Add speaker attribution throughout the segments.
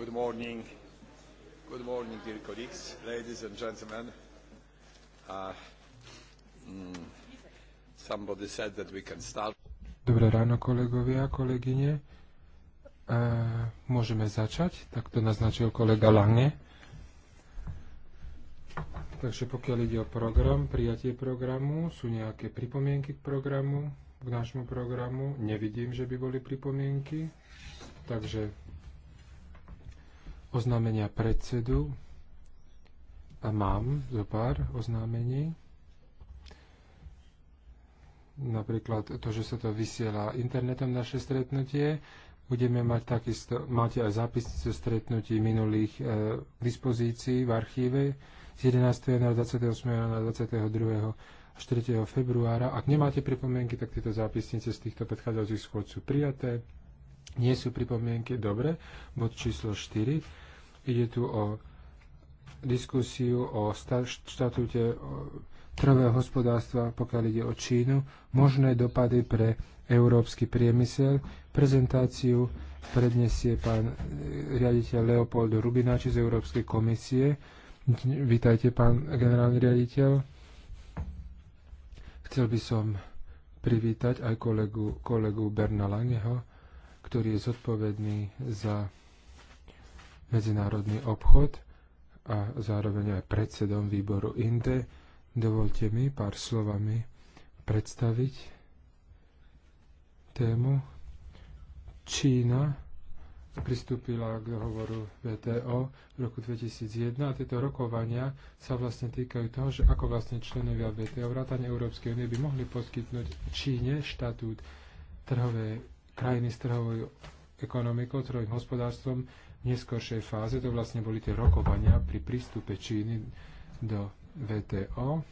Speaker 1: Good morning. Good morning, dear colleagues, ladies and gentlemen. Uh, mm, somebody said that we can start.
Speaker 2: Dobré ráno, kolegovia a kolegyne. Uh, môžeme začať, tak to naznačil kolega Lange. Takže pokiaľ ide o program, prijatie programu, sú nejaké pripomienky k programu, k nášmu programu. Nevidím, že by boli pripomienky, takže oznámenia predsedu a mám zo pár oznámení. Napríklad to, že sa to vysiela internetom naše stretnutie. Budeme mať takisto, máte aj zápisnice stretnutí minulých e, dispozícií v archíve z 11. januára, 28. januára, 22. až 4. februára. Ak nemáte pripomienky, tak tieto zápisnice z týchto predchádzajúcich schôd sú prijaté. Nie sú pripomienky? Dobre. Bod číslo 4. Ide tu o diskusiu o štatúte trhového hospodárstva, pokiaľ ide o Čínu, možné dopady pre európsky priemysel. Prezentáciu predniesie pán e, riaditeľ Leopold Rubináči z Európskej komisie. Vítajte, pán generálny riaditeľ. Chcel by som privítať aj kolegu, kolegu Berna Langeho, ktorý je zodpovedný za medzinárodný obchod a zároveň aj predsedom výboru INDE, dovolte mi pár slovami predstaviť tému. Čína pristúpila k dohovoru VTO v roku 2001 a tieto rokovania sa vlastne týkajú toho, že ako vlastne členovia VTO vrátane Európskej únie by mohli poskytnúť Číne štatút trhovej krajiny s trhovou ekonomikou, trhovým hospodárstvom v neskoršej fáze. To vlastne boli tie rokovania pri prístupe Číny do VTO.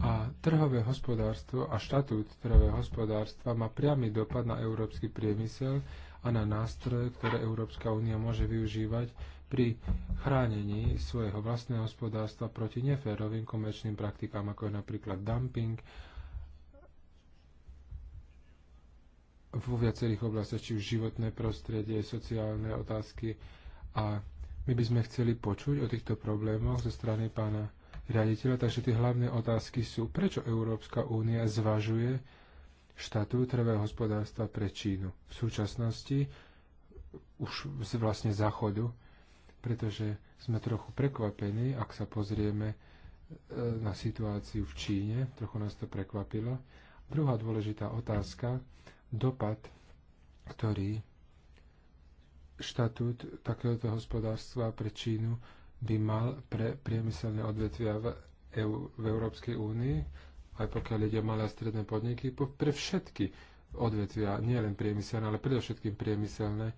Speaker 2: A trhové hospodárstvo a štatút trhového hospodárstva má priamy dopad na európsky priemysel a na nástroje, ktoré Európska únia môže využívať pri chránení svojho vlastného hospodárstva proti neférovým komerčným praktikám, ako je napríklad dumping vo viacerých oblastiach, či už životné prostredie, sociálne otázky. A my by sme chceli počuť o týchto problémoch zo strany pána riaditeľa. Takže tie hlavné otázky sú, prečo Európska únia zvažuje štátu trvého hospodárstva pre Čínu v súčasnosti, už vlastne záchodu, pretože sme trochu prekvapení, ak sa pozrieme e, na situáciu v Číne, trochu nás to prekvapilo. Druhá dôležitá otázka, dopad, ktorý štatút takéhoto hospodárstva pre Čínu by mal pre priemyselné odvetvia v, EU, v Európskej únii, aj pokiaľ ide o malé a stredné podniky, pre všetky odvetvia, nielen priemyselné, ale predovšetkým priemyselné,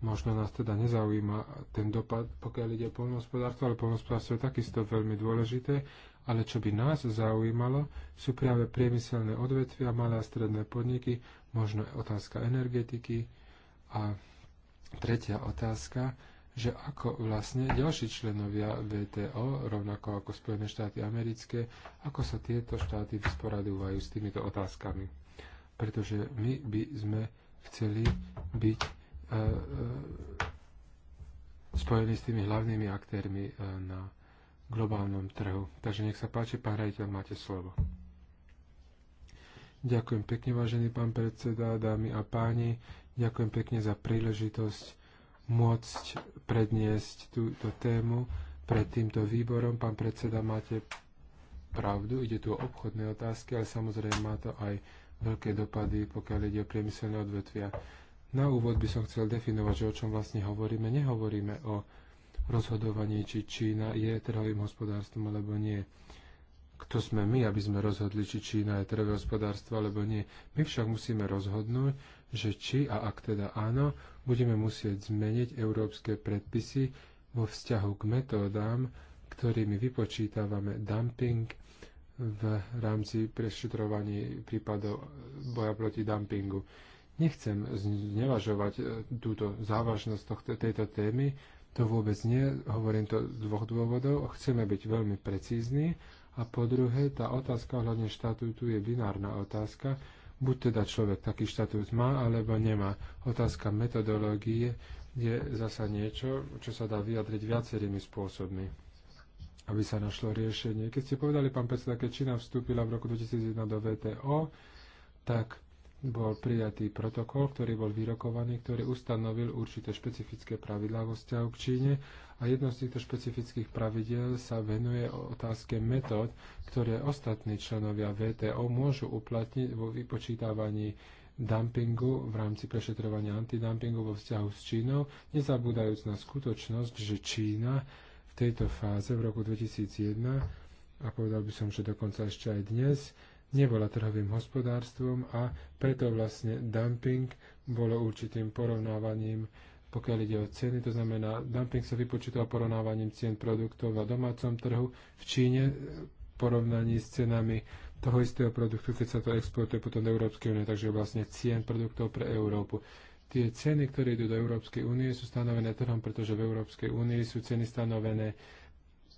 Speaker 2: možno nás teda nezaujíma ten dopad, pokiaľ ide o polnohospodárstvo, ale polnohospodárstvo je takisto veľmi dôležité, ale čo by nás zaujímalo, sú práve priemyselné odvetvia, malé a stredné podniky, možno otázka energetiky a tretia otázka, že ako vlastne ďalší členovia VTO, rovnako ako Spojené štáty americké, ako sa tieto štáty vysporadujú s týmito otázkami. Pretože my by sme chceli byť e, e, spojení s tými hlavnými aktérmi e, na globálnom trhu. Takže nech sa páči, pán rejiteľ, máte slovo. Ďakujem pekne, vážený pán predseda, dámy a páni. Ďakujem pekne za príležitosť môcť predniesť túto tému pred týmto výborom. Pán predseda, máte pravdu, ide tu o obchodné otázky, ale samozrejme má to aj veľké dopady, pokiaľ ide o priemyselné odvetvia. Na úvod by som chcel definovať, že o čom vlastne hovoríme. Nehovoríme o rozhodovaní, či Čína je trhovým hospodárstvom alebo nie kto sme my, aby sme rozhodli, či Čína je trhové hospodárstvo alebo nie. My však musíme rozhodnúť, že či a ak teda áno, budeme musieť zmeniť európske predpisy vo vzťahu k metódám, ktorými vypočítavame dumping v rámci prešetrovaní prípadov boja proti dumpingu. Nechcem znevažovať e, túto závažnosť tohto, tejto témy, to vôbec nie, hovorím to z dvoch dôvodov. Chceme byť veľmi precízni a po druhé, tá otázka ohľadne štatútu je binárna otázka. Buď teda človek taký štatút má, alebo nemá. Otázka metodológie je zasa niečo, čo sa dá vyjadriť viacerými spôsobmi, aby sa našlo riešenie. Keď ste povedali, pán predseda, keď Čína vstúpila v roku 2001 do VTO, tak bol prijatý protokol, ktorý bol vyrokovaný, ktorý ustanovil určité špecifické pravidlá vo vzťahu k Číne a jedno z týchto špecifických pravidel sa venuje otázke metód, ktoré ostatní členovia VTO môžu uplatniť vo vypočítavaní dumpingu v rámci prešetrovania antidumpingu vo vzťahu s Čínou, nezabúdajúc na skutočnosť, že Čína v tejto fáze v roku 2001 a povedal by som, že dokonca ešte aj dnes nebola trhovým hospodárstvom a preto vlastne dumping bolo určitým porovnávaním pokiaľ ide o ceny, to znamená, dumping sa vypočítal porovnávaním cien produktov na domácom trhu v Číne e, v porovnaní s cenami toho istého produktu, keď sa to exportuje potom do Európskej únie, takže vlastne cien produktov pre Európu. Tie ceny, ktoré idú do Európskej únie, sú stanovené trhom, pretože v Európskej únii sú ceny stanovené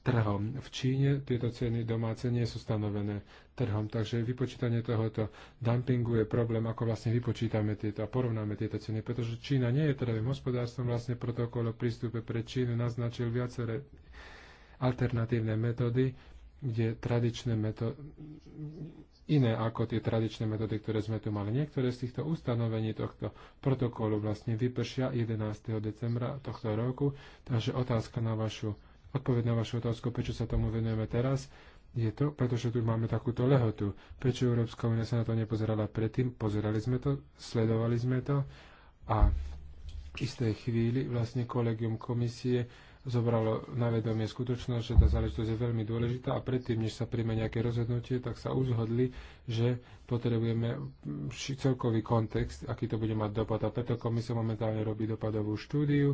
Speaker 2: trhom. V Číne tieto ceny domáce nie sú stanovené trhom, takže vypočítanie tohoto dumpingu je problém, ako vlastne vypočítame tieto a porovnáme tieto ceny, pretože Čína nie je trhovým hospodárstvom, vlastne protokol o prístupe pre Čínu naznačil viaceré alternatívne metódy, kde tradičné metódy, iné ako tie tradičné metódy, ktoré sme tu mali. Niektoré z týchto ustanovení tohto protokolu vlastne vypršia 11. decembra tohto roku, takže otázka na vašu Odpoveď na vašu otázku, prečo sa tomu venujeme teraz, je to, pretože tu máme takúto lehotu. Prečo Európska únia sa na to nepozerala predtým? Pozerali sme to, sledovali sme to a v istej chvíli vlastne kolegium komisie zobralo na vedomie skutočnosť, že tá záležitosť je veľmi dôležitá a predtým, než sa príjme nejaké rozhodnutie, tak sa uzhodli, že potrebujeme celkový kontext, aký to bude mať dopad. A preto komisia momentálne robí dopadovú štúdiu,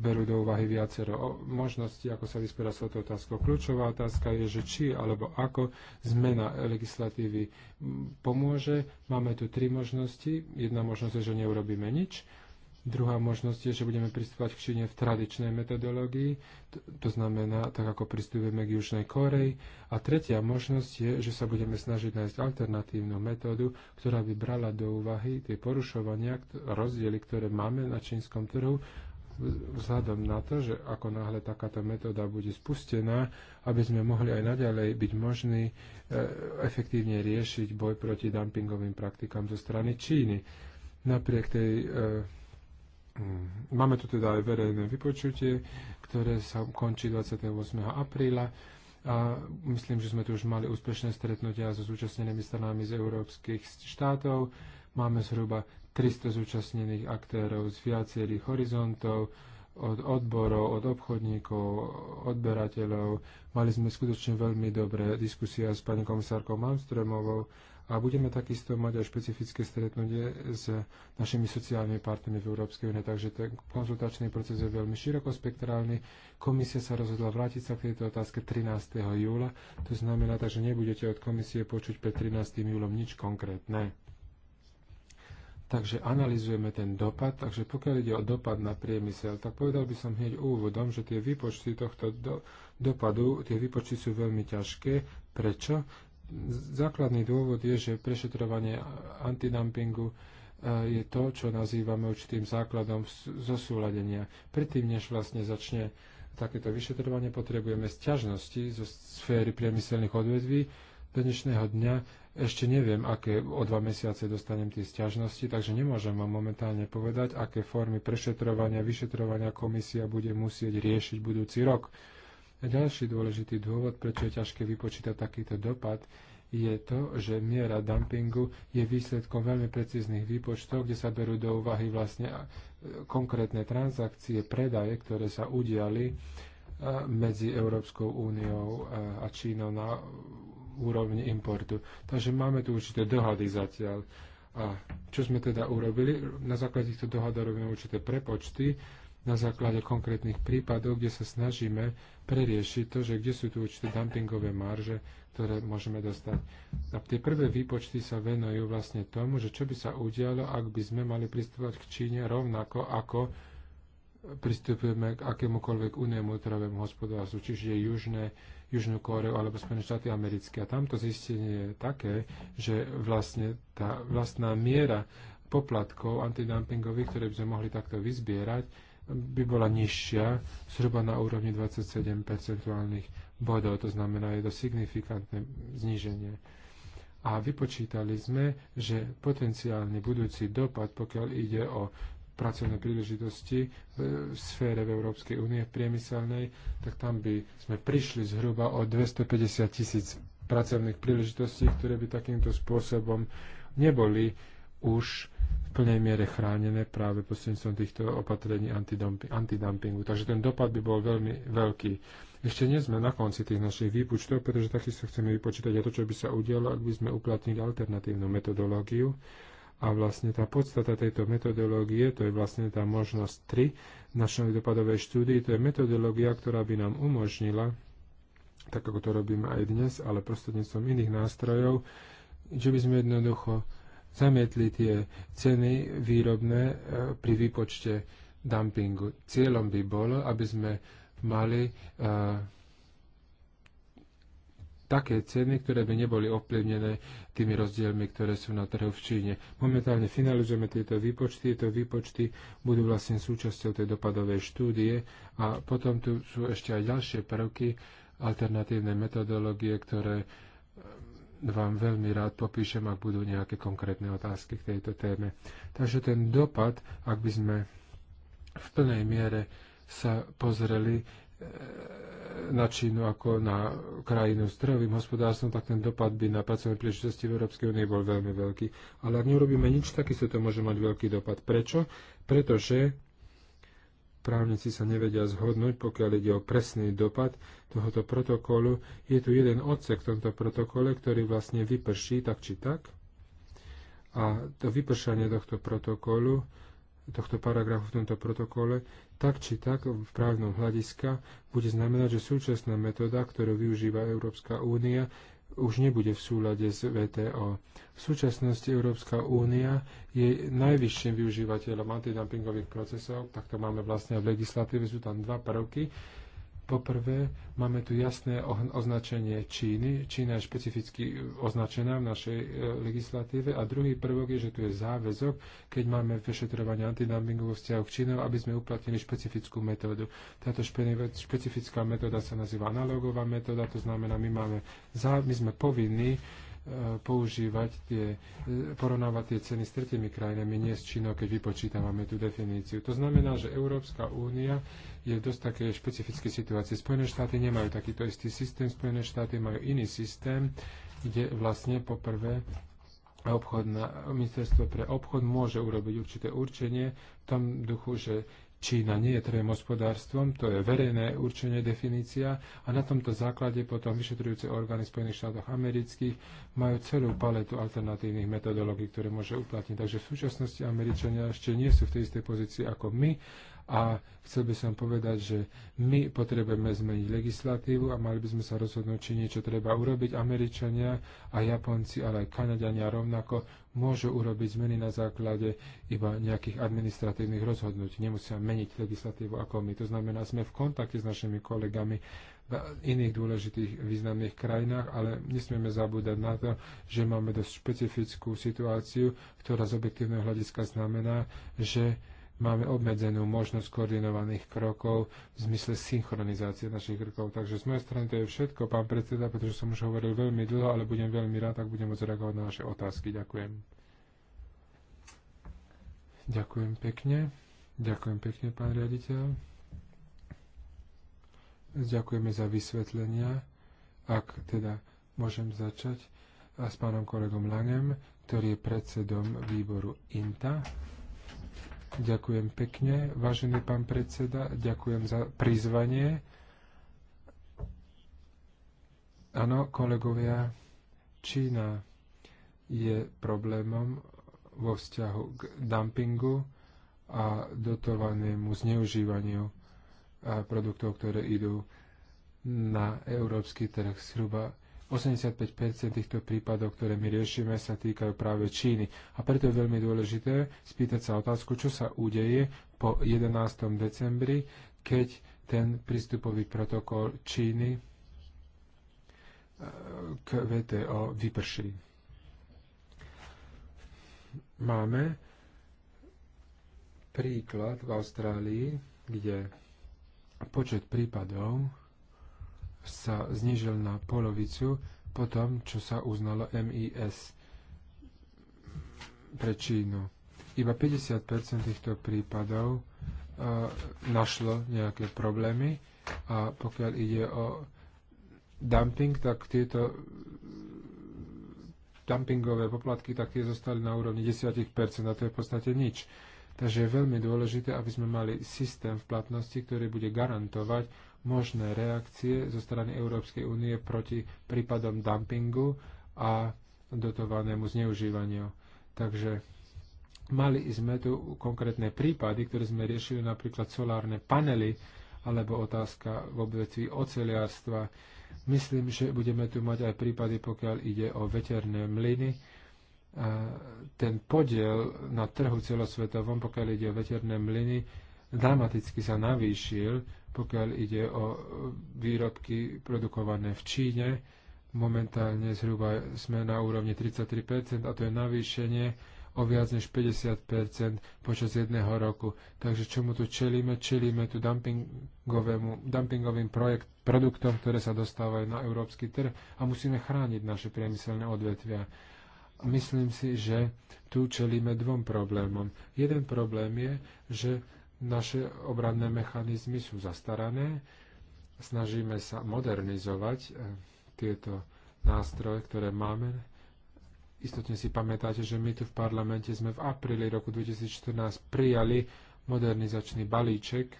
Speaker 2: berú do úvahy viacero možností, ako sa vysporiadať s touto otázkou. Kľúčová otázka je, že či alebo ako zmena legislatívy pomôže. Máme tu tri možnosti. Jedna možnosť je, že neurobíme nič. Druhá možnosť je, že budeme pristúpať k Číne v tradičnej metodológii, to, to znamená tak, ako pristúpime k Južnej Koreji. A tretia možnosť je, že sa budeme snažiť nájsť alternatívnu metódu, ktorá by brala do úvahy tie porušovania, rozdiely, ktoré máme na čínskom trhu vzhľadom na to, že ako náhle takáto metóda bude spustená, aby sme mohli aj naďalej byť možní e, efektívne riešiť boj proti dumpingovým praktikám zo strany Číny. Napriek tej e, mm, Máme tu teda aj verejné vypočutie, ktoré sa končí 28. apríla a myslím, že sme tu už mali úspešné stretnutia so zúčastnenými stranami z európskych štátov. Máme zhruba 300 zúčastnených aktérov z viacerých horizontov, od odborov, od obchodníkov, odberateľov. Mali sme skutočne veľmi dobré diskusie s pani komisárkou Malmströmovou a budeme takisto mať aj špecifické stretnutie s našimi sociálnymi partnermi v Európskej únie. Takže ten konzultačný proces je veľmi širokospektrálny. Komisia sa rozhodla vrátiť sa k tejto otázke 13. júla. To znamená, že nebudete od komisie počuť pred 13. júlom nič konkrétne. Takže analizujeme ten dopad. Takže pokiaľ ide o dopad na priemysel, tak povedal by som hneď úvodom, že tie výpočty tohto do, dopadu, tie výpočty sú veľmi ťažké. Prečo? Základný dôvod je, že prešetrovanie antidumpingu e, je to, čo nazývame určitým základom zosúladenia. Predtým, než vlastne začne takéto vyšetrovanie, potrebujeme sťažnosti zo sféry priemyselných odvedví. Do dnešného dňa ešte neviem, aké o dva mesiace dostanem tie stiažnosti, takže nemôžem vám momentálne povedať, aké formy prešetrovania, vyšetrovania komisia bude musieť riešiť budúci rok. A ďalší dôležitý dôvod, prečo je ťažké vypočítať takýto dopad, je to, že miera dumpingu je výsledkom veľmi precíznych výpočtov, kde sa berú do úvahy vlastne e, konkrétne transakcie, predaje, ktoré sa udiali e, medzi Európskou úniou e, a Čínou na úrovni importu. Takže máme tu určité dohady zatiaľ. A čo sme teda urobili? Na základe týchto dohadov robíme určité prepočty na základe konkrétnych prípadov, kde sa snažíme preriešiť to, že kde sú tu určité dumpingové marže, ktoré môžeme dostať. A tie prvé výpočty sa venujú vlastne tomu, že čo by sa udialo, ak by sme mali pristúpať k Číne rovnako ako pristupujeme k akémukoľvek unému trhovému hospodárstvu, čiže južné Južnú Kóreu alebo Spojené štáty americké. A tamto zistenie je také, že vlastne tá vlastná miera poplatkov antidumpingových, ktoré by sme mohli takto vyzbierať, by bola nižšia, zhruba na úrovni 27 percentuálnych bodov, to znamená, je to signifikantné zníženie. A vypočítali sme, že potenciálny budúci dopad, pokiaľ ide o pracovné príležitosti v sfére v Európskej únie, v priemyselnej, tak tam by sme prišli zhruba o 250 tisíc pracovných príležitostí, ktoré by takýmto spôsobom neboli už v plnej miere chránené práve prostredníctvom týchto opatrení antidumpingu. Takže ten dopad by bol veľmi veľký. Ešte nie sme na konci tých našich výpočtov, pretože takisto chceme vypočítať aj to, čo by sa udialo, ak by sme uplatnili alternatívnu metodológiu. A vlastne tá podstata tejto metodológie, to je vlastne tá možnosť 3 našej dopadovej štúdii, to je metodológia, ktorá by nám umožnila, tak ako to robíme aj dnes, ale prostredníctvom iných nástrojov, že by sme jednoducho zamietli tie ceny výrobné e, pri výpočte dumpingu. Cieľom by bolo, aby sme mali uh, také ceny, ktoré by neboli ovplyvnené tými rozdielmi, ktoré sú na trhu v Číne. Momentálne finalizujeme tieto výpočty. Tieto výpočty budú vlastne súčasťou tej dopadovej štúdie a potom tu sú ešte aj ďalšie prvky, alternatívne metodológie, ktoré ehm, vám veľmi rád popíšem, ak budú nejaké konkrétne otázky k tejto téme. Takže ten dopad, ak by sme v plnej miere sa pozreli E, na Čínu ako na krajinu s trhovým hospodárstvom, tak ten dopad by na pracovné príležitosti v Európskej únii bol veľmi veľký. Ale ak neurobíme nič, takisto to môže mať veľký dopad. Prečo? Pretože právnici sa nevedia zhodnúť, pokiaľ ide o presný dopad tohoto protokolu. Je tu jeden odsek v tomto protokole, ktorý vlastne vyprší tak či tak. A to vypršanie tohto protokolu tohto paragrafu v tomto protokole, tak či tak v právnom hľadiska bude znamenať, že súčasná metóda, ktorú využíva Európska únia, už nebude v súlade s VTO. V súčasnosti Európska únia je najvyšším využívateľom antidumpingových procesov, tak to máme vlastne v legislatíve, sú tam dva prvky, Poprvé, máme tu jasné označenie Číny. Čína je špecificky označená v našej e, legislatíve. A druhý prvok je, že tu je záväzok, keď máme vyšetrovanie antidumpingu vo vzťahu k Čínou, aby sme uplatnili špecifickú metódu. Táto špecifická metóda sa nazýva analogová metóda, to znamená, my, máme, my sme povinní používať tie, porovnávať tie ceny s tretimi krajinami, nie s Čínou, keď vypočítavame tú definíciu. To znamená, že Európska únia je v dosť také špecifické situácie. Spojené štáty nemajú takýto istý systém, Spojené štáty majú iný systém, kde vlastne poprvé obchodná, ministerstvo pre obchod môže urobiť určité určenie v tom duchu, že Čína nie je trojím hospodárstvom, to je verejné určenie definícia a na tomto základe potom vyšetrujúce orgány Spojených štátov amerických majú celú paletu alternatívnych metodológií, ktoré môže uplatniť. Takže v súčasnosti Američania ešte nie sú v tej istej pozícii ako my a chcel by som povedať, že my potrebujeme zmeniť legislatívu a mali by sme sa rozhodnúť, či niečo treba urobiť. Američania a Japonci, ale aj Kanadiania rovnako môžu urobiť zmeny na základe iba nejakých administratívnych rozhodnutí. Nemusia meniť legislatívu ako my. To znamená, sme v kontakte s našimi kolegami v iných dôležitých významných krajinách, ale nesmieme zabúdať na to, že máme dosť špecifickú situáciu, ktorá z objektívneho hľadiska znamená, že máme obmedzenú možnosť koordinovaných krokov v zmysle synchronizácie našich krokov. Takže z mojej strany to je všetko, pán predseda, pretože som už hovoril veľmi dlho, ale budem veľmi rád, ak budem môcť reagovať na vaše otázky. Ďakujem. Ďakujem pekne. Ďakujem pekne, pán riaditeľ. Ďakujeme za vysvetlenia. Ak teda môžem začať a s pánom kolegom Langem, ktorý je predsedom výboru INTA. Ďakujem pekne, vážený pán predseda, ďakujem za prizvanie. Áno, kolegovia, Čína je problémom vo vzťahu k dumpingu a dotovanému zneužívaniu eh, produktov, ktoré idú na európsky trh. Zhruba 85% týchto prípadov, ktoré my riešime, sa týkajú práve Číny. A preto je veľmi dôležité spýtať sa otázku, čo sa udeje po 11. decembri, keď ten prístupový protokol Číny e, k VTO vyprší. Máme príklad v Austrálii, kde počet prípadov sa znižil na polovicu po tom, čo sa uznalo MIS pre Čínu. Iba 50 týchto prípadov e, našlo nejaké problémy a pokiaľ ide o dumping, tak tieto dumpingové poplatky tak tie zostali na úrovni 10% a to je v podstate nič. Takže je veľmi dôležité, aby sme mali systém v platnosti, ktorý bude garantovať možné reakcie zo strany Európskej únie proti prípadom dumpingu a dotovanému zneužívaniu. Takže mali sme tu konkrétne prípady, ktoré sme riešili, napríklad solárne panely alebo otázka v obvetví oceliarstva. Myslím, že budeme tu mať aj prípady, pokiaľ ide o veterné mlyny. Ten podiel na trhu celosvetovom, pokiaľ ide o veterné mlyny, dramaticky sa navýšil, pokiaľ ide o výrobky produkované v Číne. Momentálne zhruba sme na úrovni 33% a to je navýšenie o viac než 50% počas jedného roku. Takže čomu tu čelíme? Čelíme tu dumpingovému, dumpingovým projekt, produktom, ktoré sa dostávajú na európsky trh a musíme chrániť naše priemyselné odvetvia. Myslím si, že tu čelíme dvom problémom. Jeden problém je, že naše obranné mechanizmy sú zastarané, snažíme sa modernizovať eh, tieto nástroje, ktoré máme. Istotne si pamätáte, že my tu v parlamente sme v apríli roku 2014 prijali modernizačný balíček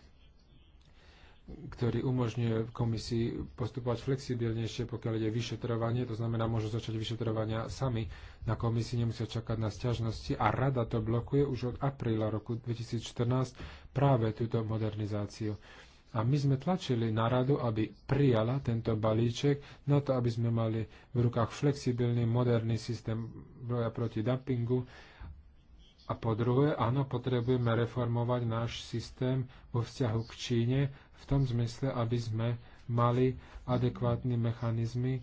Speaker 2: ktorý umožňuje komisii postupovať flexibilnejšie, pokiaľ ide vyšetrovanie, to znamená, môžu začať vyšetrovania sami na komisii, nemusia čakať na sťažnosti a rada to blokuje už od apríla roku 2014 práve túto modernizáciu. A my sme tlačili na radu, aby prijala tento balíček na to, aby sme mali v rukách flexibilný, moderný systém boja proti dumpingu. A po druhé, áno, potrebujeme reformovať náš systém vo vzťahu k Číne, v tom zmysle, aby sme mali adekvátne mechanizmy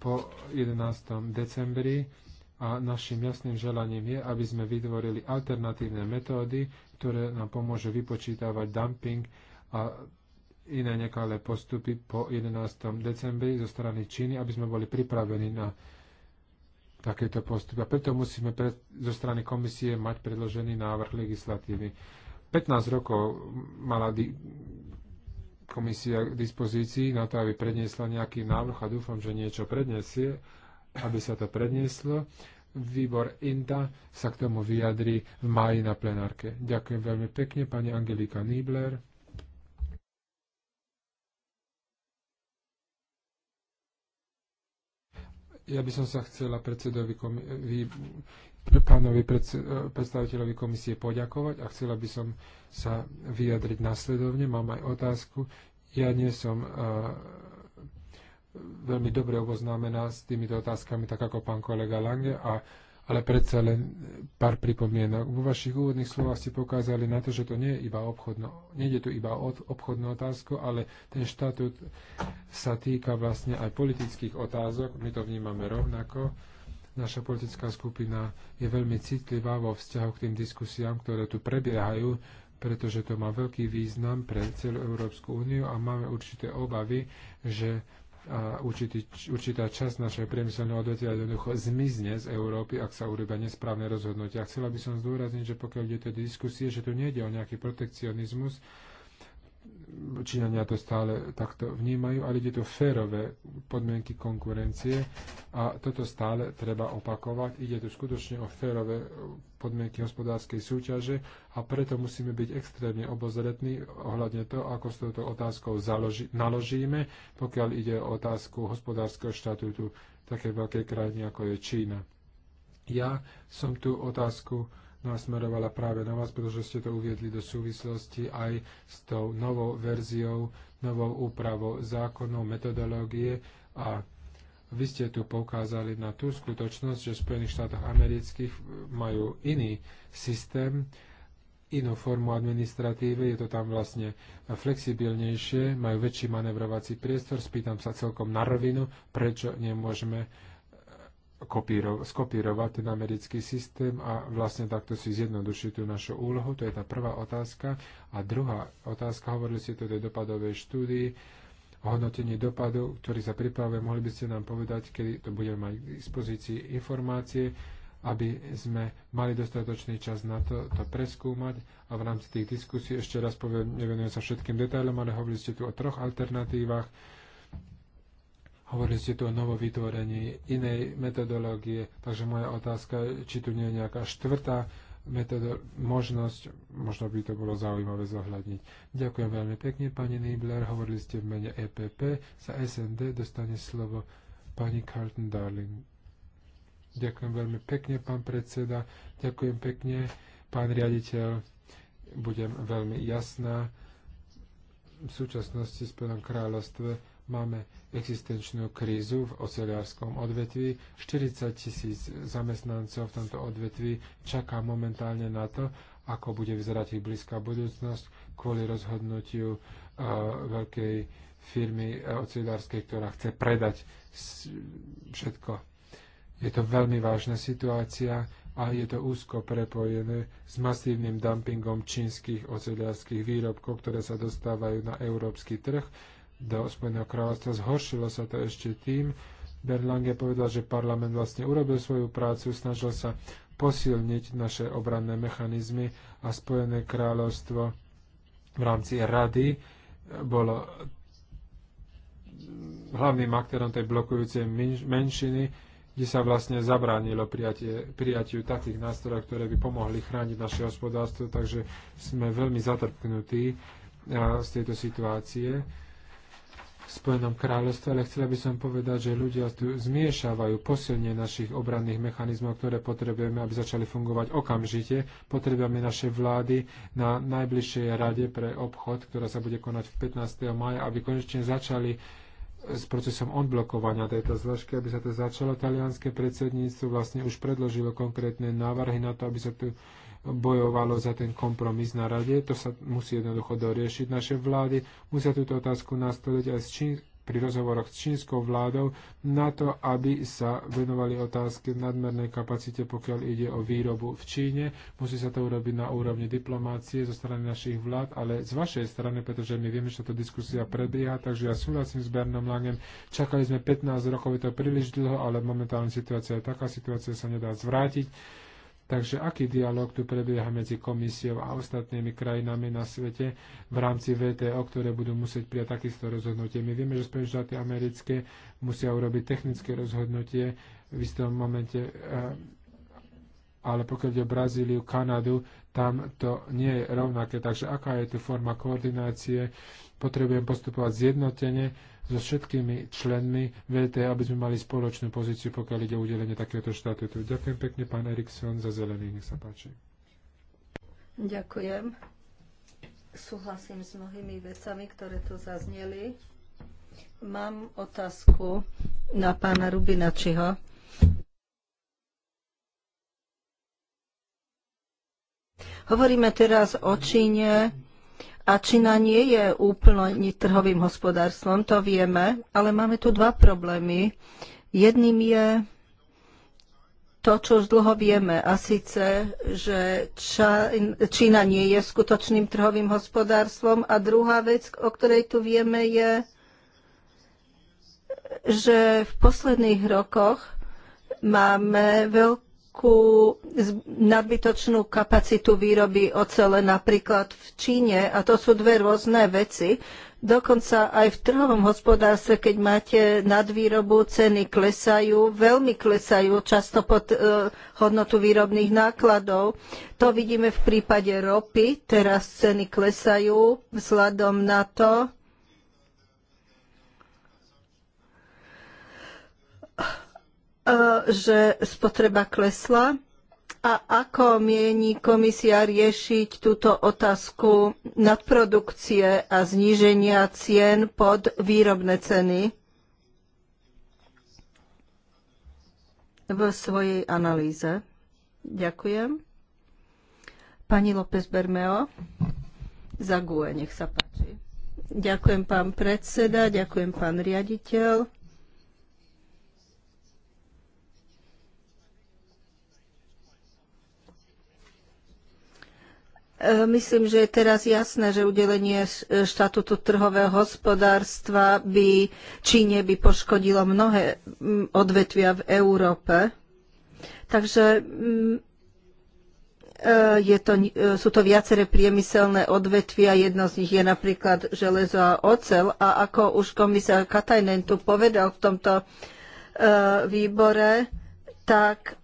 Speaker 2: po 11. decembri a našim jasným želaním je, aby sme vytvorili alternatívne metódy, ktoré nám pomôžu vypočítavať dumping a iné nekalé postupy po 11. decembri zo strany Číny, aby sme boli pripravení na takéto postupy. A preto musíme pre, zo strany komisie mať predložený návrh legislatívy. 15 rokov mala komisia k dispozícii na to, aby predniesla nejaký návrh a dúfam, že niečo predniesie, aby sa to prednieslo. Výbor INTA sa k tomu vyjadri v máji na plenárke. Ďakujem veľmi pekne, pani Angelika Niebler. Ja by som sa chcela predsedovi pánovi e, predstaviteľovi komisie poďakovať a chcela by som sa vyjadriť nasledovne. Mám aj otázku. Ja nie som e, veľmi dobre oboznámená s týmito otázkami, tak ako pán kolega Lange, a, ale predsa len pár pripomienok. Vo vašich úvodných slovách ste pokázali na to, že to nie je iba obchodno, nie je to iba od, obchodnú otázku, ale ten štatút sa týka vlastne aj politických otázok, my to vnímame rovnako Naša politická skupina je veľmi citlivá vo vzťahu k tým diskusiám, ktoré tu prebiehajú, pretože to má veľký význam pre celú Európsku úniu a máme určité obavy, že a určitý, určitá časť našej priemyselného odvetvia jednoducho zmizne z Európy, ak sa urobia nesprávne rozhodnutia. Chcela by som zdôrazniť, že pokiaľ ide o diskusie, že tu nejde o nejaký protekcionizmus, Číňania to stále takto vnímajú, ale ide to férové podmienky konkurencie a toto stále treba opakovať. Ide tu skutočne o férové podmienky hospodárskej súťaže a preto musíme byť extrémne obozretní ohľadne toho, ako s touto otázkou založi- naložíme, pokiaľ ide o otázku hospodárskeho štatútu také veľkej krajiny, ako je Čína. Ja som tu otázku nasmerovala práve na vás, pretože ste to uviedli do súvislosti aj s tou novou verziou, novou úpravou zákonov, metodológie a vy ste tu poukázali na tú skutočnosť, že v Spojených štátoch amerických majú iný systém, inú formu administratívy, je to tam vlastne flexibilnejšie, majú väčší manevrovací priestor. Spýtam sa celkom na rovinu, prečo nemôžeme kopíro, skopírovať ten americký systém a vlastne takto si zjednodušiť tú našu úlohu. To je tá prvá otázka. A druhá otázka, hovorili ste o tej dopadovej štúdii, o hodnotení dopadu, ktorý sa pripravuje. Mohli by ste nám povedať, kedy to budeme mať k dispozícii informácie, aby sme mali dostatočný čas na to, to preskúmať a v rámci tých diskusí ešte raz poviem, nevenujem sa všetkým detailom, ale hovorili ste tu o troch alternatívach Hovorili ste tu o novovytvorení inej metodológie, takže moja otázka či tu nie je nejaká štvrtá metodo- možnosť, možno by to bolo zaujímavé zohľadniť. Ďakujem veľmi pekne, pani Nibler, hovorili ste v mene EPP, sa SND dostane slovo pani Carlton Darling. Ďakujem veľmi pekne, pán predseda, ďakujem pekne, pán riaditeľ, budem veľmi jasná. V súčasnosti s pánom kráľovstve máme existenčnú krízu v ocelárskom odvetví. 40 tisíc zamestnancov v tomto odvetví čaká momentálne na to, ako bude vyzerať ich blízka budúcnosť kvôli rozhodnutiu uh, veľkej firmy eh, oceliarskej, ktorá chce predať všetko. Je to veľmi vážna situácia a je to úzko prepojené s masívnym dumpingom čínskych oceliarských výrobkov, ktoré sa dostávajú na európsky trh do Spojeného kráľovstva. Zhoršilo sa to ešte tým. Berlange povedal, že parlament vlastne urobil svoju prácu, snažil sa posilniť naše obranné mechanizmy a Spojené kráľovstvo v rámci rady bolo hlavným aktérom tej blokujúcej menšiny, kde sa vlastne zabránilo prijatie, prijatiu takých nástrojov, ktoré by pomohli chrániť naše hospodárstvo, takže sme veľmi zatrpknutí z tejto situácie. Spojenom kráľovstve, ale chcela by som povedať, že ľudia tu zmiešavajú posilne našich obranných mechanizmov, ktoré potrebujeme, aby začali fungovať okamžite. Potrebujeme naše vlády na najbližšej rade pre obchod, ktorá sa bude konať v 15. maja, aby konečne začali s procesom odblokovania tejto zložky, aby sa to začalo. Talianské predsedníctvo vlastne už predložilo konkrétne návrhy na to, aby sa tu bojovalo za ten kompromis na rade. To sa musí jednoducho doriešiť. Naše vlády musia túto otázku nastoliť aj s Čín, pri rozhovoroch s čínskou vládou na to, aby sa venovali otázke nadmernej kapacite, pokiaľ ide o výrobu v Číne. Musí sa to urobiť na úrovni diplomácie zo strany našich vlád, ale z vašej strany, pretože my vieme, že táto diskusia prebieha, takže ja súhlasím s Bernom Langem. Čakali sme 15 rokov, je to príliš dlho, ale momentálna situácia je taká, situácia sa nedá zvrátiť Takže aký dialog tu prebieha medzi komisiou a ostatnými krajinami na svete v rámci VTO, ktoré budú musieť prijať takisto rozhodnutie? My vieme, že Spojené štáty americké musia urobiť technické rozhodnutie v istom momente, eh, ale pokiaľ ide o Brazíliu, Kanadu, tam to nie je rovnaké. Takže aká je tu forma koordinácie? Potrebujem postupovať zjednotene so všetkými členmi VT, aby sme mali spoločnú pozíciu, pokiaľ ide o udelenie takéhoto štatutu. Ďakujem pekne, pán Erikson, za zelený. Nech sa páči.
Speaker 3: Ďakujem. Súhlasím s mnohými vecami, ktoré tu zazneli. Mám otázku na pána Rubinačiho. Hovoríme teraz o Číne, a Čína nie je úplne trhovým hospodárstvom, to vieme, ale máme tu dva problémy. Jedným je to, čo už dlho vieme, a síce, že Čína nie je skutočným trhovým hospodárstvom. A druhá vec, o ktorej tu vieme, je, že v posledných rokoch máme veľkú veľkú nadbytočnú kapacitu výroby ocele napríklad v Číne a to sú dve rôzne veci. Dokonca aj v trhovom hospodárstve, keď máte nadvýrobu, ceny klesajú, veľmi klesajú, často pod e, hodnotu výrobných nákladov. To vidíme v prípade ropy, teraz ceny klesajú vzhľadom na to, E, že spotreba klesla a ako mieni komisia riešiť túto otázku nadprodukcie a zníženia cien pod výrobné ceny v svojej analýze. Ďakujem. Pani López Bermeo, za GUE, nech sa páči. Ďakujem pán predseda, ďakujem pán riaditeľ. E, myslím, že je teraz jasné, že udelenie e, štatútu trhového hospodárstva by Číne by poškodilo mnohé odvetvia v Európe. Takže e, je to, sú to viaceré priemyselné odvetvia, jedno z nich je napríklad železo a ocel a ako už komisár Katajnen tu povedal v tomto výbore, tak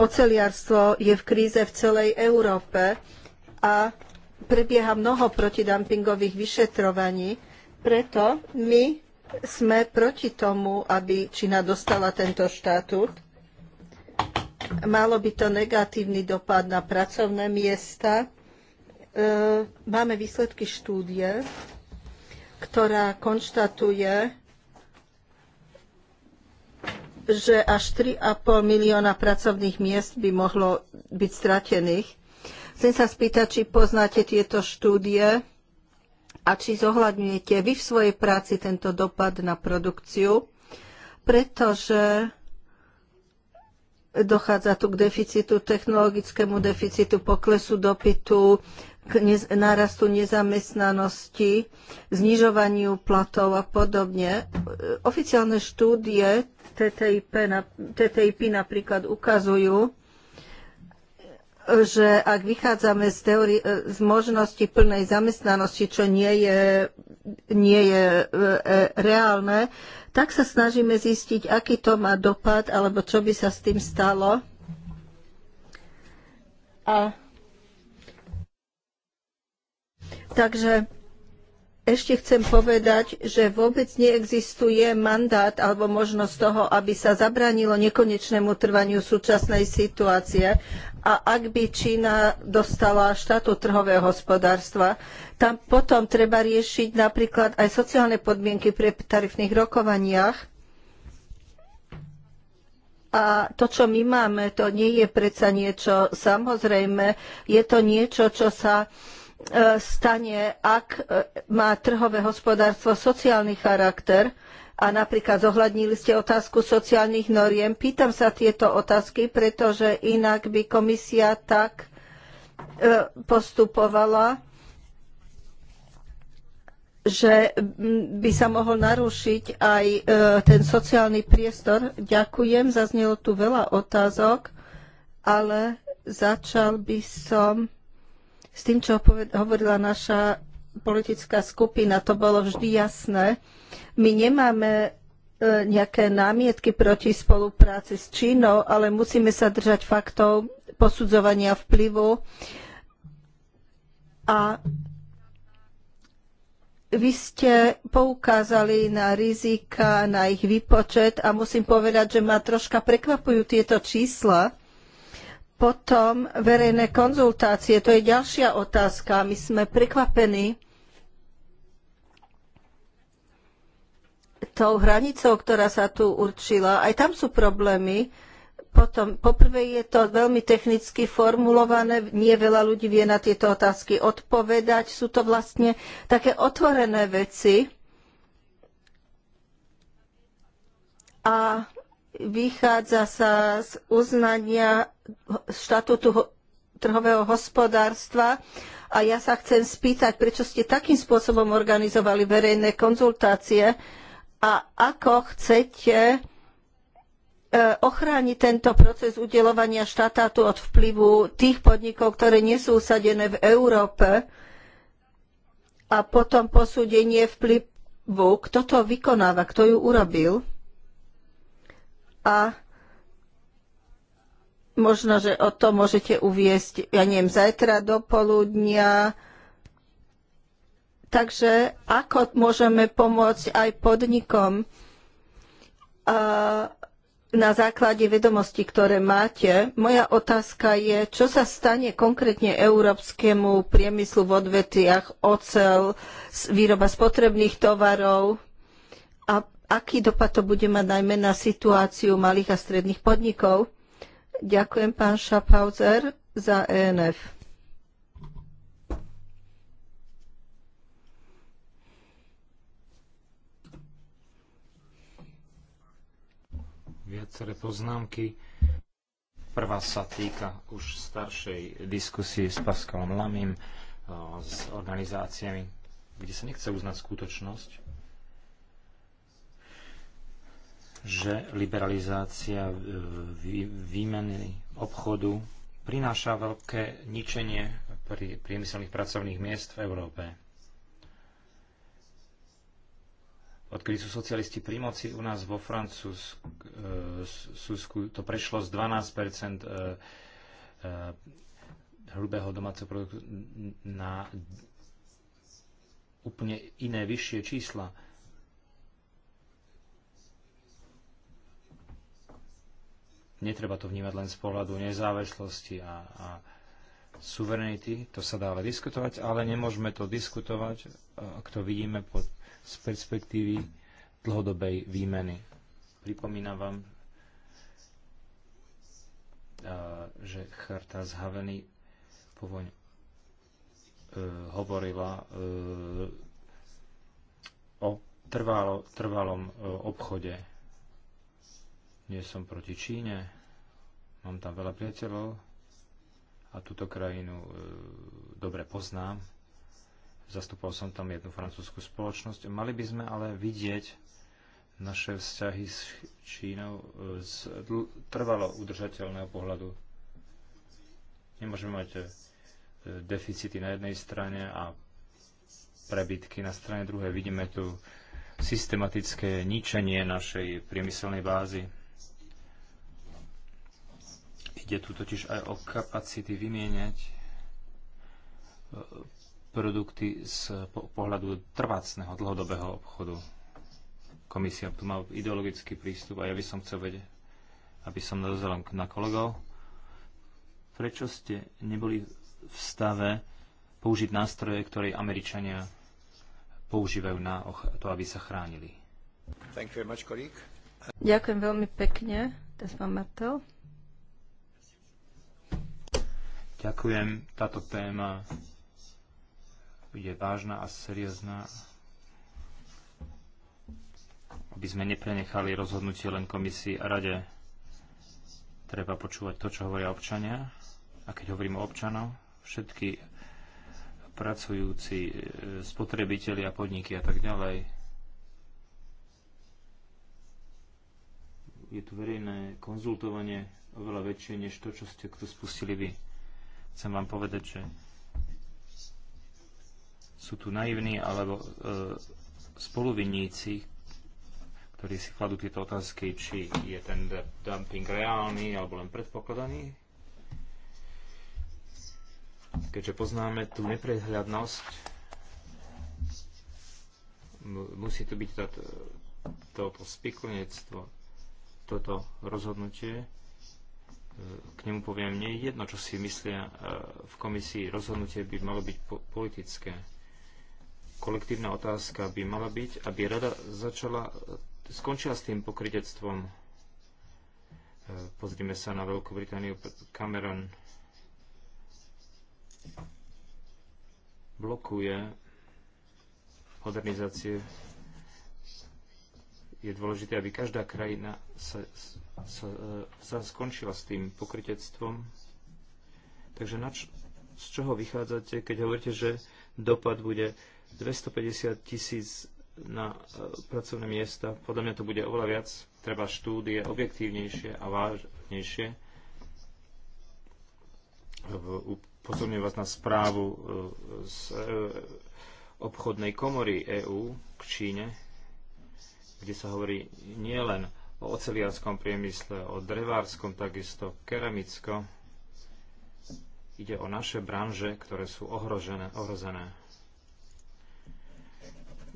Speaker 3: oceliarstvo je v kríze v celej Európe a prebieha mnoho protidumpingových vyšetrovaní. Preto my sme proti tomu, aby Čína dostala tento štatút. Malo by to negatívny dopad na pracovné miesta. E, máme výsledky štúdie, ktorá konštatuje, že až 3,5 milióna pracovných miest by mohlo byť stratených Chcem sa spýtať, či poznáte tieto štúdie a či zohľadňujete vy v svojej práci tento dopad na produkciu, pretože dochádza tu k deficitu, technologickému deficitu, poklesu dopytu, k nárastu nezamestnanosti, znižovaniu platov a podobne. Oficiálne štúdie TTIP, TTIP napríklad ukazujú, že ak vychádzame z, teórii, e, z možnosti plnej zamestnanosti, čo nie je, nie je e, e, reálne, tak sa snažíme zistiť, aký to má dopad alebo čo by sa s tým stalo. A Takže ešte chcem povedať, že vôbec neexistuje mandát alebo možnosť toho, aby sa zabránilo nekonečnému trvaniu súčasnej situácie a ak by Čína dostala štátu trhového hospodárstva, tam potom treba riešiť napríklad aj sociálne podmienky pre tarifných rokovaniach. A to, čo my máme, to nie je predsa niečo samozrejme, je to niečo, čo sa e, stane, ak e, má trhové hospodárstvo sociálny charakter a napríklad zohľadnili ste otázku sociálnych noriem. Pýtam sa tieto otázky, pretože inak by komisia tak e, postupovala, že by sa mohol narušiť aj e, ten sociálny priestor. Ďakujem, zaznelo tu veľa otázok, ale začal by som s tým, čo hovorila naša politická skupina. To bolo vždy jasné my nemáme e, nejaké námietky proti spolupráci s Čínou, ale musíme sa držať faktov posudzovania vplyvu. A vy ste poukázali na rizika, na ich výpočet a musím povedať, že ma troška prekvapujú tieto čísla. Potom verejné konzultácie, to je ďalšia otázka. My sme prekvapení, tou hranicou, ktorá sa tu určila, aj tam sú problémy. Potom, poprvé je to veľmi technicky formulované, nie veľa ľudí vie na tieto otázky odpovedať. Sú to vlastne také otvorené veci. A vychádza sa z uznania štatútu trhového hospodárstva. A ja sa chcem spýtať, prečo ste takým spôsobom organizovali verejné konzultácie, a ako chcete e, ochrániť tento proces udeľovania štatátu od vplyvu tých podnikov, ktoré nie sú usadené v Európe a potom posúdenie vplyvu, kto to vykonáva, kto ju urobil. A možno, že o to môžete uviesť, ja neviem, zajtra do poludnia, Takže ako môžeme pomôcť aj podnikom na základe vedomostí, ktoré máte? Moja otázka je, čo sa stane konkrétne európskemu priemyslu v odvetviach ocel, výroba spotrebných tovarov a aký dopad to bude mať najmä na situáciu malých a stredných podnikov? Ďakujem pán Schaffhauser za ENF.
Speaker 4: viaceré poznámky. Prvá sa týka už staršej diskusie s Pascalom Lamim, eh, s organizáciami, kde sa nechce uznať skutočnosť, že liberalizácia eh, výmeny obchodu prináša veľké ničenie pri priemyselných pracovných miest v Európe odkedy sú socialisti pri moci u nás vo Francúzsku, e, to prešlo z 12 e, e, hrubého domáceho produktu na úplne iné, vyššie čísla. Netreba to vnímať len z pohľadu nezávislosti a, a suverenity, to sa dá ale diskutovať, ale nemôžeme to diskutovať, ak to vidíme pod z perspektívy dlhodobej výmeny. Pripomínam vám, e, že charta z Haveny povoň e, hovorila e, o trvalo, trvalom obchode. Nie som proti Číne, mám tam veľa priateľov a túto krajinu dobre poznám. Zastupoval som tam jednu francúzsku spoločnosť. Mali by sme ale vidieť naše vzťahy s Čínou e, z trvalo udržateľného pohľadu. Nemôžeme mať e, deficity na jednej strane a prebytky na strane druhej. Vidíme tu systematické ničenie našej priemyselnej bázy. Ide tu totiž aj o kapacity vymieňať e, produkty z pohľadu trvácneho dlhodobého obchodu. Komisia tu má ideologický prístup a ja by som chcel vedieť, aby som nadozeral na kolegov, prečo ste neboli v stave použiť nástroje, ktoré Američania používajú na to, aby sa chránili.
Speaker 1: Much,
Speaker 3: Ďakujem veľmi pekne. Martel.
Speaker 4: Ďakujem. Táto téma je vážna a seriózna, aby sme neprenechali rozhodnutie len komisii a rade. Treba počúvať to, čo hovoria občania. A keď hovorím o občanov, všetky pracujúci, e, spotrebitelia, podniky a tak ďalej. Je tu verejné konzultovanie oveľa väčšie, než to, čo ste tu spustili vy. Chcem vám povedať, že sú tu naivní alebo e, spoluvinníci, ktorí si kladú tieto otázky, či je ten dumping reálny alebo len predpokladaný. Keďže poznáme tú neprehľadnosť, musí tu byť toto, toto spiklenectvo, toto rozhodnutie, e, k nemu poviem, nie je jedno, čo si myslia e, v komisii, rozhodnutie by malo byť po politické kolektívna otázka by mala byť, aby rada začala, skončila s tým pokrytectvom. E, pozrime sa na Veľkú Britániu, Cameron blokuje modernizáciu. Je dôležité, aby každá krajina sa, sa, e, sa skončila s tým pokritectvom. Takže na z čoho vychádzate, keď hovoríte, že dopad bude 250 tisíc na e, pracovné miesta. Podľa mňa to bude oveľa viac. Treba štúdie objektívnejšie a vážnejšie. E, Pozorňujem vás na správu e, z obchodnej komory EÚ k Číne, kde sa hovorí nielen o oceliarskom priemysle, o drevárskom takisto, keramicko. Ide o naše branže, ktoré sú ohrožené, ohrozené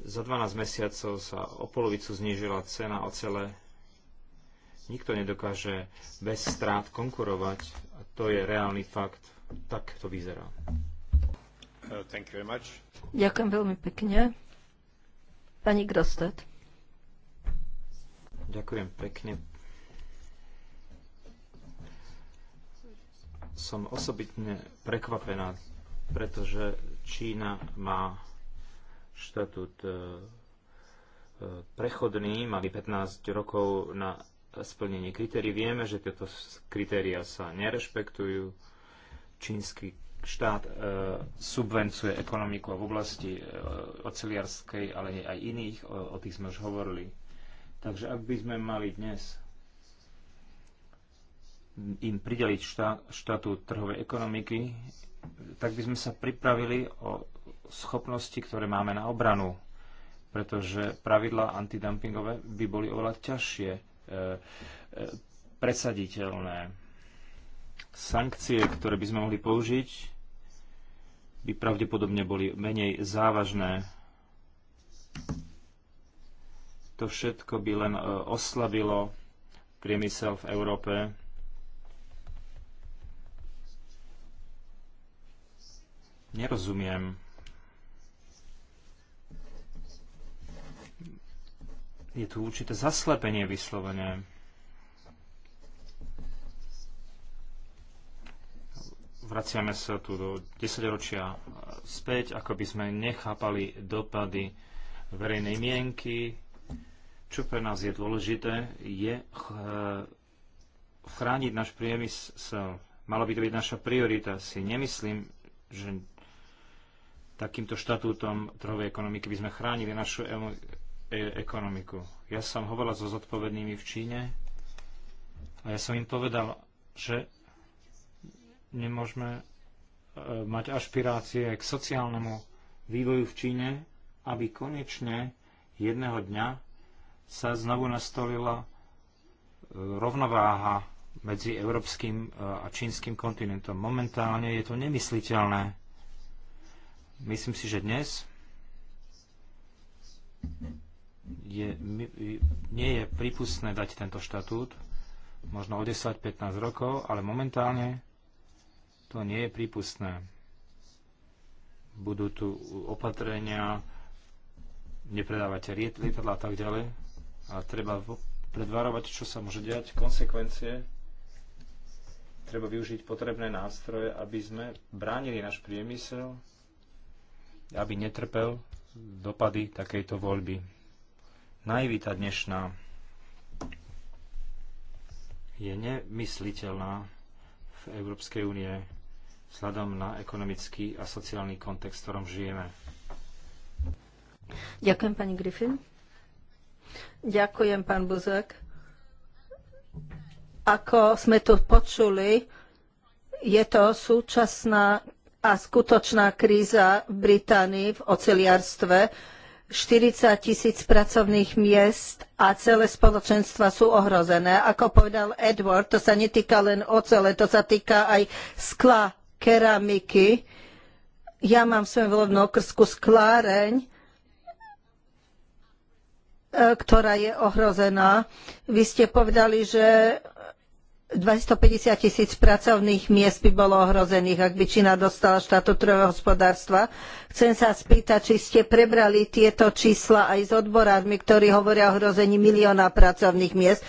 Speaker 4: za 12 mesiacov sa o polovicu znížila cena ocele. Nikto nedokáže bez strát konkurovať. A to je reálny fakt. Tak to vyzerá. Uh,
Speaker 3: Ďakujem veľmi pekne. Pani Grostet.
Speaker 4: Ďakujem pekne. Som osobitne prekvapená, pretože Čína má štatút e, e, prechodný, mali 15 rokov na splnenie kritérií. Vieme, že tieto kritéria sa nerešpektujú. Čínsky štát e, subvencuje ekonomiku v oblasti e, oceliarskej, ale aj iných, o, o tých sme už hovorili. Takže ak by sme mali dnes im prideliť štát, štatút trhovej ekonomiky, tak by sme sa pripravili o schopnosti, ktoré máme na obranu, pretože pravidla antidumpingové by boli oveľa ťažšie e, e, presaditeľné. Sankcie, ktoré by sme mohli použiť, by pravdepodobne boli menej závažné. To všetko by len e, oslabilo priemysel v Európe. Nerozumiem je tu určité zaslepenie vyslovené. Vraciame sa tu do 10 ročia späť, ako by sme nechápali dopady verejnej mienky. Čo pre nás je dôležité, je eh, chrániť náš priemysel. Mala by to byť naša priorita. Si nemyslím, že takýmto štatútom trhovej ekonomiky by sme chránili našu e- ekonomiku. Ja som hovoril so zodpovednými v Číne a ja som im povedal, že nemôžeme e, mať ašpirácie k sociálnemu vývoju v Číne, aby konečne jedného dňa sa znovu nastolila e, rovnováha medzi európskym e, a čínskym kontinentom. Momentálne je to nemysliteľné. Myslím si, že dnes je, nie je prípustné dať tento štatút, možno o 10-15 rokov, ale momentálne to nie je prípustné. Budú tu opatrenia, nepredávate lietadla a tak ďalej. A treba predvárovať, čo sa môže diať, konsekvencie. Treba využiť potrebné nástroje, aby sme bránili náš priemysel, aby netrpel dopady takejto voľby naivita dnešná je nemysliteľná v Európskej únie vzhľadom na ekonomický a sociálny kontext, v ktorom žijeme.
Speaker 3: Ďakujem, pani Griffin. Ďakujem, pán Buzek. Ako sme tu počuli, je to súčasná a skutočná kríza v Británii v oceliarstve 40 tisíc pracovných miest a celé spoločenstva sú ohrozené. Ako povedal Edward, to sa netýka len ocele, to sa týka aj skla, keramiky. Ja mám v svojom volebnom okrsku skláreň, e, ktorá je ohrozená. Vy ste povedali, že 250 tisíc pracovných miest by bolo ohrozených, ak by Čína dostala štátu trojho hospodárstva. Chcem sa spýtať, či ste prebrali tieto čísla aj s odborármi, ktorí hovoria o hrození milióna pracovných miest.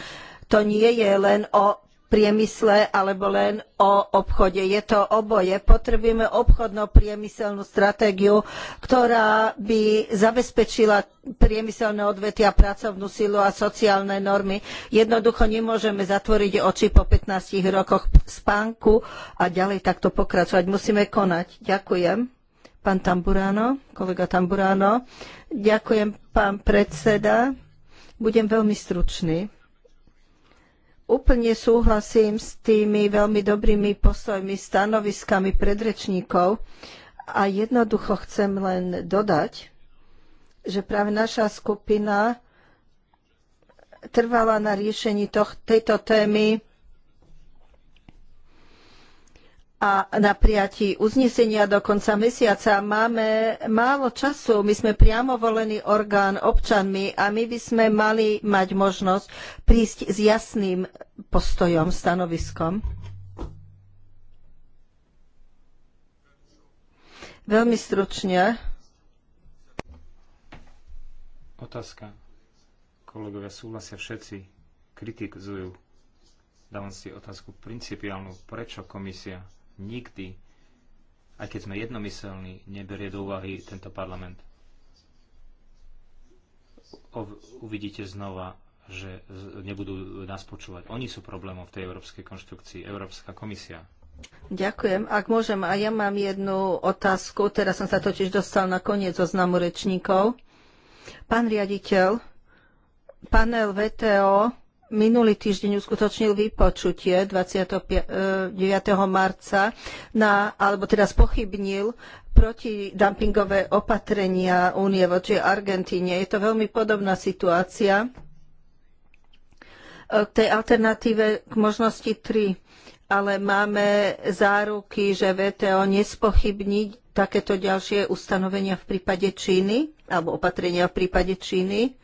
Speaker 3: To nie je len o priemysle alebo len o obchode. Je to oboje. Potrebujeme obchodno-priemyselnú stratégiu, ktorá by zabezpečila priemyselné a pracovnú silu a sociálne normy. Jednoducho nemôžeme zatvoriť oči po 15 rokoch spánku a ďalej takto pokračovať. Musíme konať. Ďakujem. Pán Tamburáno, kolega Tamburáno. Ďakujem, pán predseda. Budem veľmi stručný Úplne súhlasím s tými veľmi dobrými postojmi, stanoviskami predrečníkov a jednoducho chcem len dodať, že práve naša skupina trvala na riešení toh, tejto témy a na prijatí uznesenia do konca mesiaca. Máme málo času, my sme priamo volený orgán občanmi a my by sme mali mať možnosť prísť s jasným postojom, stanoviskom. Veľmi stručne.
Speaker 4: Otázka. Kolegovia súhlasia všetci, kritizujú. Dávam si otázku principiálnu. Prečo komisia nikdy, aj keď sme jednomyselní, neberie do úvahy tento parlament. Uvidíte znova, že nebudú nás počúvať. Oni sú problémom v tej európskej konštrukcii, Európska komisia.
Speaker 3: Ďakujem. Ak môžem, a ja mám jednu otázku. Teraz som sa totiž dostal na koniec zoznamu rečníkov. Pán riaditeľ, panel VTO minulý týždeň uskutočnil vypočutie 29. E, marca na, alebo teda spochybnil protidumpingové opatrenia únie voči Argentíne. Je to veľmi podobná situácia e, k tej alternatíve k možnosti 3, ale máme záruky, že VTO nespochybní takéto ďalšie ustanovenia v prípade Číny alebo opatrenia v prípade Číny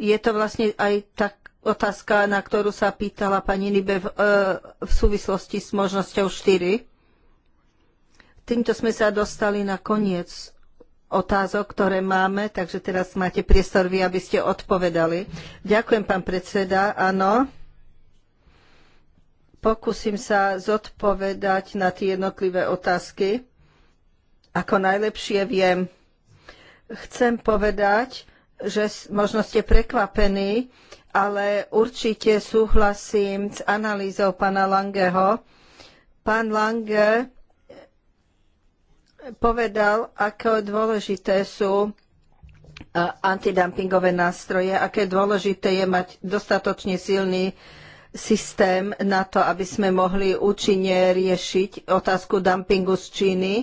Speaker 3: je to vlastne aj tak otázka, na ktorú sa pýtala pani Nibe v, e, v súvislosti s možnosťou 4. Týmto sme sa dostali na koniec otázok, ktoré máme, takže teraz máte priestor vy, aby ste odpovedali. Ďakujem, pán predseda. Áno. Pokúsim sa zodpovedať na tie jednotlivé otázky. Ako najlepšie viem, chcem povedať, že možno ste prekvapení, ale určite súhlasím s analýzou pána Langeho. Pán Lange povedal, ako dôležité sú e, antidumpingové nástroje, aké dôležité je mať dostatočne silný systém na to, aby sme mohli účinne riešiť otázku dumpingu z Číny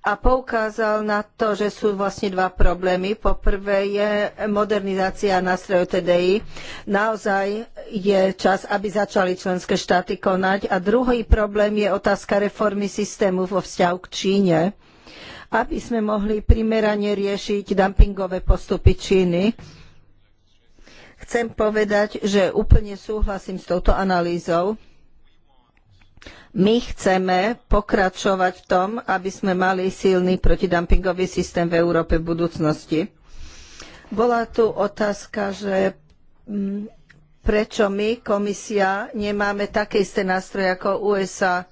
Speaker 3: a poukázal na to, že sú vlastne dva problémy. Po prvé je modernizácia nástrojov TDI. Naozaj je čas, aby začali členské štáty konať. A druhý problém je otázka reformy systému vo vzťahu k Číne aby sme mohli primerane riešiť dumpingové postupy Číny. Chcem povedať, že úplne súhlasím s touto analýzou my chceme pokračovať v tom, aby sme mali silný protidumpingový systém v Európe v budúcnosti. Bola tu otázka, že mm, prečo my, komisia, nemáme také isté nástroje ako USA.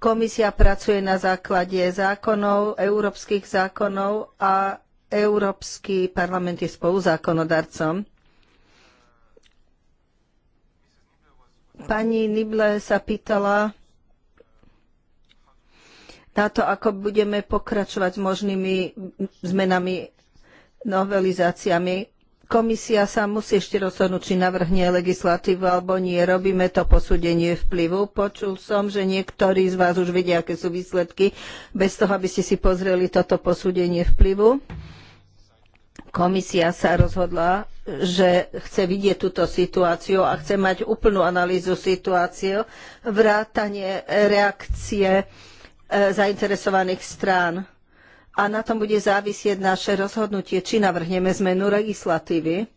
Speaker 3: Komisia pracuje na základe zákonov, európskych zákonov a Európsky parlament je spoluzákonodarcom. Pani Nible sa pýtala na to, ako budeme pokračovať s možnými zmenami, novelizáciami. Komisia sa musí ešte rozhodnúť, či navrhne legislatívu alebo nie. Robíme to posúdenie vplyvu. Počul som, že niektorí z vás už vedia, aké sú výsledky, bez toho, aby ste si pozreli toto posúdenie vplyvu. Komisia sa rozhodla, že chce vidieť túto situáciu a chce mať úplnú analýzu situácie, vrátanie reakcie E, zainteresovaných strán. A na tom bude závisieť naše rozhodnutie, či navrhneme zmenu legislatívy.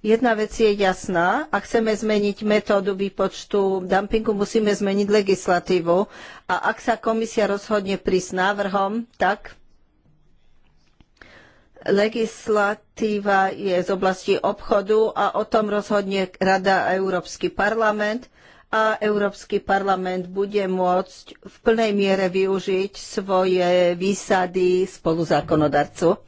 Speaker 3: Jedna vec je jasná, ak chceme zmeniť metódu výpočtu dumpingu, musíme zmeniť legislatívu. A ak sa komisia rozhodne prísť návrhom, tak legislatíva je z oblasti obchodu a o tom rozhodne Rada a Európsky parlament a Európsky parlament bude môcť v plnej miere využiť svoje výsady spoluzákonodarcu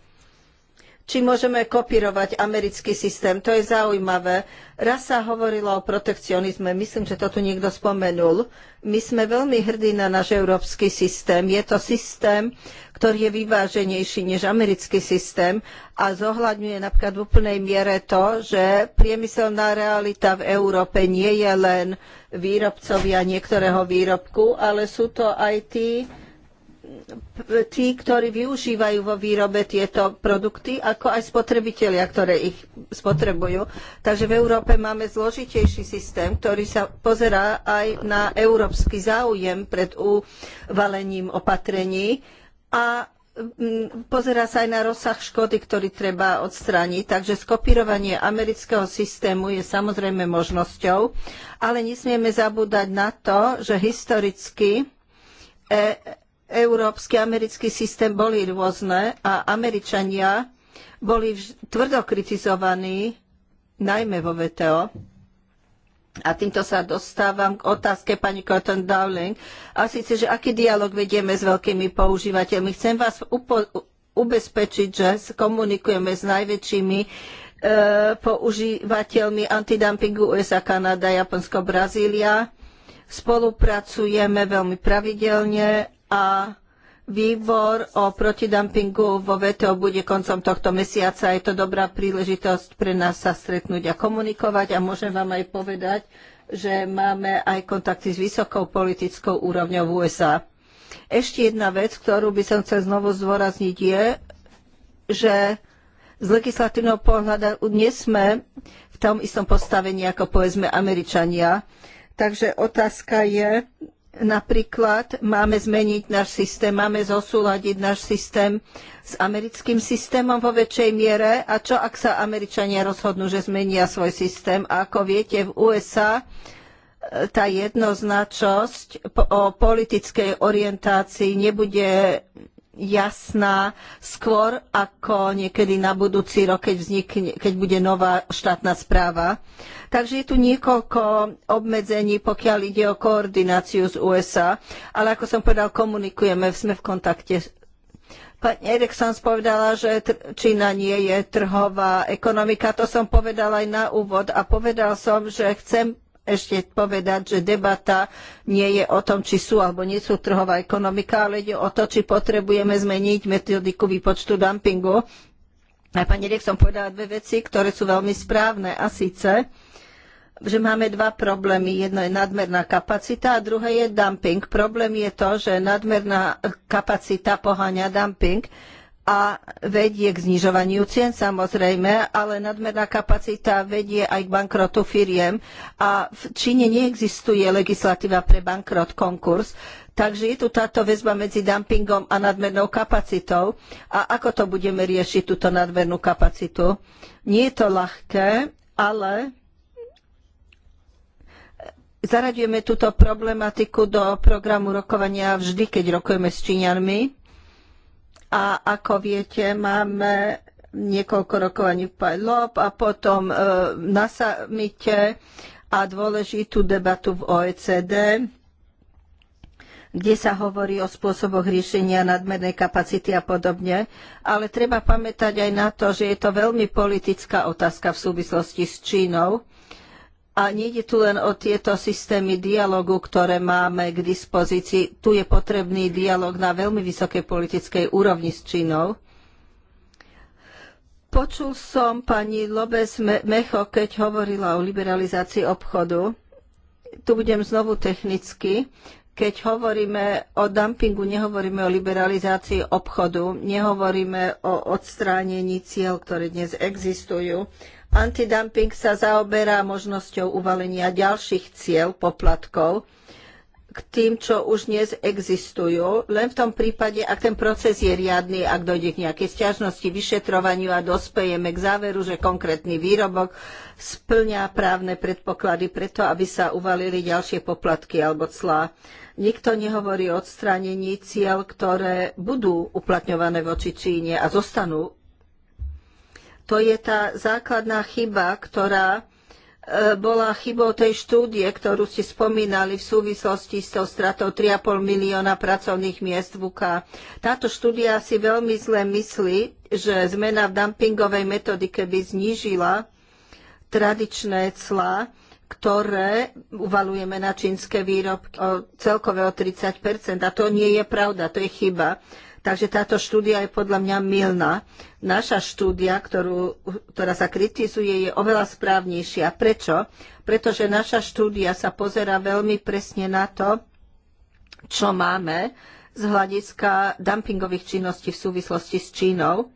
Speaker 3: či môžeme kopírovať americký systém. To je zaujímavé. Raz sa hovorilo o protekcionizme, myslím, že to tu niekto spomenul. My sme veľmi hrdí na náš európsky systém. Je to systém, ktorý je vyváženejší než americký systém a zohľadňuje napríklad v úplnej miere to, že priemyselná realita v Európe nie je len výrobcovia niektorého výrobku, ale sú to aj tí, tí, ktorí využívajú vo výrobe tieto produkty, ako aj spotrebitelia, ktoré ich spotrebujú. Takže v Európe máme zložitejší systém, ktorý sa pozerá aj na európsky záujem pred uvalením opatrení a mm, pozerá sa aj na rozsah škody, ktorý treba odstrániť. Takže skopírovanie amerického systému je samozrejme možnosťou, ale nesmieme zabúdať na to, že historicky e, európsky americký systém boli rôzne a Američania boli tvrdo kritizovaní, najmä vo VTO. A týmto sa dostávam k otázke pani Cotton Dowling. A síce, že aký dialog vedieme s veľkými používateľmi. Chcem vás ubezpečiť, že komunikujeme s najväčšími e, používateľmi antidumpingu USA, Kanada, Japonsko, Brazília. Spolupracujeme veľmi pravidelne a Výbor o protidumpingu vo VTO bude koncom tohto mesiaca. Je to dobrá príležitosť pre nás sa stretnúť a komunikovať a môžem vám aj povedať, že máme aj kontakty s vysokou politickou úrovňou v USA. Ešte jedna vec, ktorú by som chcel znovu zdôrazniť, je, že z legislatívneho pohľada nie sme v tom istom postavení ako povedzme Američania. Takže otázka je, Napríklad máme zmeniť náš systém, máme zosúľadiť náš systém s americkým systémom vo väčšej miere. A čo ak sa Američania rozhodnú, že zmenia svoj systém? A ako viete, v USA e, tá jednoznačnosť o politickej orientácii nebude jasná skôr ako niekedy na budúci rok, keď, vznikne, keď bude nová štátna správa. Takže je tu niekoľko obmedzení, pokiaľ ide o koordináciu z USA, ale ako som povedal, komunikujeme, sme v kontakte. Pani Erikson povedala, že Čína nie je trhová ekonomika. To som povedala aj na úvod a povedal som, že chcem ešte povedať, že debata nie je o tom, či sú alebo nie sú trhová ekonomika, ale ide o to, či potrebujeme zmeniť metodiku výpočtu dumpingu. A pani Riek som povedala dve veci, ktoré sú veľmi správne. A síce, že máme dva problémy. Jedno je nadmerná kapacita a druhé je dumping. Problém je to, že nadmerná kapacita poháňa dumping a vedie k znižovaniu cien samozrejme, ale nadmerná kapacita vedie aj k bankrotu firiem a v Číne neexistuje legislatíva pre bankrot konkurs, takže je tu táto väzba medzi dumpingom a nadmernou kapacitou a ako to budeme riešiť túto nadmernú kapacitu. Nie je to ľahké, ale zaraďujeme túto problematiku do programu rokovania vždy, keď rokujeme s Číňanmi a ako viete, máme niekoľko rokovaní v PILOP a potom e, na samite a dôležitú debatu v OECD, kde sa hovorí o spôsoboch riešenia nadmernej kapacity a podobne. Ale treba pamätať aj na to, že je to veľmi politická otázka v súvislosti s Čínou a nejde tu len o tieto systémy dialogu, ktoré máme k dispozícii. Tu je potrebný dialog na veľmi vysokej politickej úrovni s Čínou. Počul som pani Lobes Mecho, keď hovorila o liberalizácii obchodu. Tu budem znovu technicky. Keď hovoríme o dumpingu, nehovoríme o liberalizácii obchodu, nehovoríme o odstránení cieľ, ktoré dnes existujú Antidumping sa zaoberá možnosťou uvalenia ďalších cieľ poplatkov k tým, čo už dnes existujú, len v tom prípade, ak ten proces je riadny, ak dojde k nejakej stiažnosti, vyšetrovaniu a dospejeme k záveru, že konkrétny výrobok splňa právne predpoklady preto, aby sa uvalili ďalšie poplatky alebo clá. Nikto nehovorí o odstránení cieľ, ktoré budú uplatňované voči Číne a zostanú to je tá základná chyba, ktorá e, bola chybou tej štúdie, ktorú ste spomínali v súvislosti s tou stratou 3,5 milióna pracovných miest v UK. Táto štúdia si veľmi zle myslí, že zmena v dumpingovej metodike by znížila tradičné clá, ktoré uvalujeme na čínske výrobky o celkové o 30 a to nie je pravda, to je chyba. Takže táto štúdia je podľa mňa milná. Naša štúdia, ktorú, ktorá sa kritizuje, je oveľa správnejšia. Prečo? Pretože naša štúdia sa pozera veľmi presne na to, čo máme z hľadiska dumpingových činností v súvislosti s Čínou.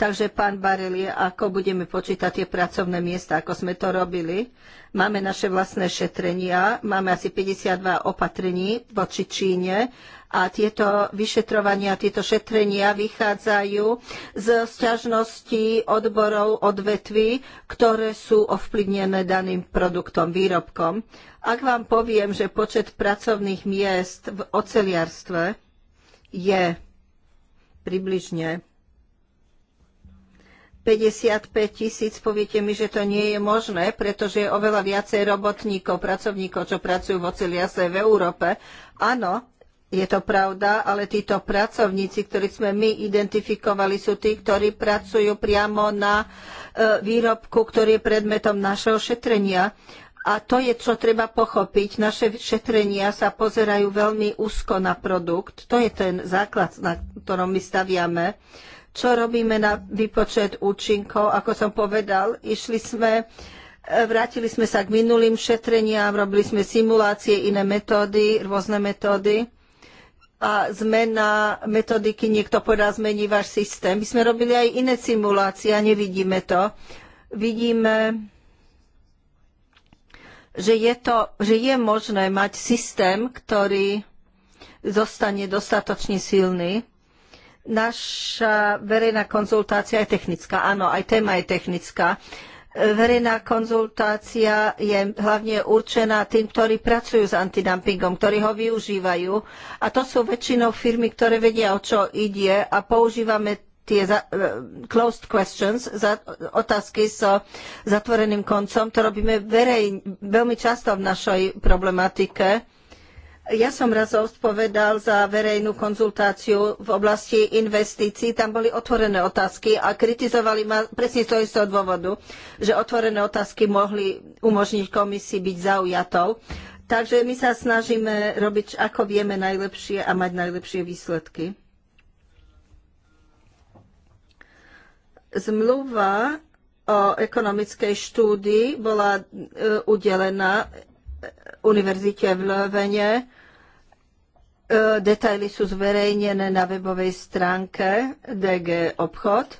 Speaker 3: Takže, pán Barelie, ako budeme počítať tie pracovné miesta, ako sme to robili? Máme naše vlastné šetrenia, máme asi 52 opatrení voči Číne a tieto vyšetrovania, tieto šetrenia vychádzajú z sťažností odborov odvetví, ktoré sú ovplyvnené daným produktom, výrobkom. Ak vám poviem, že počet pracovných miest v oceliarstve je približne 55 tisíc, poviete mi, že to nie je možné, pretože je oveľa viacej robotníkov, pracovníkov, čo pracujú v oceliarstve v Európe. Áno, je to pravda, ale títo pracovníci, ktorých sme my identifikovali, sú tí, ktorí pracujú priamo na e, výrobku, ktorý je predmetom našeho šetrenia. A to je, čo treba pochopiť. Naše šetrenia sa pozerajú veľmi úzko na produkt. To je ten základ, na ktorom my staviame. Čo robíme na výpočet účinkov? Ako som povedal, išli sme e, Vrátili sme sa k minulým šetreniam, robili sme simulácie, iné metódy, rôzne metódy a zmena metodiky, niekto povedal, zmení váš systém. My sme robili aj iné simulácie a nevidíme to. Vidíme, že je, to, že je možné mať systém, ktorý zostane dostatočne silný. Naša verejná konzultácia je technická. Áno, aj téma je technická. Verejná konzultácia je hlavne určená tým, ktorí pracujú s antidumpingom, ktorí ho využívajú. A to sú väčšinou firmy, ktoré vedia, o čo ide a používame tie e, closed questions, otázky so zatvoreným koncom. To robíme verej, veľmi často v našej problematike ja som raz odpovedal za verejnú konzultáciu v oblasti investícií. Tam boli otvorené otázky a kritizovali ma presne z toho istého dôvodu, že otvorené otázky mohli umožniť komisii byť zaujatou. Takže my sa snažíme robiť, ako vieme najlepšie a mať najlepšie výsledky. Zmluva o ekonomickej štúdii bola e, udelená e, univerzite v Lövene E, detaily sú zverejnené na webovej stránke DG Obchod.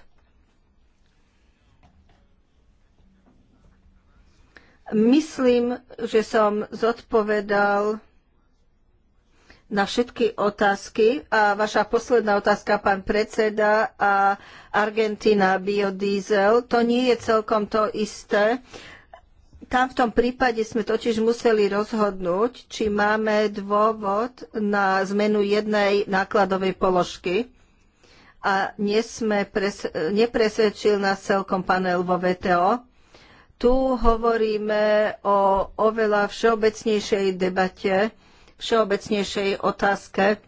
Speaker 3: Myslím, že som zodpovedal na všetky otázky. A vaša posledná otázka, pán predseda, a Argentina biodiesel, to nie je celkom to isté. Tam v tom prípade sme totiž museli rozhodnúť, či máme dôvod na zmenu jednej nákladovej položky a pres, nepresvedčil nás celkom panel vo VTO. Tu hovoríme o oveľa všeobecnejšej debate, všeobecnejšej otázke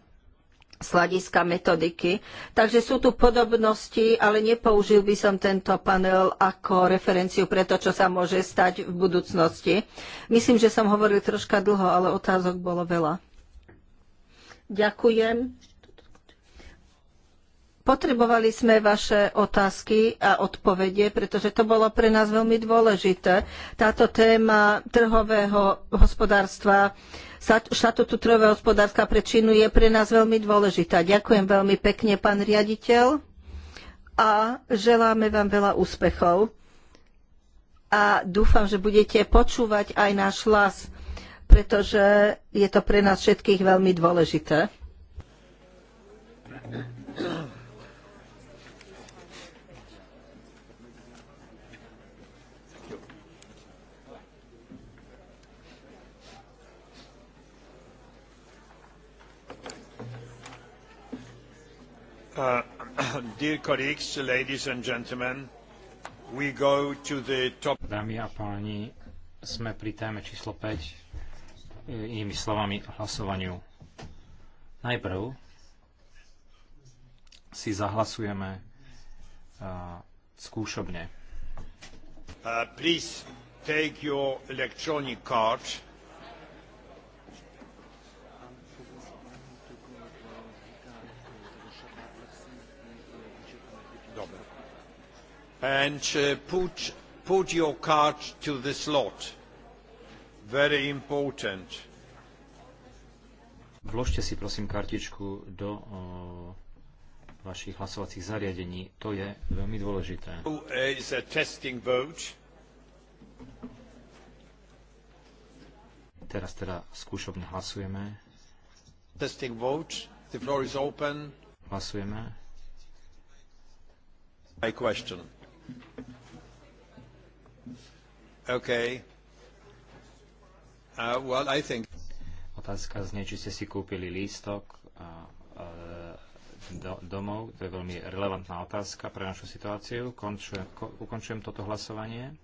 Speaker 3: z hľadiska metodiky. Takže sú tu podobnosti, ale nepoužil by som tento panel ako referenciu pre to, čo sa môže stať v budúcnosti. Myslím, že som hovoril troška dlho, ale otázok bolo veľa. Ďakujem. Potrebovali sme vaše otázky a odpovede, pretože to bolo pre nás veľmi dôležité. Táto téma trhového hospodárstva, štatutu trhového hospodárstva pre Čínu je pre nás veľmi dôležitá. Ďakujem veľmi pekne, pán riaditeľ, a želáme vám veľa úspechov. A dúfam, že budete počúvať aj náš hlas, pretože je to pre nás všetkých veľmi dôležité.
Speaker 1: Uh, dear colleagues, ladies and gentlemen, we go to the top... Dámy a
Speaker 4: páni, sme pri téme číslo 5, inými slovami hlasovaniu. Najprv si zahlasujeme uh, skúšobne.
Speaker 1: Uh, please take your electronic card and uh, put, put your card to the slot. Very important.
Speaker 4: Vložte si prosím kartičku do o, vašich hlasovacích zariadení. To je veľmi dôležité. Oh, Teraz teda skúšobne hlasujeme.
Speaker 1: Testing vote. The floor is open. Hlasujeme. My question. Okay. Uh, well, I think...
Speaker 4: Otázka znie, či ste si kúpili lístok a, a, do, domov. To je veľmi relevantná otázka pre našu situáciu. Končujem, ko, ukončujem toto hlasovanie.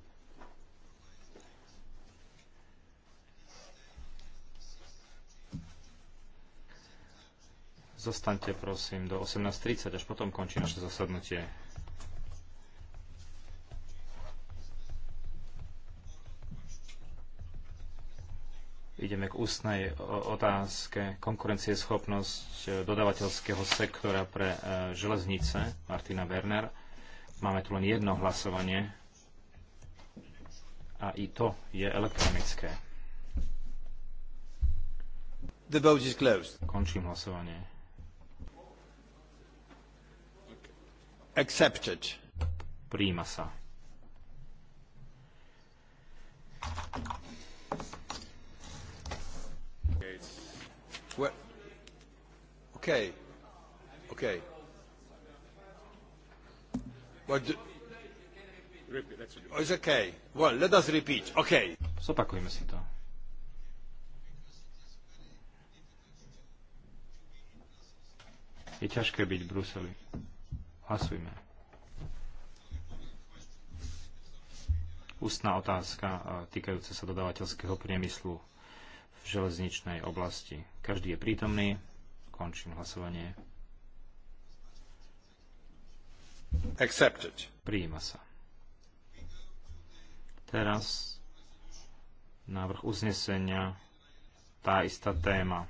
Speaker 4: Zostaňte prosím do 18.30, až potom končí naše zasadnutie. Ideme k ústnej otázke konkurencieschopnosť e, dodavateľského sektora pre e, železnice Martina Werner. Máme tu len jedno hlasovanie a i to je elektronické. The vote is closed. Končím hlasovanie. Accepted. Príjma sa.
Speaker 1: where... Okay. Okay. What do... Oh, it's okay. Well, let us
Speaker 4: repeat. Okay. Zopakujme si to. Je ťažké byť v Bruseli. Hlasujme. Ústná otázka eh, týkajúca sa dodávateľského priemyslu železničnej oblasti. Každý je prítomný. Končím hlasovanie. Accepted. Prijíma sa. Teraz návrh uznesenia, tá istá téma.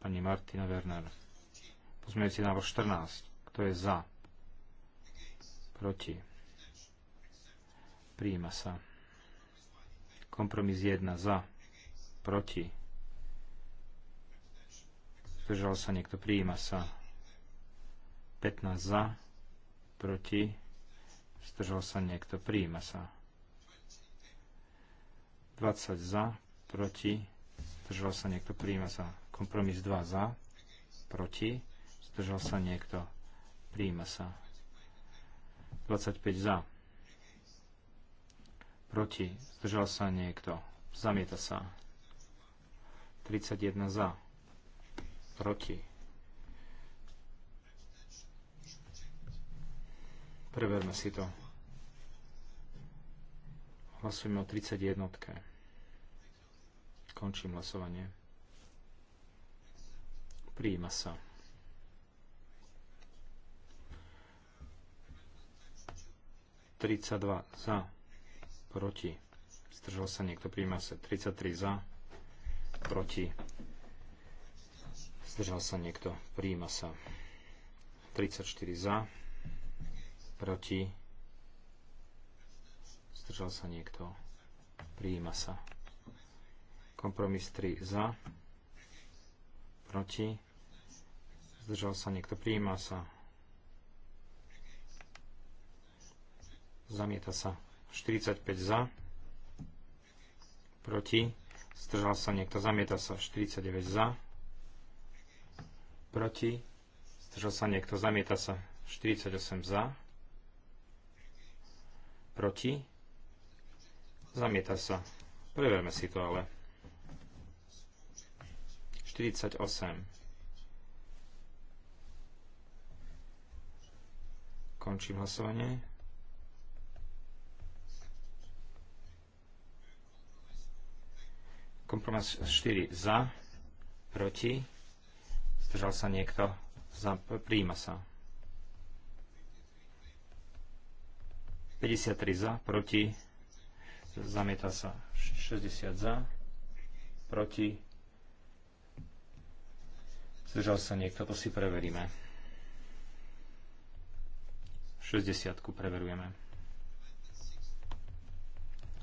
Speaker 4: Pani Martina Werner. Pozmeňujúci návrh 14. Kto je za? Proti. Príjima sa. Kompromis 1 za. Proti. Zdržal sa niekto. Príjima sa. 15 za. Proti. Zdržal sa niekto. Príjima sa. 20 za. Proti. Zdržal sa niekto. Príjima sa. Kompromis 2 za. Proti. Zdržal sa niekto. Príjima sa. 25 za proti, zdržal sa niekto, zamieta sa. 31 za, proti. Preverme si to. Hlasujeme o 31. Končím hlasovanie. Prijíma sa. Tridsaťdva za proti, zdržal sa niekto, príjma sa 33 za, proti, zdržal sa niekto, príjma sa 34 za, proti, zdržal sa niekto, príjma sa. Kompromis 3 za, proti, zdržal sa niekto, príjma sa. Zamieta sa. 45 za, proti, zdržal sa niekto, zamieta sa 49 za, proti, zdržal sa niekto, zamieta sa 48 za, proti, zamieta sa. Preverme si to ale. 48. Končím hlasovanie. Kompromis 4 za, proti, zdržal sa niekto, za, príjima sa. 53 za, proti, zamieta sa 60 za, proti, zdržal sa niekto, to si preveríme. 60 preverujeme.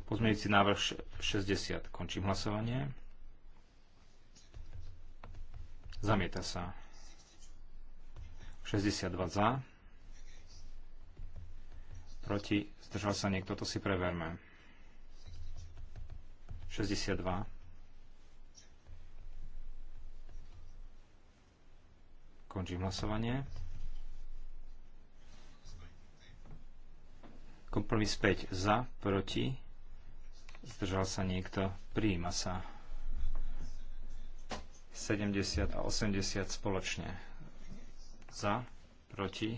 Speaker 4: Pozmeňujúci návrh 60. Končím hlasovanie. Zamieta sa. 62 za. Proti. Zdržal sa niekto. To si preverme. 62. Končím hlasovanie. Kompromis 5 za, proti Zdržal sa niekto? Prijíma sa. 70 a 80 spoločne. Za, proti,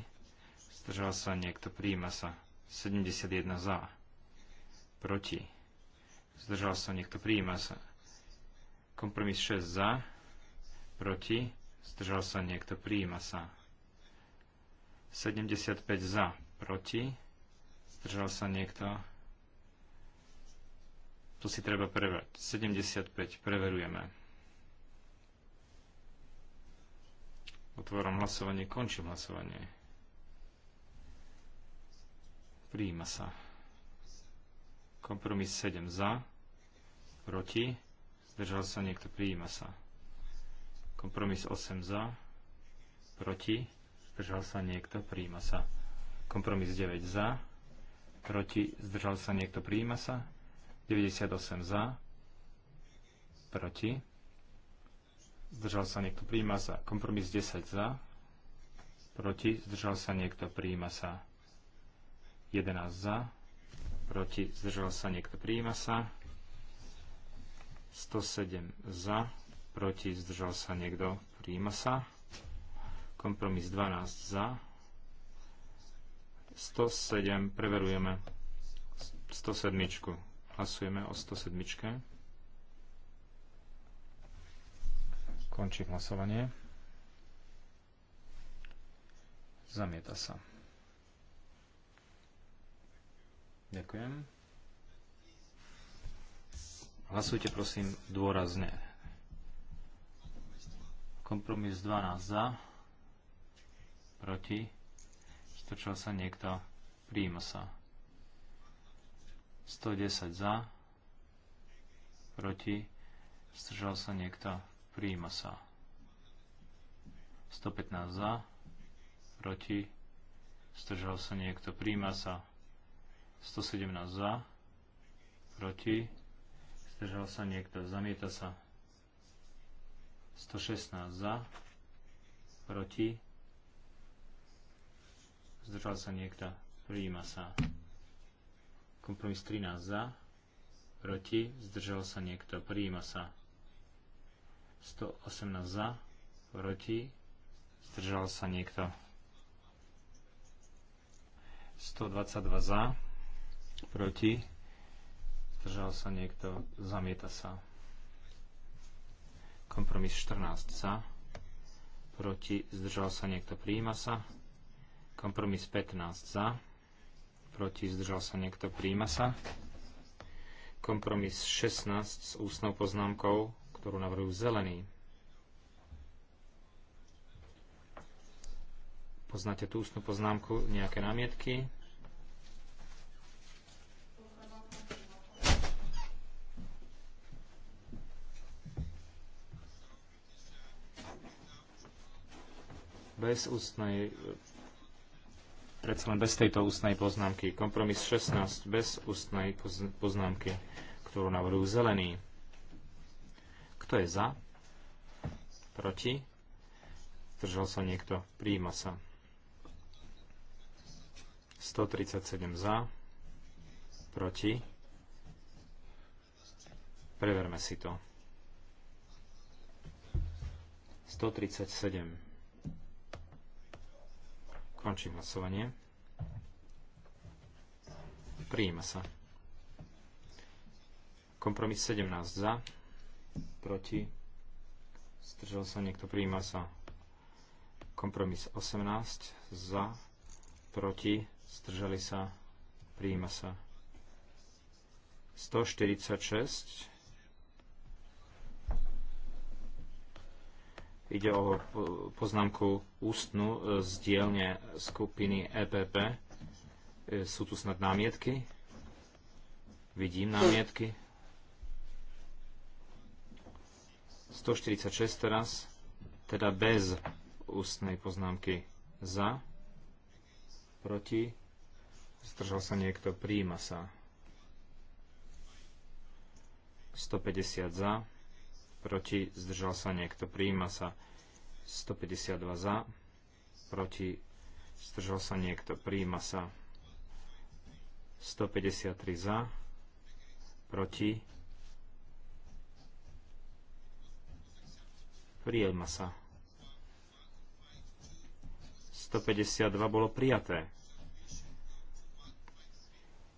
Speaker 4: zdržal sa niekto, prijíma sa. 71 za, proti, zdržal sa niekto, prijíma sa. Kompromis 6 za, proti, zdržal sa niekto, prijíma sa. 75 za, proti, zdržal sa niekto, to si treba preverať. 75 preverujeme. Otváram hlasovanie, končím hlasovanie. Príjima sa. Kompromis 7 za, proti, zdržal sa niekto, príjima sa. Kompromis 8 za, proti, zdržal sa niekto, príjima sa. Kompromis 9 za, proti, zdržal sa niekto, príjima sa. 98 za, proti, zdržal sa niekto, príjma sa. Kompromis 10 za, proti, zdržal sa niekto, príjma sa. 11 za, proti, zdržal sa niekto, príjma sa. 107 za, proti, zdržal sa niekto, príjma sa. Kompromis 12 za. 107, preverujeme 107. Hlasujeme o 107. Končím hlasovanie. Zamieta sa. Ďakujem. Hlasujte prosím dôrazne. Kompromis 12 za, proti, stočal sa niekto, príjima sa. 110 za, proti, zdržal sa niekto, prijíma sa. 115 za, proti, zdržal sa niekto, prijíma sa. 117 za, proti, zdržal sa niekto, zamieta sa. 116 za, proti, zdržal sa niekto, prijíma sa. Kompromis 13 za, proti, zdržal sa niekto, prijíma sa. 118 za, proti, zdržal sa niekto. 122 za, proti, zdržal sa niekto, zamieta sa. Kompromis 14 za, proti, zdržal sa niekto, prijíma sa. Kompromis 15 za, proti, zdržal sa niekto, príjma sa. Kompromis 16 s ústnou poznámkou, ktorú navrhujú zelený. Poznáte tú ústnu poznámku, nejaké námietky? bez ústnej predsa len bez tejto ústnej poznámky. Kompromis 16 bez ústnej poznámky, ktorú navrhujú zelení. Kto je za? Proti? Držal sa niekto? Prijíma sa. 137 za. Proti? Preverme si to. 137. Končím hlasovanie. Prijíma sa. Kompromis 17 za. Proti. Zdržal sa niekto. Prijíma sa. Kompromis 18 za. Proti. Zdržali sa. Prijíma sa. 146 Ide o poznámku ústnu e, z dielne skupiny EPP. E, sú tu snad námietky? Vidím námietky. 146 teraz, teda bez ústnej poznámky za, proti, zdržal sa niekto, príjima sa. 150 za, proti, zdržal sa niekto, príjima sa. 152 za, proti, zdržal sa niekto, príjima sa. 153 za, proti, prijelma sa. 152 bolo prijaté.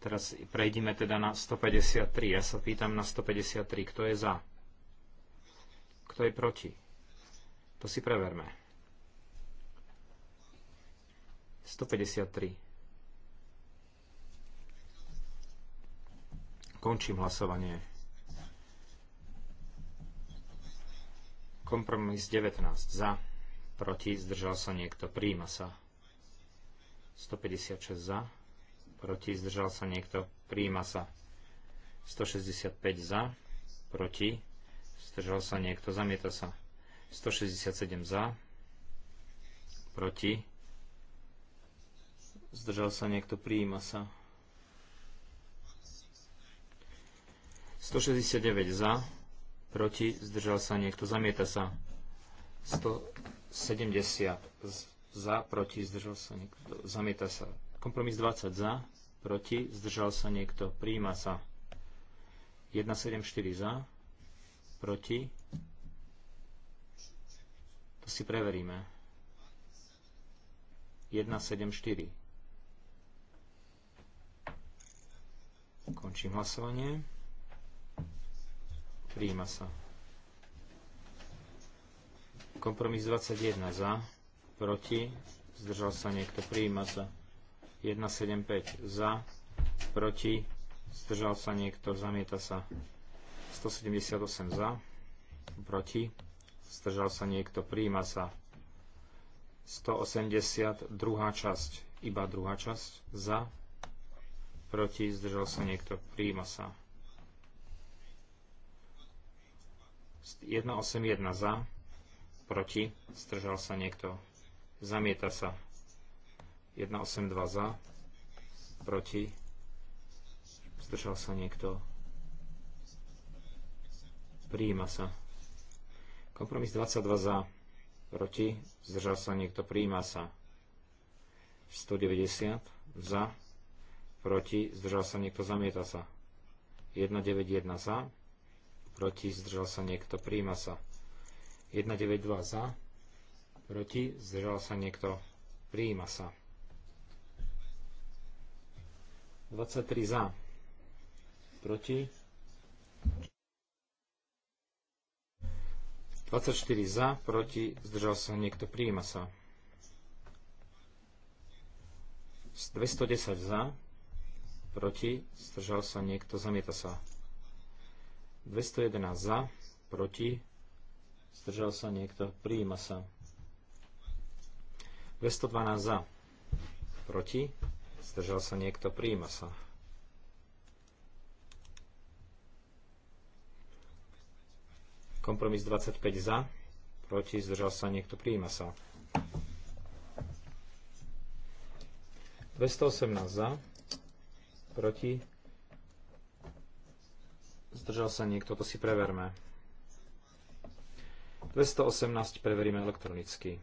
Speaker 4: Teraz prejdime teda na 153. Ja sa pýtam na 153. Kto je za? Kto je proti? To si preverme. 153. Končím hlasovanie. Kompromis 19 za, proti, zdržal sa niekto, príjma sa. 156 za, proti, zdržal sa niekto, príjma sa. 165 za, proti, zdržal sa niekto, zamieta sa. 167 za, proti, zdržal sa niekto, príjma sa. 169 za, proti, zdržal sa niekto, zamieta sa. 170 za, proti, zdržal sa niekto, zamieta sa. Kompromis 20 za, proti, zdržal sa niekto, príjima sa. 174 za, proti. To si preveríme. 174. Končím hlasovanie. Príjima sa. Kompromis 21 za, proti, zdržal sa niekto, príjima sa. 175 za, proti, zdržal sa niekto, zamieta sa. 178 za, proti, zdržal sa niekto, príjima sa. 180, druhá časť, iba druhá časť, za, proti, zdržal sa niekto, príjima sa. 181 za, proti, zdržal sa niekto, zamieta sa. 182 za, proti, zdržal sa niekto, prijíma sa. Kompromis 22 za, proti, zdržal sa niekto, prijíma sa. 190 za, proti, zdržal sa niekto, zamieta sa. 191 za, proti, zdržal sa niekto, príjma sa. 192 za, proti, zdržal sa niekto, príjma sa. 23 za, proti, 24 za, proti, zdržal sa niekto, príjma sa. 210 za, proti, zdržal sa niekto, zamieta sa. 211 za, proti, zdržal sa niekto, prijíma sa. 212 za, proti, zdržal sa niekto, prijíma sa. 25 za, proti, zdržal sa niekto, prijíma sa. 218 za, proti, Zdržal sa niekto, to si preverme. 218 preveríme elektronicky.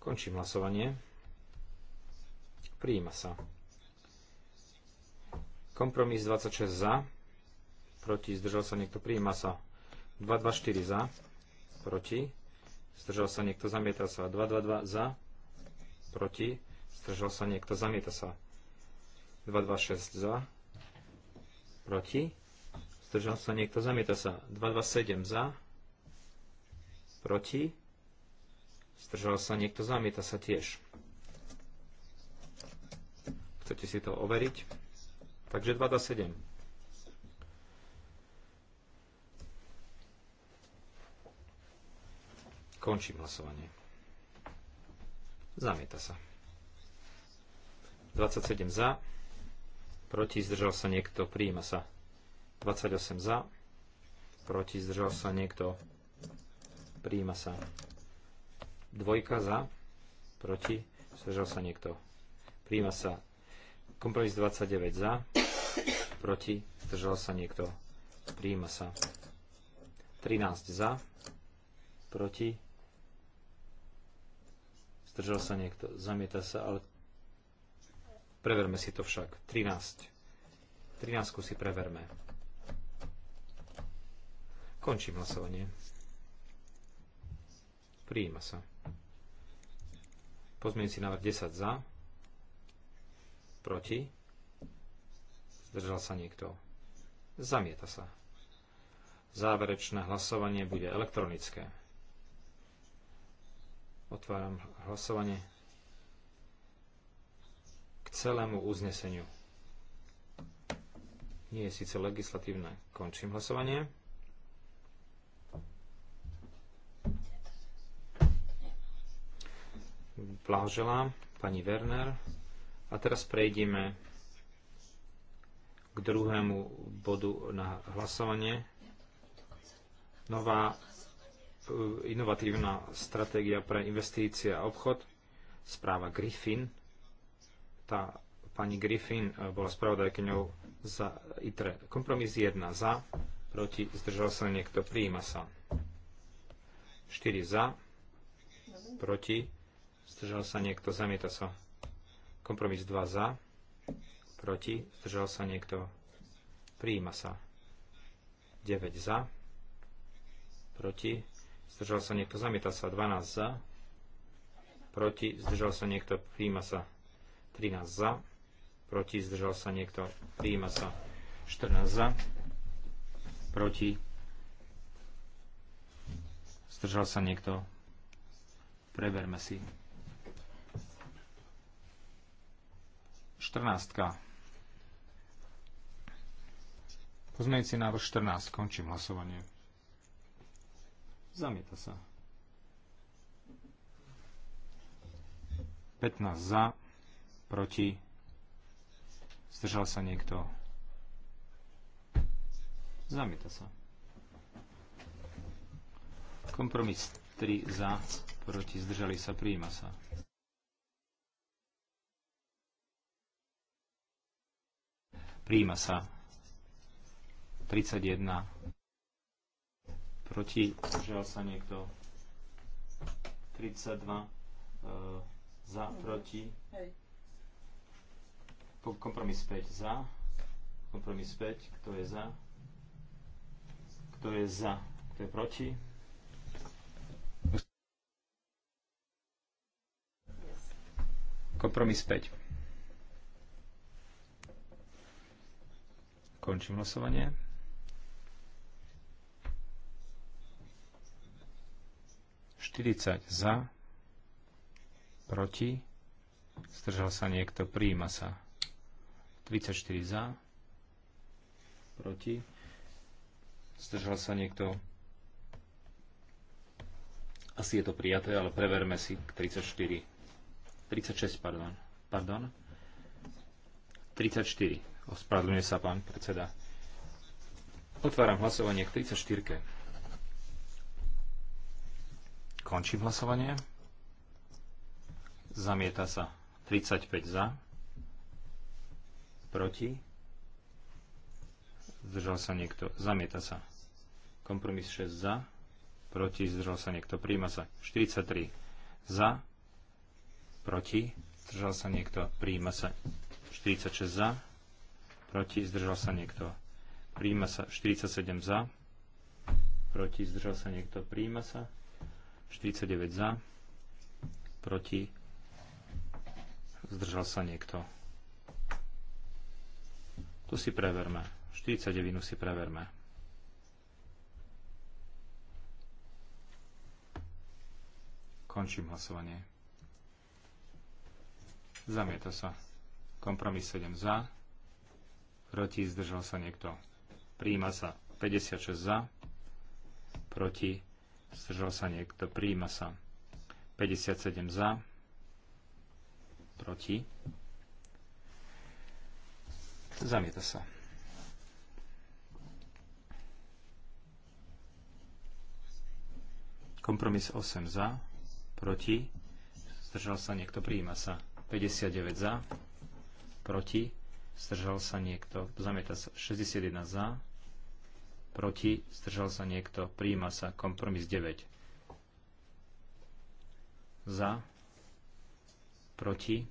Speaker 4: Končím hlasovanie. Prijíma sa. Kompromis 26 za. Proti. Zdržal sa niekto. Prijíma sa. 224 za. Proti. Zdržal sa niekto. Zamieta sa. 222 za. Proti. Zdržal sa niekto. Zamieta sa. 226 za proti, zdržal sa niekto, zamieta sa 227 za, proti, zdržal sa niekto, zamieta sa tiež. Chcete si to overiť? Takže 227. Končím hlasovanie. Zamieta sa. 27 za proti, zdržal sa niekto, Príjima sa. 28 za, proti, zdržal sa niekto, Príjima sa. Dvojka za, proti, zdržal sa niekto, Príjima sa. Kompromis 29 za, proti, zdržal sa niekto, Príjima sa. 13 za, proti, zdržal sa niekto, zamieta sa, ale Preverme si to však. 13. 13 si preverme. Končím hlasovanie. Prijíma sa. si návrh 10 za. Proti. Zdržal sa niekto. Zamieta sa. Záverečné hlasovanie bude elektronické. Otváram hlasovanie k celému uzneseniu. Nie je síce legislatívne. Končím hlasovanie. Blahoželám pani Werner. A teraz prejdeme k druhému bodu na hlasovanie. Nová eh, inovatívna stratégia pre investície a obchod. Správa Griffin. Tá pani Griffin e, bola spravodajkyňou za ITRE. Kompromis 1 za, proti, zdržal sa niekto, prijíma sa. 4 za, proti, zdržal sa niekto, zamieta sa. Kompromis 2 za, proti, zdržal sa niekto, prijíma sa. 9 za, proti, zdržal sa niekto, zamieta sa. 12 za, proti, zdržal sa niekto, prijíma sa. 13 za, proti, zdržal sa niekto, prijíma sa 14 za, proti, zdržal sa niekto, preverme si. 14. Pozmeňujúci návrh 14. Končím hlasovanie. Zamieta sa. 15 za, proti, zdržal sa niekto, zamieta sa. Kompromis 3 za, proti, zdržali sa, prijíma sa. Prijíma sa 31. Proti, zdržal sa niekto. 32. E, za, proti. Hej. Kompromis 5 za. Kompromis 5. Kto je za? Kto je za? Kto je proti? Kompromis 5. Končím hlasovanie. za, proti, zdržal sa niekto, príjma sa. 34 za, proti, zdržal sa niekto. Asi je to prijaté, ale preverme si 34. 36, pardon. Pardon. 34. Ospravedlňuje sa pán predseda. Otváram hlasovanie k 34. Končím hlasovanie. Zamieta sa 35 za. Proti? Zdržal sa niekto. Zamieta sa. Kompromis 6 za. Proti? Zdržal sa niekto. Príjma sa. 43 za. Proti? Zdržal sa niekto. Príjma sa. 46 za. Proti? Zdržal sa niekto. Príjma sa. 47 za. Proti? Zdržal sa niekto. Príjma sa. 49 za. Proti? Zdržal sa niekto. Tu si preverme. 49 si preverme. Končím hlasovanie. Zamieta sa. Kompromis 7 za. Proti zdržal sa niekto. Príjima sa 56 za. Proti zdržal sa niekto. Príjima sa 57 za. Proti Zamieta sa. Kompromis 8 za, proti, zdržal sa niekto, prijíma sa. 59 za, proti, zdržal sa niekto, zamieta sa. 61 za, proti, zdržal sa niekto, prijíma sa. Kompromis 9 za, proti,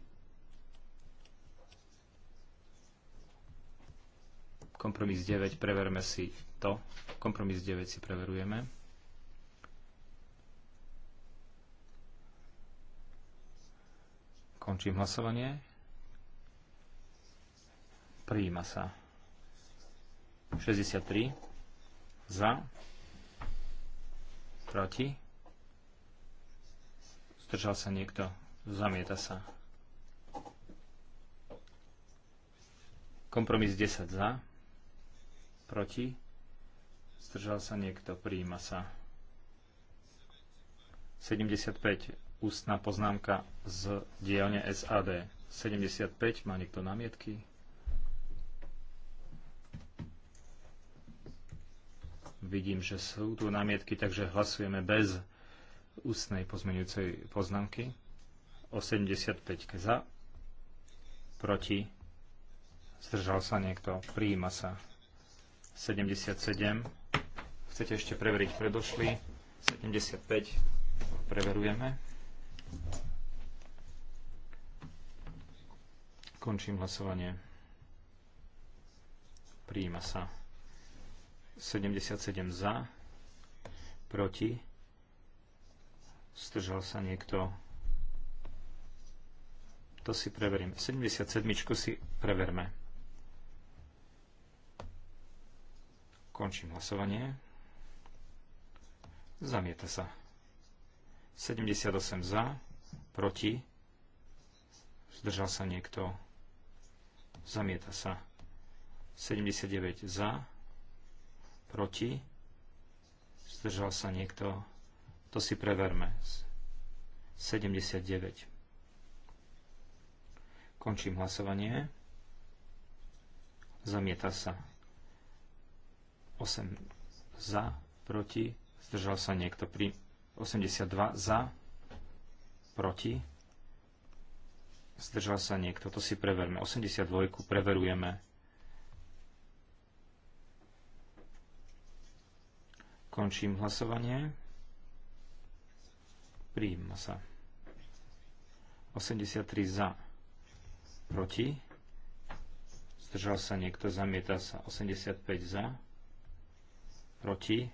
Speaker 4: Kompromis 9, preverme si to. Kompromis 9 si preverujeme. Končím hlasovanie. Prijíma sa. 63 za, proti, zdržal sa niekto, zamieta sa. Kompromis 10 za, proti, zdržal sa niekto, príjima sa. 75. Ústna poznámka z dielne SAD. 75. Má niekto námietky? Vidím, že sú tu námietky, takže hlasujeme bez ústnej pozmenujúcej poznámky. 85 za, proti, zdržal sa niekto, prijíma sa. 77. Chcete ešte preveriť predošlý? 75. Preverujeme. Končím hlasovanie. Prijíma sa. 77 za. Proti. Stržal sa niekto. To si preverím. 77 si preverme. Končím hlasovanie. Zamieta sa. 78 za, proti, zdržal sa niekto, zamieta sa. 79 za, proti, zdržal sa niekto, to si preverme. 79. Končím hlasovanie. Zamieta sa. 8 za, proti, zdržal sa niekto pri 82 za, proti, zdržal sa niekto, to si preverme. 82 preverujeme. Končím hlasovanie. Prijíma sa. 83 za, proti, zdržal sa niekto, zamieta sa. 85 za, proti,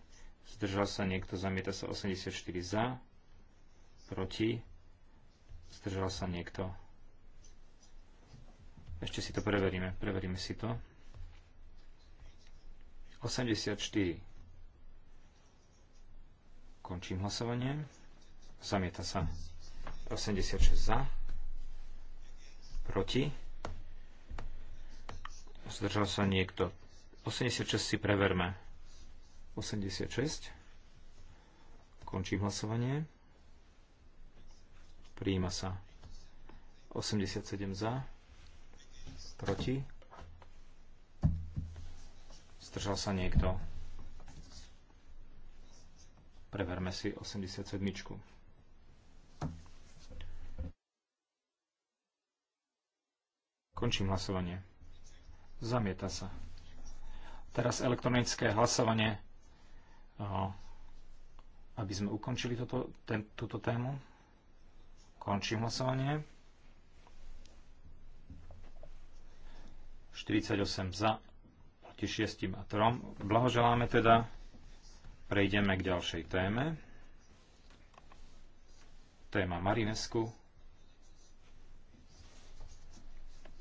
Speaker 4: zdržal sa niekto, zamieta sa 84 za, proti, zdržal sa niekto. Ešte si to preveríme, preveríme si to. 84. Končím hlasovanie. Zamieta sa 86 za, proti, zdržal sa niekto. 86 si preverme. 86. Končím hlasovanie. Prijíma sa. 87 za. Proti. Zdržal sa niekto. Preverme si 87. Končím hlasovanie. Zamieta sa. Teraz elektronické hlasovanie aby sme ukončili toto, ten, túto tému. Končím hlasovanie. 48 za, proti 6 a 3. Blahoželáme teda. Prejdeme k ďalšej téme. Téma Marinesku.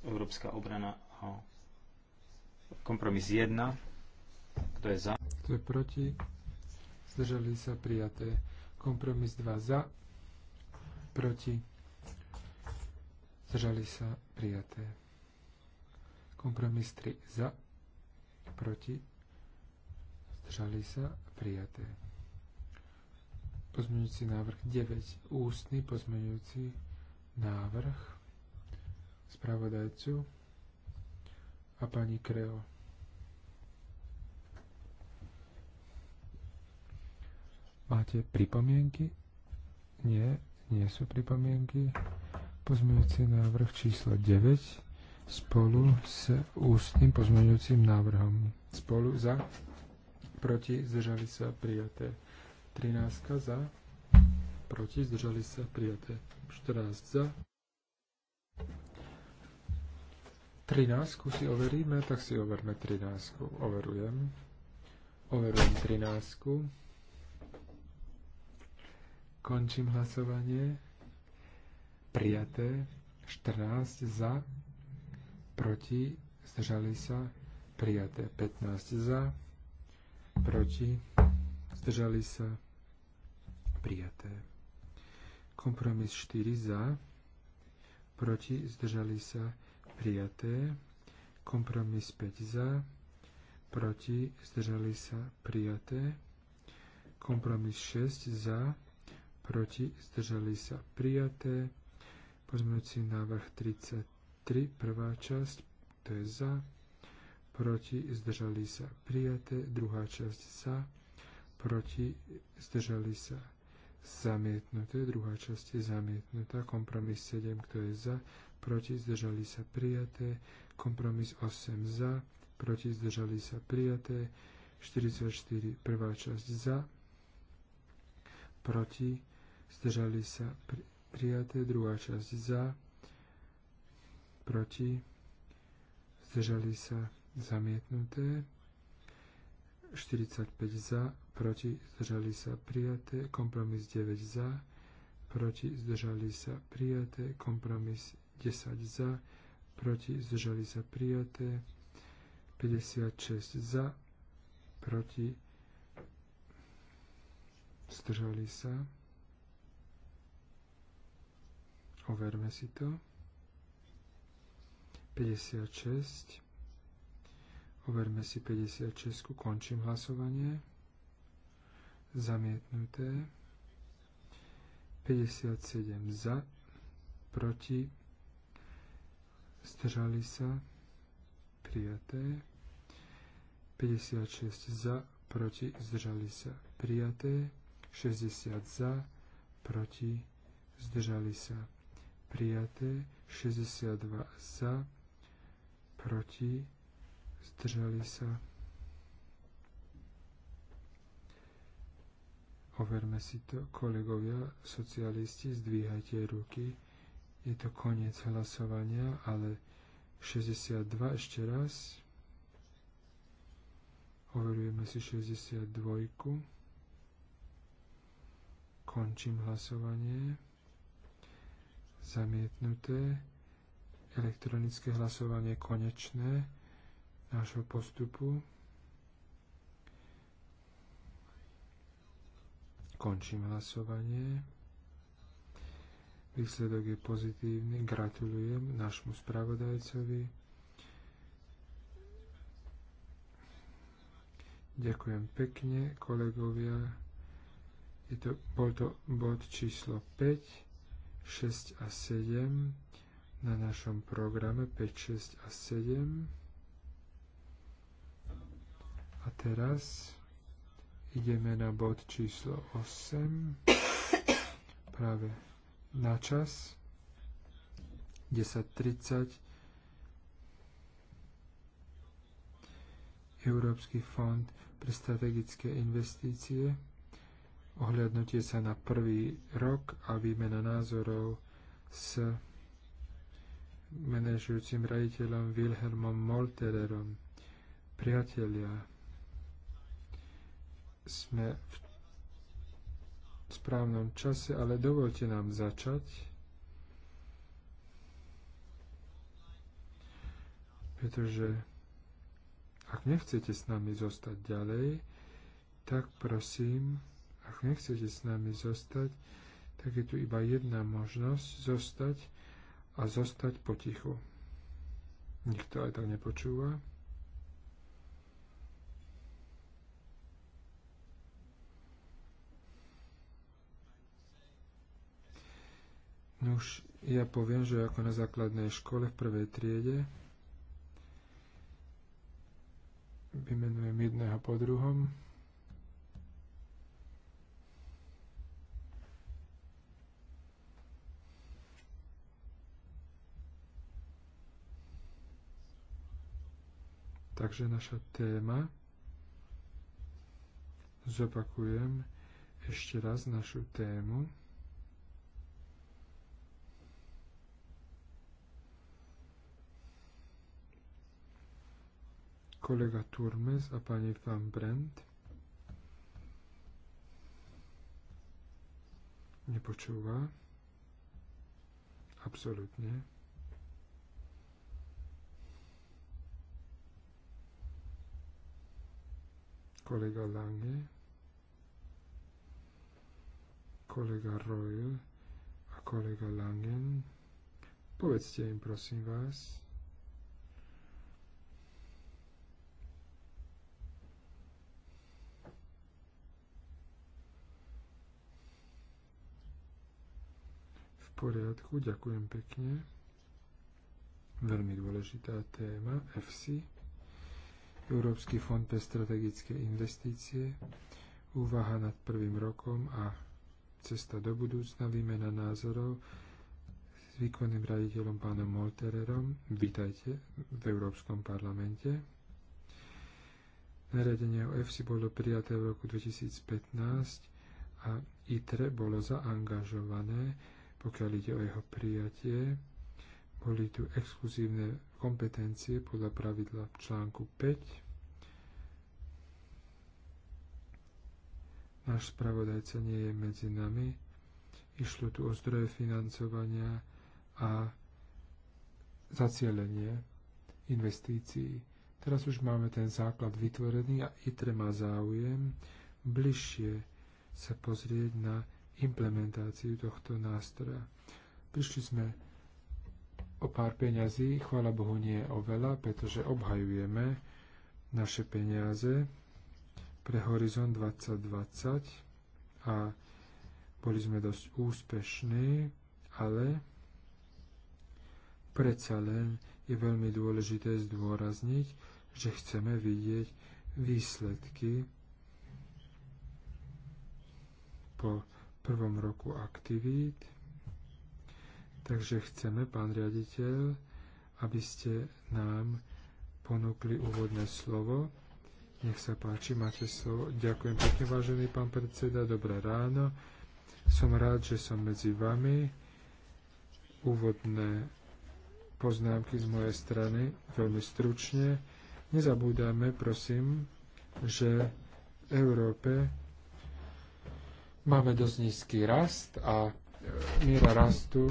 Speaker 4: Európska obrana kompromis 1. Kto je za? Kto
Speaker 2: je proti? zdržali sa prijaté. Kompromis 2 za, proti, zdržali sa prijaté. Kompromis 3 za, proti, zdržali sa prijaté. Pozmeňujúci návrh 9. Ústny pozmeňujúci návrh spravodajcu a pani Kreo. Máte pripomienky? Nie, nie sú pripomienky. Pozmeňujúci návrh číslo 9 spolu s ústnym pozmeňujúcim návrhom. Spolu za, proti, zdržali sa prijaté. 13 za, proti, zdržali sa prijaté. 14 za. 13 si overíme, tak si overme 13. Overujem. Overujem 13. Končím hlasovanie. Prijaté. 14 za. Proti. Zdržali sa. Prijaté. 15 za. Proti. Zdržali sa. Prijaté. Kompromis 4 za. Proti. Zdržali sa. Prijaté. Kompromis 5 za. Proti. Zdržali sa. Prijaté. Kompromis 6 za proti, zdržali sa prijaté. Pozmeňujúci návrh 33, prvá časť, to je za, proti, zdržali sa prijaté, druhá časť za, proti, zdržali sa zamietnuté, druhá časť je zamietnutá, kompromis 7, kto je za, proti, zdržali sa prijaté, kompromis 8 za, proti, zdržali sa prijaté, 44, prvá časť za, proti, zdržali sa prijaté, druhá časť za, proti, zdržali sa zamietnuté, 45 za, proti, zdržali sa prijaté, kompromis 9 za, proti, zdržali sa prijaté, kompromis 10 za, proti, zdržali sa prijaté, 56 za, proti, zdržali sa Overme si to. 56. Overme si 56. Končím hlasovanie. Zamietnuté. 57 za, proti, zdržali sa, prijaté. 56 za, proti, zdržali sa, prijaté. 60 za, proti, zdržali sa, prijaté, 62 za, proti, zdržali sa. Overme si to, kolegovia, socialisti, zdvíhajte ruky. Je to koniec hlasovania, ale 62 ešte raz. Overujeme si 62. Končím hlasovanie zamietnuté, elektronické hlasovanie konečné nášho postupu. Končím hlasovanie. Výsledok je pozitívny. Gratulujem nášmu spravodajcovi. Ďakujem pekne, kolegovia. Je to, bol to bod číslo 5. 6 a 7 na našom programe 5, 6 a 7. A teraz ideme na bod číslo 8 práve na čas 10.30 Európsky fond pre strategické investície ohľadnutie sa na prvý rok a výmena názorov s manažujúcim raditeľom Wilhelmom Moltererom. Priatelia, sme v správnom čase, ale dovolte nám začať. Pretože ak nechcete s nami zostať ďalej, tak prosím, ak nechcete s nami zostať, tak je tu iba jedna možnosť zostať a zostať potichu. Nikto aj tak nepočúva. Nuž, ja poviem, že ako na základnej škole v prvej triede vymenujem jedného po druhom Takže naša téma, zopakujem ešte raz našu tému. Kolega Turmes a pani Van Brent. Nepočúva. Absolutne. kolega Lange, kolega Royal a kolega Langen. Povedzte im, prosím vás. V poriadku, ďakujem pekne. Veľmi dôležitá téma FC. Európsky fond pre strategické investície, úvaha nad prvým rokom a cesta do budúcna, výmena názorov s výkonným raditeľom pánom Moltererom. Vítajte v Európskom parlamente. Nariadenie o EFSI bolo prijaté v roku 2015 a ITRE bolo zaangažované, pokiaľ ide o jeho prijatie. Boli tu exkluzívne kompetencie podľa pravidla článku 5 Náš spravodajca nie je medzi nami. Išlo tu o zdroje financovania a zacielenie investícií. Teraz už máme ten základ vytvorený a ITRE má záujem bližšie sa pozrieť na implementáciu tohto nástroja. Prišli sme o pár peňazí, chvála Bohu nie o veľa, pretože obhajujeme naše peniaze, pre Horizon 2020 a boli sme dosť úspešní, ale predsa len je veľmi dôležité zdôrazniť, že chceme vidieť výsledky po prvom roku aktivít. Takže chceme, pán riaditeľ, aby ste nám ponúkli úvodné slovo nech sa páči, máte slovo. Ďakujem pekne, vážený pán predseda. Dobré ráno. Som rád, že som medzi vami. Úvodné poznámky z mojej strany veľmi stručne. Nezabúdajme, prosím, že v Európe máme dosť nízky rast a miera rastu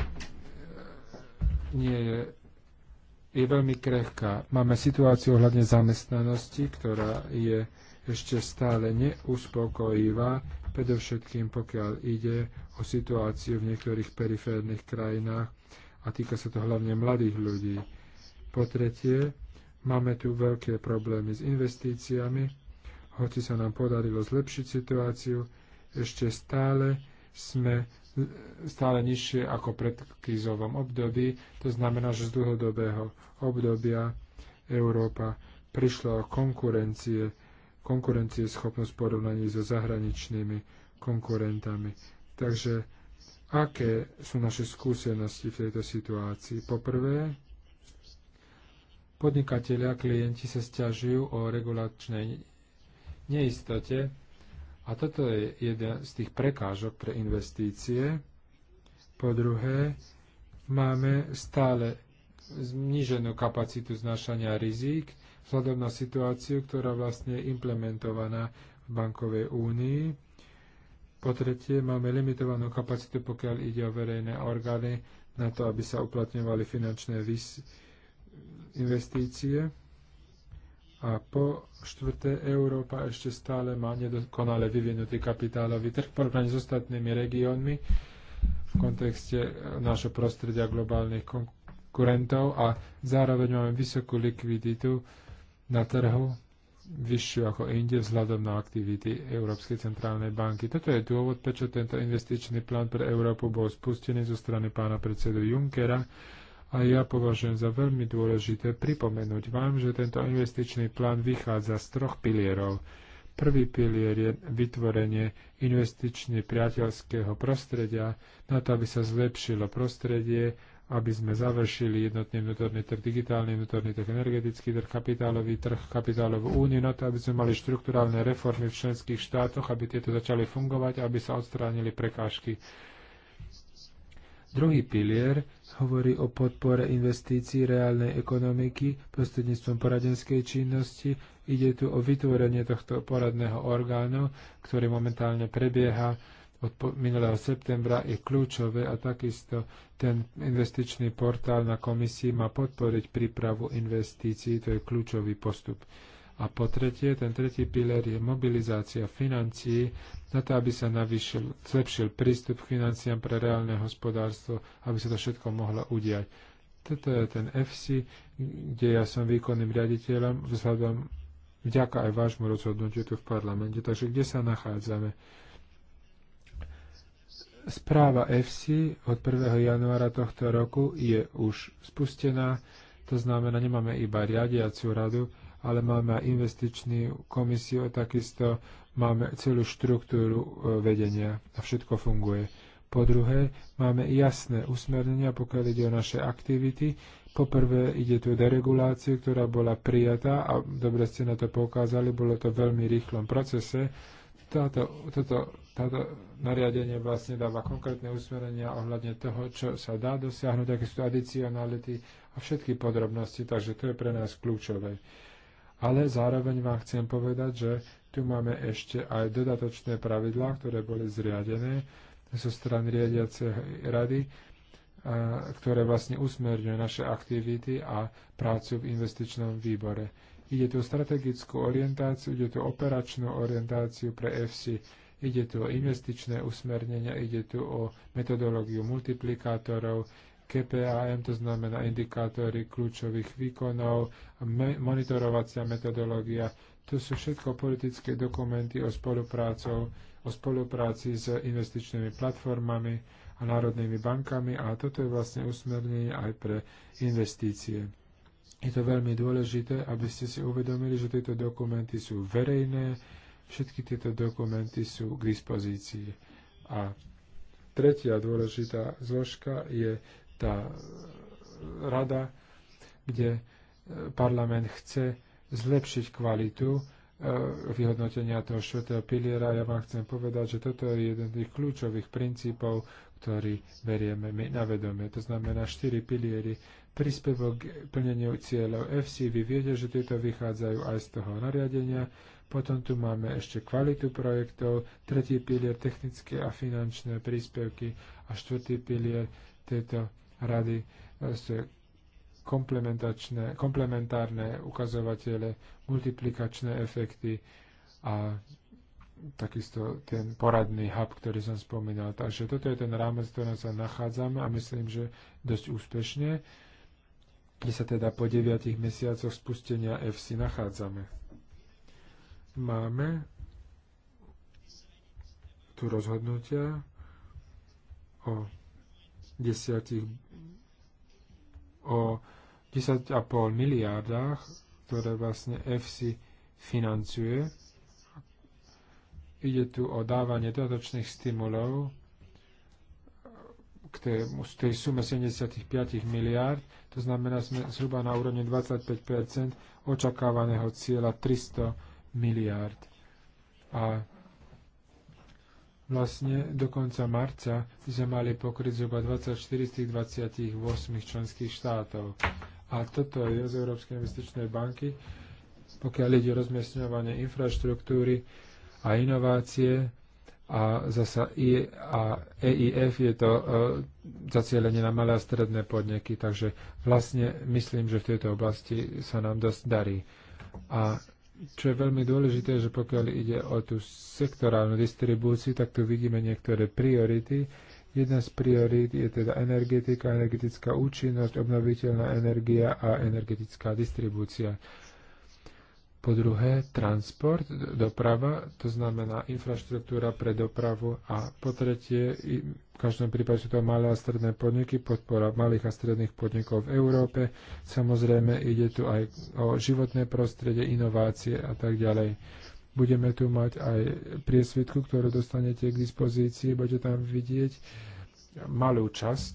Speaker 2: nie je je veľmi krehká. Máme situáciu ohľadne zamestnanosti, ktorá je ešte stále neuspokojivá, predovšetkým pokiaľ ide o situáciu v niektorých periférnych krajinách a týka sa to hlavne mladých ľudí. Po tretie, máme tu veľké problémy s investíciami, hoci sa nám podarilo zlepšiť situáciu, ešte stále sme stále nižšie ako pred krízovom období. To znamená, že z dlhodobého obdobia Európa prišla o konkurencie, konkurencie schopnosť porovnaní so zahraničnými konkurentami. Takže aké sú naše skúsenosti v tejto situácii? Poprvé, podnikatelia, klienti sa stiažujú o regulačnej neistote, a toto je jeden z tých prekážok pre investície. Po druhé, máme stále zniženú kapacitu znašania rizík vzhľadom na situáciu, ktorá vlastne je implementovaná v bankovej únii. Po tretie, máme limitovanú kapacitu, pokiaľ ide o verejné orgány, na to, aby sa uplatňovali finančné investície. A po štvrté, Európa ešte stále má nedokonale vyvinutý kapitálový trh porovnaní s ostatnými regiónmi v kontexte eh, nášho prostredia globálnych konkurentov a zároveň máme vysokú likviditu na trhu, vyššiu ako inde vzhľadom na aktivity Európskej centrálnej banky. Toto je dôvod, prečo tento investičný plán pre Európu bol spustený zo strany pána predsedu Junckera a ja považujem za veľmi dôležité pripomenúť vám, že tento investičný plán vychádza z troch pilierov. Prvý pilier je vytvorenie investične priateľského prostredia, na to, aby sa zlepšilo prostredie, aby sme završili jednotný vnútorný trh, digitálny vnútorný trh, energetický trh, kapitálový trh, kapitálovú úniu, na to, aby sme mali štrukturálne reformy v členských štátoch, aby tieto začali fungovať, aby sa odstránili prekážky Druhý pilier hovorí o podpore investícií reálnej ekonomiky prostredníctvom poradenskej činnosti. Ide tu o vytvorenie tohto poradného orgánu, ktorý momentálne prebieha od minulého septembra je kľúčové a takisto ten investičný portál na komisii má podporiť prípravu investícií, to je kľúčový postup a po tretie, ten tretí pilier je mobilizácia financií na to, aby sa navýšil, zlepšil prístup k financiám pre reálne hospodárstvo, aby sa to všetko mohlo udiať. Toto je ten FC, kde ja som výkonným riaditeľom vzhľadom vďaka aj vášmu rozhodnutiu tu v parlamente. Takže kde sa nachádzame? Správa FC od 1. januára tohto roku je už spustená, to znamená, nemáme iba riadiacu radu, ale máme aj investičnú komisiu, takisto máme celú štruktúru e, vedenia a všetko funguje. Po druhé, máme jasné usmernenia, pokiaľ ide o naše aktivity. Po prvé, ide tu o dereguláciu, ktorá bola prijatá a dobre ste na to poukázali, bolo to v veľmi rýchlom procese. Táto, toto, táto nariadenie vlastne dáva konkrétne usmerenia ohľadne toho, čo sa dá dosiahnuť, aké sú adicionality a všetky podrobnosti, takže to je pre nás kľúčové ale zároveň vám chcem povedať, že tu máme ešte aj dodatočné pravidlá, ktoré boli zriadené zo strany riadiacej rady, a, ktoré vlastne usmerňujú naše aktivity a prácu v investičnom výbore. Ide tu o strategickú orientáciu, ide tu o operačnú orientáciu pre EFSI, ide tu o investičné usmernenia, ide tu o metodológiu multiplikátorov, KPAM, to znamená indikátory kľúčových výkonov, me, monitorovacia metodológia. To sú všetko politické dokumenty o, o spolupráci s investičnými platformami a národnými bankami a toto je vlastne usmernenie aj pre investície. Je to veľmi dôležité, aby ste si uvedomili, že tieto dokumenty sú verejné, všetky tieto dokumenty sú k dispozícii. A tretia dôležitá zložka je tá rada, kde e, parlament chce zlepšiť kvalitu e, vyhodnotenia toho švetého piliera. Ja vám chcem povedať, že toto je jeden z tých kľúčových princípov, ktorý berieme my na vedomie. To znamená štyri piliery príspevok k plneniu cieľov FC. Vy viete, že tieto vychádzajú aj z toho nariadenia. Potom tu máme ešte kvalitu projektov, tretí pilier technické a finančné príspevky a štvrtý pilier tieto rady e, komplementárne ukazovatele, multiplikačné efekty a takisto ten poradný hub, ktorý som spomínal. Takže toto je ten rámec, v ktorom sa nachádzame a myslím, že dosť úspešne, kde sa teda po 9 mesiacoch spustenia FC nachádzame. Máme tu rozhodnutia o desiatich o 10,5 miliardách, ktoré vlastne EFSI financuje. Ide tu o dávanie dodatočných stimulov k tej, tej sume 75 miliárd, to znamená, sme zhruba na úrovni 25 očakávaného cieľa 300 miliárd. A vlastne do konca marca by sme mali pokryť zhruba 24 z tých 28 členských štátov. A toto je z Európskej investičnej banky, pokiaľ ide o rozmiestňovanie infraštruktúry a inovácie, a zasa I, a EIF je to e, zacielenie na malé a stredné podniky, takže vlastne myslím, že v tejto oblasti sa nám dosť darí. A čo je veľmi dôležité, že pokiaľ ide o tú sektorálnu distribúciu, tak tu vidíme niektoré priority. Jedna z priorít je teda energetika, energetická účinnosť, obnoviteľná energia a energetická distribúcia. Po druhé, transport, doprava, to znamená infraštruktúra pre dopravu. A po tretie, v každom prípade sú to malé a stredné podniky, podpora malých a stredných podnikov v Európe. Samozrejme, ide tu aj o životné prostredie, inovácie a tak ďalej. Budeme tu mať aj priesvitku, ktorú dostanete k dispozícii, budete tam vidieť malú časť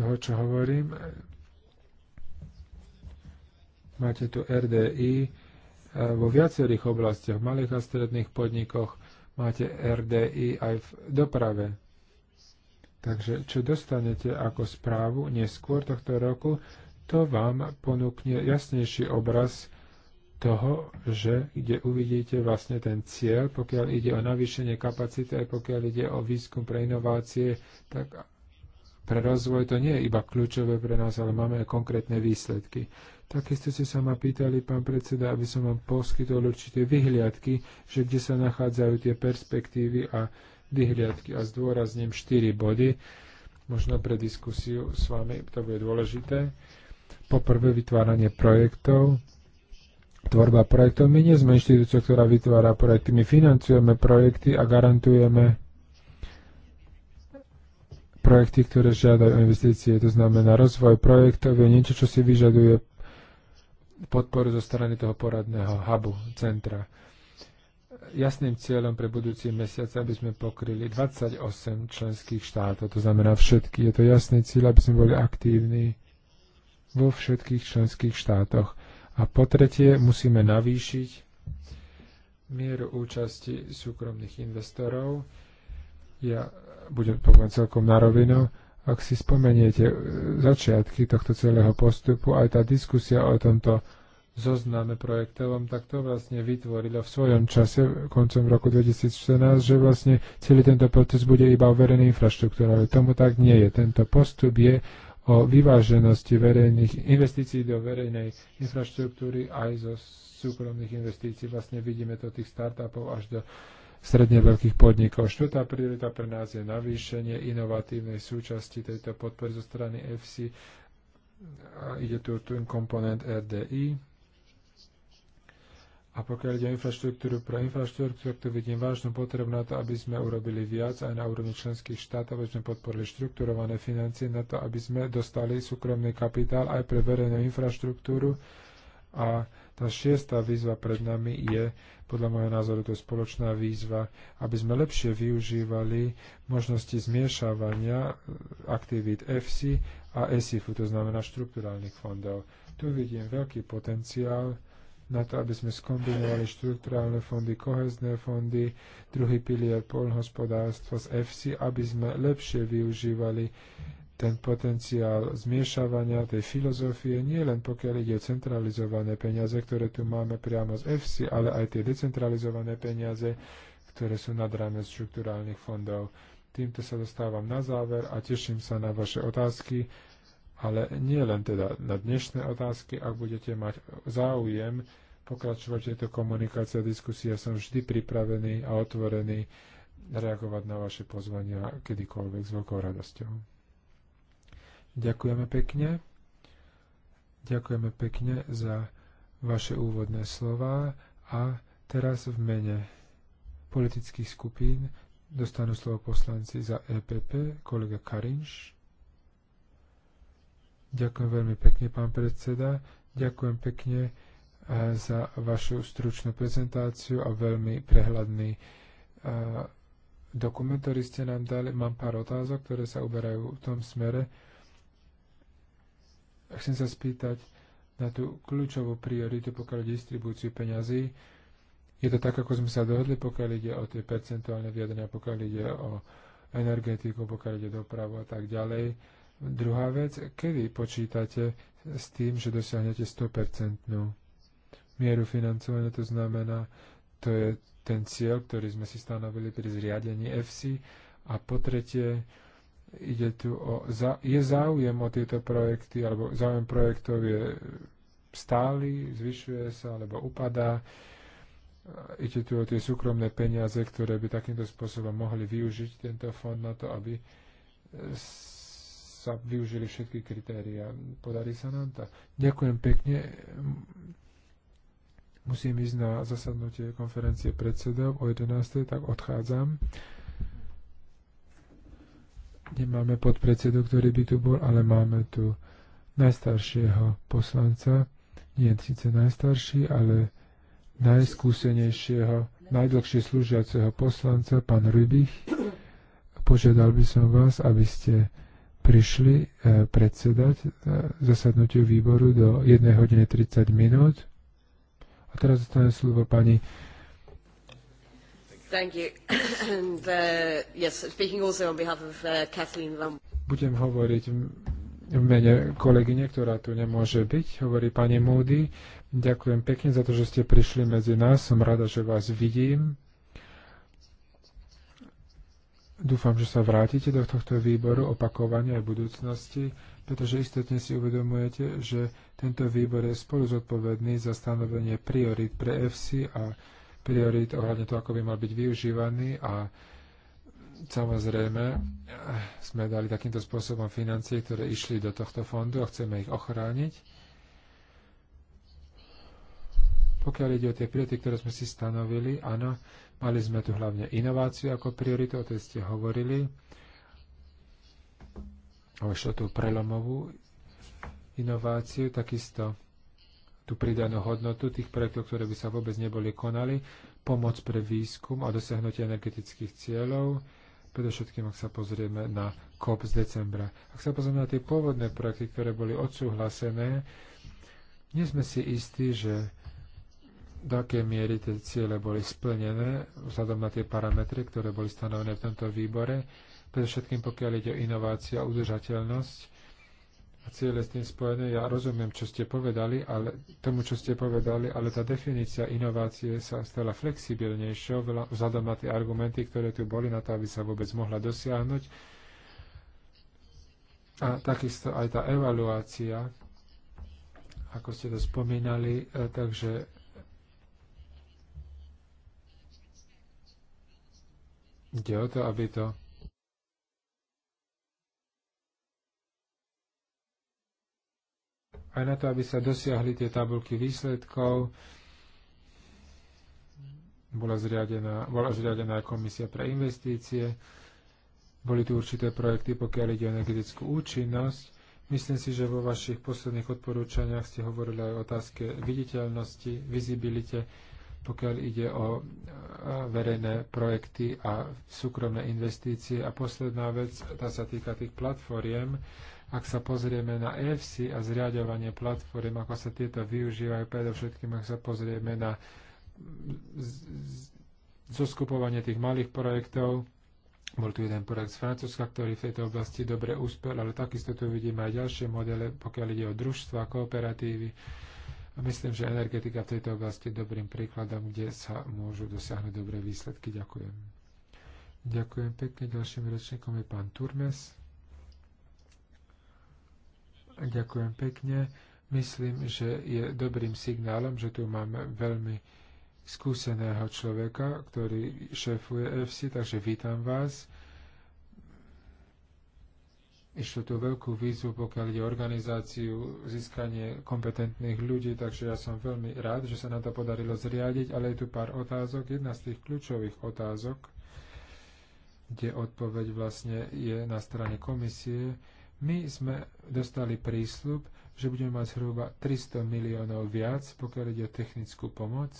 Speaker 2: toho, čo hovorím. Máte tu RDI, vo viacerých oblastiach, malých a stredných podnikoch, máte RDI aj v doprave. Takže čo dostanete ako správu neskôr tohto roku, to vám ponúkne jasnejší obraz toho, že kde uvidíte vlastne ten cieľ, pokiaľ ide o navýšenie kapacity, aj pokiaľ ide o výskum pre inovácie, tak pre rozvoj to nie je iba kľúčové pre nás, ale máme aj konkrétne výsledky. Takisto ste sa ma pýtali, pán predseda, aby som vám poskytol určité vyhliadky, že kde sa nachádzajú tie perspektívy a vyhliadky. A zdôrazním 4 body, možno pre diskusiu s vami, to bude dôležité. Poprvé vytváranie projektov, tvorba projektov. My nie sme inštitúcia, ktorá vytvára projekty. My financujeme projekty a garantujeme projekty, ktoré žiadajú investície. To znamená, rozvoj projektov je niečo, čo si vyžaduje podporu zo strany toho poradného hubu, centra. Jasným cieľom pre budúci mesiac, aby sme pokryli 28 členských štátov, to znamená všetky. Je to jasný cieľ, aby sme boli aktívni vo všetkých členských štátoch. A po tretie, musíme navýšiť mieru účasti súkromných investorov. Ja budem povedať celkom na rovinu ak si spomeniete e, začiatky tohto celého postupu, aj tá diskusia o tomto zozname projektovom, tak to vlastne vytvorilo v svojom čase koncom roku 2014, že vlastne celý tento proces bude iba o verejnej infraštruktúre, ale tomu tak nie je. Tento postup je o vyváženosti verejných investícií do verejnej infraštruktúry aj zo súkromných investícií. Vlastne vidíme to tých startupov až do stredne veľkých podnikov. Štvrtá priorita pre nás je navýšenie inovatívnej súčasti tejto podpory zo strany FC. A ide tu ten komponent RDI. A pokiaľ ide o infraštruktúru pre infraštruktúru, tu vidím vážnu potrebu na to, aby sme urobili viac aj na úrovni členských štátov, aby sme podporili štrukturované financie na to, aby sme dostali súkromný kapitál aj pre verejnú infraštruktúru a tá šiestá výzva pred nami je, podľa môjho názoru, to je spoločná výzva, aby sme lepšie využívali možnosti zmiešavania aktivít EFSI a ESIFu, to znamená štrukturálnych fondov. Tu vidím veľký potenciál na to, aby sme skombinovali štrukturálne fondy, kohezné fondy, druhý pilier polnohospodárstva z EFSI, aby sme lepšie využívali ten potenciál zmiešavania tej filozofie, nie len pokiaľ ide o centralizované peniaze, ktoré tu máme priamo z EFSI, ale aj tie decentralizované peniaze, ktoré sú nad rámec štruktúrálnych fondov. Týmto sa dostávam na záver a teším sa na vaše otázky, ale nie len teda na dnešné otázky, ak budete mať záujem pokračovať v tejto komunikácia a som vždy pripravený a otvorený reagovať na vaše pozvania kedykoľvek s veľkou radosťou. Ďakujeme pekne. Ďakujeme pekne za vaše úvodné slova a teraz v mene politických skupín dostanú slovo poslanci za EPP, kolega Karinš. Ďakujem veľmi pekne, pán predseda. Ďakujem pekne eh, za vašu stručnú prezentáciu a veľmi prehľadný eh, dokument, ktorý ste nám dali. Mám pár otázok, ktoré sa uberajú v tom smere, chcem sa spýtať na tú kľúčovú prioritu, pokiaľ ide distribúciu peňazí. Je to tak, ako sme sa dohodli, pokiaľ ide o tie percentuálne vyjadrenia, pokiaľ ide o energetiku, pokiaľ ide dopravu a tak ďalej. Druhá vec, kedy počítate s tým, že dosiahnete 100% mieru financovania, to znamená, to je ten cieľ, ktorý sme si stanovili pri zriadení FC. A po tretie, ide tu o, je záujem o tieto projekty, alebo záujem projektov je stály, zvyšuje sa alebo upadá. Ide tu o tie súkromné peniaze, ktoré by takýmto spôsobom mohli využiť tento fond na to, aby sa využili všetky kritéria. Podarí sa nám to. Ďakujem pekne. Musím ísť na zasadnutie konferencie predsedov o 11. tak odchádzam. Nemáme podpredsedu, ktorý by tu bol, ale máme tu najstaršieho poslanca. Nie síce najstarší, ale najskúsenejšieho, najdlhšie slúžiaceho poslanca, pán Rybich. Požiadal by som vás, aby ste prišli eh, predsedať eh, zasadnutiu výboru do 1 hodiny 30 minút. A teraz zostane slovo pani
Speaker 3: yes, uh,
Speaker 2: Budem hovoriť v mene kolegyne, ktorá tu nemôže byť, hovorí pani Moody. Ďakujem pekne za to, že ste prišli medzi nás. Som rada, že vás vidím. Dúfam, že sa vrátite do tohto výboru opakovania aj v budúcnosti, pretože istotne si uvedomujete, že tento výbor je spolu zodpovedný za stanovenie priorit pre FC a priorít ohľadne toho, ako by mal byť využívaný a samozrejme sme dali takýmto spôsobom financie, ktoré išli do tohto fondu a chceme ich ochrániť. Pokiaľ ide o tie priority, ktoré sme si stanovili, áno, mali sme tu hlavne inováciu ako prioritu, o tej ste hovorili. A šlo tu prelomovú inováciu, takisto tú pridanú hodnotu tých projektov, ktoré by sa vôbec neboli konali, pomoc pre výskum a dosiahnutie energetických cieľov, predovšetkým ak sa pozrieme na COP z decembra. Ak sa pozrieme na tie pôvodné projekty, ktoré boli odsúhlasené, nie sme si istí, že do akej miery tie ciele boli splnené vzhľadom na tie parametre, ktoré boli stanovené v tomto výbore, predovšetkým pokiaľ ide o inováciu a udržateľnosť a cieľe s tým spojené. Ja rozumiem, čo ste povedali, ale tomu, čo ste povedali, ale tá definícia inovácie sa stala flexibilnejšou vzhľadom na tie argumenty, ktoré tu boli na to, aby sa vôbec mohla dosiahnuť. A takisto aj tá evaluácia, ako ste to spomínali, e, takže ide o to, aby to aj na to, aby sa dosiahli tie tabulky výsledkov, bola zriadená, bola zriadená komisia pre investície, boli tu určité projekty, pokiaľ ide o energetickú účinnosť. Myslím si, že vo vašich posledných odporúčaniach ste hovorili aj o otázke viditeľnosti, vizibilite, pokiaľ ide o verejné projekty a súkromné investície. A posledná vec, tá sa týka tých platformiem. Ak sa pozrieme na EFSI a zriadovanie platform, ako sa tieto využívajú, predovšetkým ak sa pozrieme na zoskupovanie tých malých projektov, bol tu jeden projekt z Francúzska, ktorý v tejto oblasti dobre uspel, ale takisto tu vidíme aj ďalšie modele, pokiaľ ide o družstva, kooperatívy. A myslím, že energetika v tejto oblasti je dobrým príkladom, kde sa môžu dosiahnuť dobré výsledky. Ďakujem. Ďakujem pekne. Ďalším rečníkom je pán Turmes. Ďakujem pekne. Myslím, že je dobrým signálom, že tu máme veľmi skúseného človeka, ktorý šéfuje FC, takže vítam vás. Išlo tu veľkú výzvu, pokiaľ ide organizáciu, získanie kompetentných ľudí, takže ja som veľmi rád, že sa nám to podarilo zriadiť, ale je tu pár otázok. Jedna z tých kľúčových otázok, kde odpoveď vlastne je na strane komisie, my sme dostali prísľub, že budeme mať zhruba 300 miliónov viac, pokiaľ ide o technickú pomoc.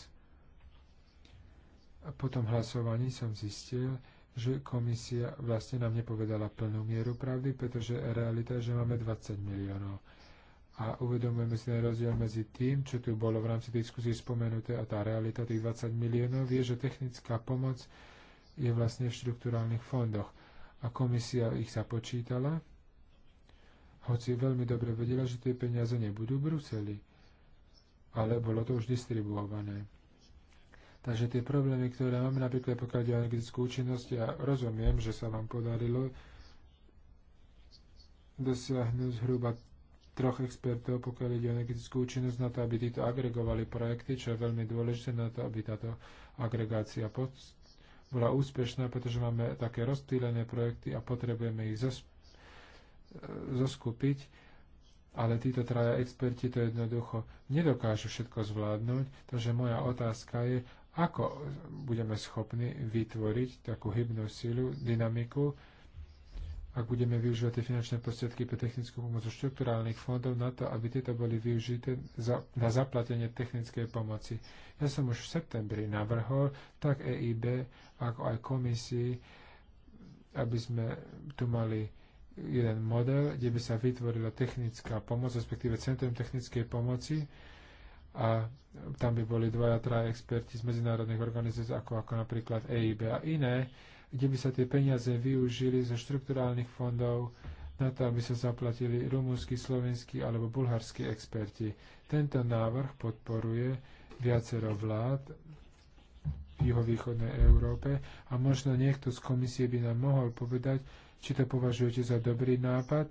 Speaker 2: A po tom hlasovaní som zistil, že komisia vlastne nám nepovedala plnú mieru pravdy, pretože realita je, že máme 20 miliónov. A uvedomujeme si ten rozdiel medzi tým, čo tu bolo v rámci diskusie spomenuté a tá realita tých 20 miliónov je, že technická pomoc je vlastne v štruktúrálnych fondoch. A komisia ich započítala, hoci veľmi dobre vedela, že tie peniaze nebudú v Bruseli. Ale bolo to už distribuované. Takže tie problémy, ktoré máme, napríklad pokiaľ ide o energetickú účinnosť, ja rozumiem, že sa vám podarilo dosiahnuť zhruba troch expertov, pokiaľ ide o energetickú účinnosť, na to, aby títo agregovali projekty, čo je veľmi dôležité na to, aby táto agregácia bola úspešná, pretože máme také rozptýlené projekty a potrebujeme ich zosp- zoskupiť, ale títo traja experti to jednoducho nedokážu všetko zvládnuť, takže moja otázka je, ako budeme schopní vytvoriť takú hybnú sílu, dynamiku, ak budeme využívať tie finančné prostriedky pre technickú pomoc zo štrukturálnych fondov na to, aby tieto boli využité za, na zaplatenie technickej pomoci. Ja som už v septembri navrhol tak EIB, ako aj komisii, aby sme tu mali jeden model, kde by sa vytvorila technická pomoc, respektíve Centrum technickej pomoci a tam by boli dvaja, traja experti z medzinárodných organizácií, ako, ako napríklad EIB a iné, kde by sa tie peniaze využili zo štrukturálnych fondov na to, aby sa zaplatili rumúnsky, slovenskí alebo bulharskí experti. Tento návrh podporuje viacero vlád v juhovýchodnej Európe a možno niekto z komisie by nám mohol povedať, či to považujete za dobrý nápad?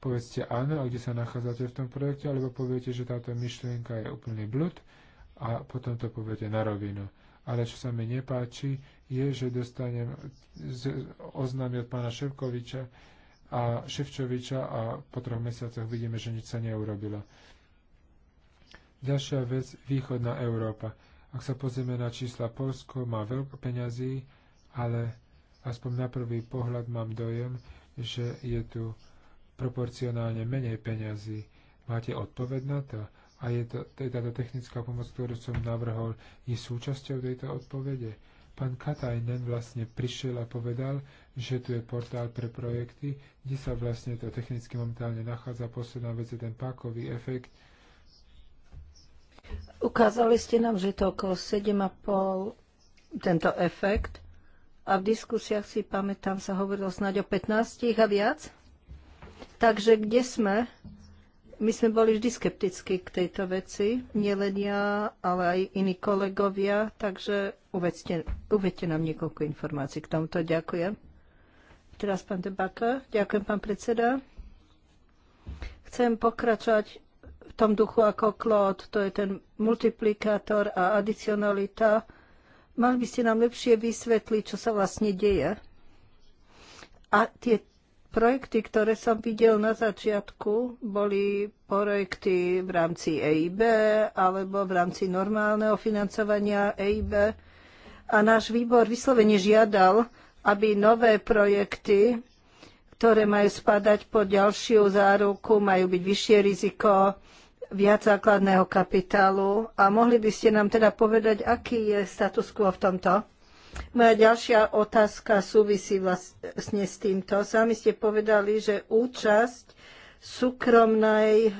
Speaker 2: Povedzte áno, a kde sa nachádzate v tom projekte, alebo poviete, že táto myšlienka je úplný blud a potom to poviete na rovinu. Ale čo sa mi nepáči, je, že dostanem oznámy od pána Ševkoviča a Ševčoviča a po troch mesiacoch vidíme, že nič sa neurobilo. Ďalšia vec, východná Európa. Ak sa pozrieme na čísla, Polsko má veľko peňazí, ale aspoň na prvý pohľad mám dojem, že je tu proporcionálne menej peňazí. Máte odpoveď na to? A je to, táto technická pomoc, ktorú som navrhol, je súčasťou tejto odpovede? Pán Katajnen vlastne prišiel a povedal, že tu je portál pre projekty, kde sa vlastne to technicky momentálne nachádza. Posledná vec je ten pákový efekt.
Speaker 3: Ukázali ste nám, že je to okolo 7,5 tento efekt a v diskusiách si pamätám, sa hovorilo snáď o 15 a viac. Takže kde sme? My sme boli vždy skeptickí k tejto veci, nielen ja, ale aj iní kolegovia, takže uvedte, uvedte nám niekoľko informácií k tomuto. Ďakujem. Teraz pán Debaka. Ďakujem, pán predseda. Chcem pokračovať v tom duchu ako Claude, to je ten multiplikátor a adicionalita Mali by ste nám lepšie vysvetliť, čo sa vlastne deje. A tie projekty, ktoré som videl na začiatku, boli projekty v rámci EIB alebo v rámci normálneho financovania EIB. A náš výbor vyslovene žiadal, aby nové projekty, ktoré majú spadať pod ďalšiu záruku, majú byť vyššie riziko, viac základného kapitálu a mohli by ste nám teda povedať, aký je status quo v tomto? Moja ďalšia otázka súvisí vlastne s týmto. Sami ste povedali, že účasť súkromného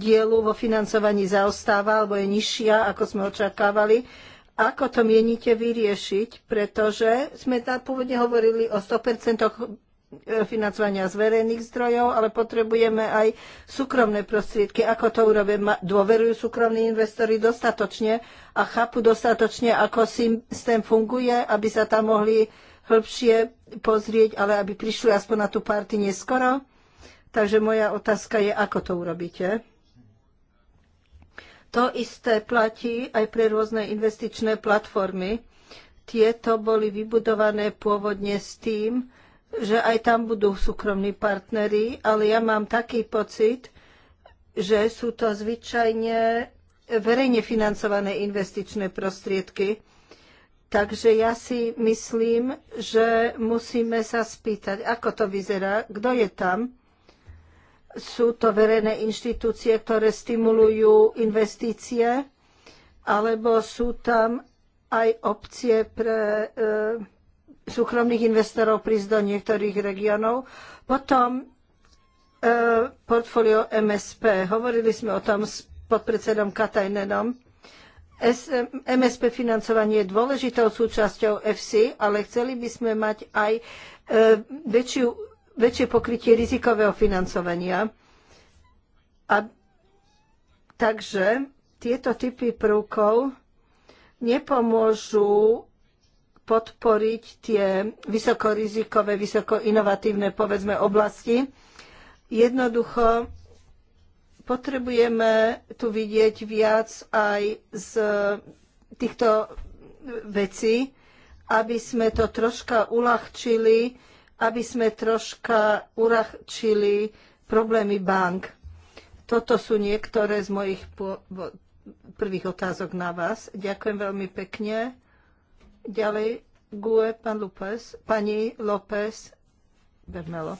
Speaker 3: dielu vo financovaní zaostáva alebo je nižšia, ako sme očakávali. Ako to mienite vyriešiť? Pretože sme tam pôvodne hovorili o 100% E, financovania z verejných zdrojov, ale potrebujeme aj súkromné prostriedky. Ako to urobia? Dôverujú súkromní investori dostatočne a chápu dostatočne, ako systém funguje, aby sa tam mohli hĺbšie pozrieť, ale aby prišli aspoň na tú party neskoro. Takže moja otázka je, ako to urobíte? To isté platí aj pre rôzne investičné platformy. Tieto boli vybudované pôvodne s tým, že aj tam budú súkromní partnery, ale ja mám taký pocit, že sú to zvyčajne verejne financované investičné prostriedky. Takže ja si myslím, že musíme sa spýtať, ako to vyzerá, kto je tam. Sú to verejné inštitúcie, ktoré stimulujú investície, alebo sú tam aj opcie pre e, súkromných investorov prísť do niektorých regiónov. Potom e, portfólio MSP. Hovorili sme o tom s podpredsedom Katajnenom. MSP financovanie je dôležitou súčasťou FC, ale chceli by sme mať aj e, väčšiu, väčšie pokrytie rizikového financovania. A, takže tieto typy prvkov nepomôžu podporiť tie vysokorizikové, vysokoinovatívne, povedzme, oblasti. Jednoducho potrebujeme tu vidieť viac aj z týchto vecí, aby sme to troška uľahčili, aby sme troška uľahčili problémy bank. Toto sú niektoré z mojich prvých otázok na vás. Ďakujem veľmi pekne. Ďalej GUE, pán Lupes, pani López Bermelo.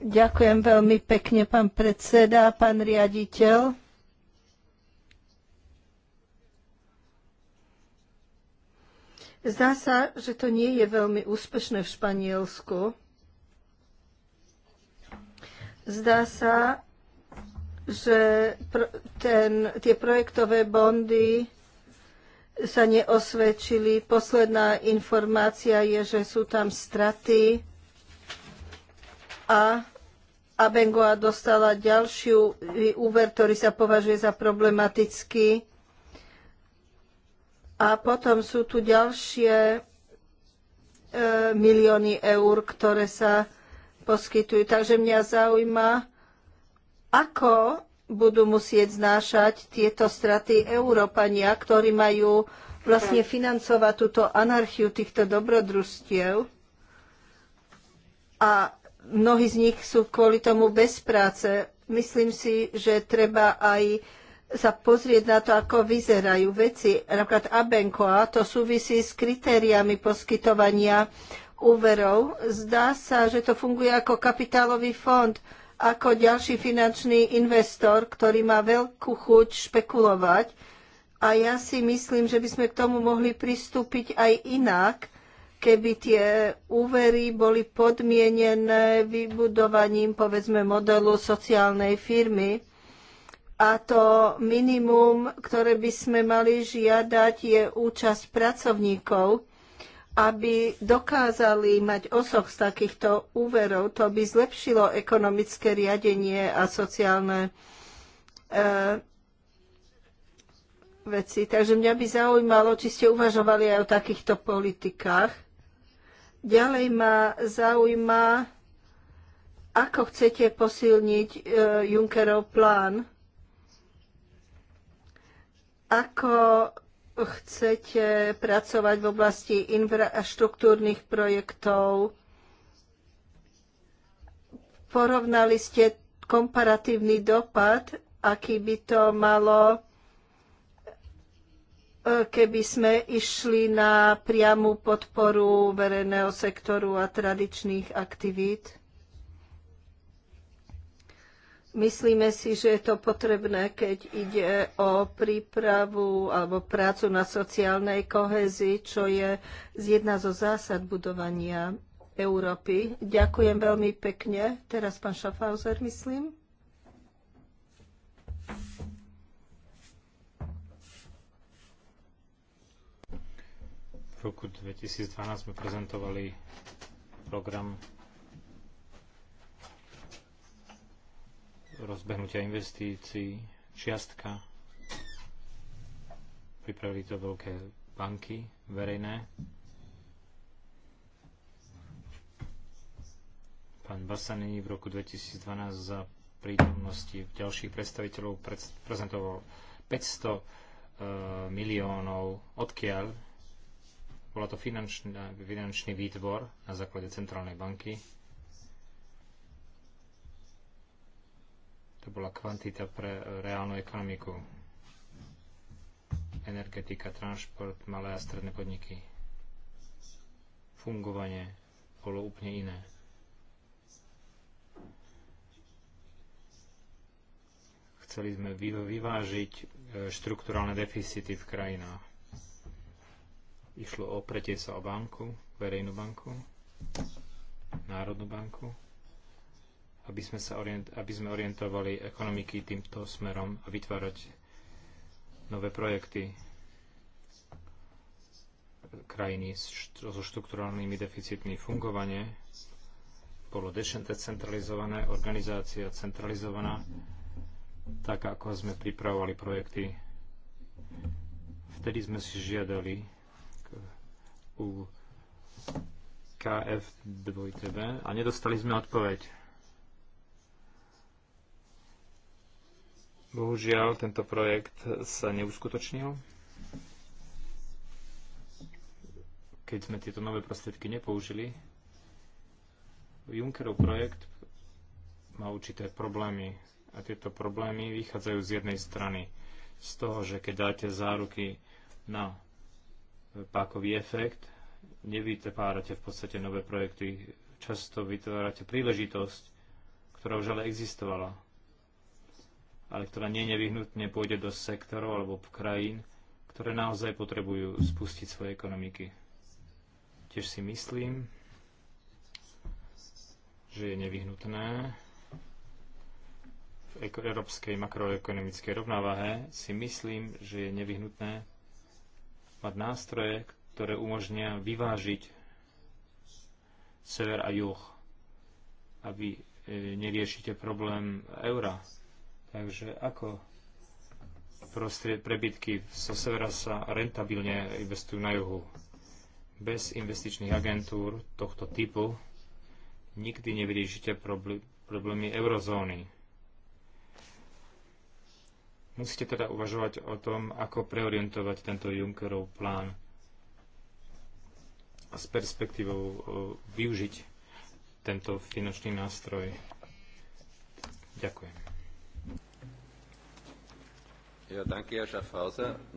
Speaker 3: Ďakujem veľmi pekne, pán predseda, pán riaditeľ. Zdá sa, že to nie je veľmi úspešné v Španielsku. Zdá sa, že ten, tie projektové bondy sa neosvedčili. Posledná informácia je, že sú tam straty a Abengoa dostala ďalšiu úver, ktorý sa považuje za problematický. A potom sú tu ďalšie e, milióny eur, ktoré sa poskytujú. Takže mňa zaujíma, ako budú musieť znášať tieto straty Európania, ktorí majú vlastne financovať túto anarchiu týchto dobrodružstiev. A mnohí z nich sú kvôli tomu bez práce. Myslím si, že treba aj sa pozrieť na to, ako vyzerajú veci. Napríklad Abenkoa, to súvisí s kritériami poskytovania úverov. Zdá sa, že to funguje ako kapitálový fond ako ďalší finančný investor, ktorý má veľkú chuť špekulovať. A ja si myslím, že by sme k tomu mohli pristúpiť aj inak, keby tie úvery boli podmienené vybudovaním, povedzme, modelu sociálnej firmy. A to minimum, ktoré by sme mali žiadať, je účasť pracovníkov aby dokázali mať osoch z takýchto úverov. To by zlepšilo ekonomické riadenie a sociálne e, veci. Takže mňa by zaujímalo, či ste uvažovali aj o takýchto politikách. Ďalej ma zaujíma, ako chcete posilniť e, Junckerov plán. Ako chcete pracovať v oblasti infraštruktúrnych projektov. Porovnali ste komparatívny dopad, aký by to malo, e, keby sme išli na priamu podporu verejného sektoru a tradičných aktivít? Myslíme si, že je to potrebné, keď ide o prípravu alebo prácu na sociálnej kohezii, čo je jedna zo zásad budovania Európy. Ďakujem veľmi pekne. Teraz pán Schaffhauser, myslím.
Speaker 4: V roku 2012 sme prezentovali program rozbehnutia investícií, čiastka. Pripravili to veľké banky verejné. Pán Basanini v roku 2012 za prítomnosti ďalších predstaviteľov prezentoval 500 e, miliónov, odkiaľ bola to finančný, finančný výtvor na základe Centrálnej banky To bola kvantita pre reálnu ekonomiku. Energetika, transport, malé a stredné podniky. Fungovanie bolo úplne iné. chceli sme vyvážiť e, štrukturálne deficity v krajinách. Išlo o pretie sa o banku, verejnú banku, národnú banku aby sme, sa orient, aby sme orientovali ekonomiky týmto smerom a vytvárať nové projekty krajiny so štrukturálnymi deficitmi fungovanie bolo decentralizované, organizácia centralizovaná, tak ako sme pripravovali projekty. Vtedy sme si žiadali u kf 2 a nedostali sme odpoveď Bohužiaľ, tento projekt sa neuskutočnil. Keď sme tieto nové prostriedky nepoužili, Junckerov projekt má určité problémy a tieto problémy vychádzajú z jednej strany z toho, že keď dáte záruky na pákový efekt, nevytepárate v podstate nové projekty, často vytvárate príležitosť, ktorá už ale existovala ale ktorá nie nevyhnutne pôjde do sektorov alebo krajín, ktoré naozaj potrebujú spustiť svoje ekonomiky. Tiež si myslím, že je nevyhnutné v európskej makroekonomickej rovnováhe si myslím, že je nevyhnutné mať nástroje, ktoré umožnia vyvážiť sever a juh, aby e, neriešite problém eura. Takže ako prostried, prebytky zo severa sa rentabilne investujú na juhu. Bez investičných agentúr tohto typu nikdy nevyriešite problémy eurozóny. Musíte teda uvažovať o tom, ako preorientovať tento Junckerov plán a s perspektívou e, využiť tento finančný nástroj. Ďakujem.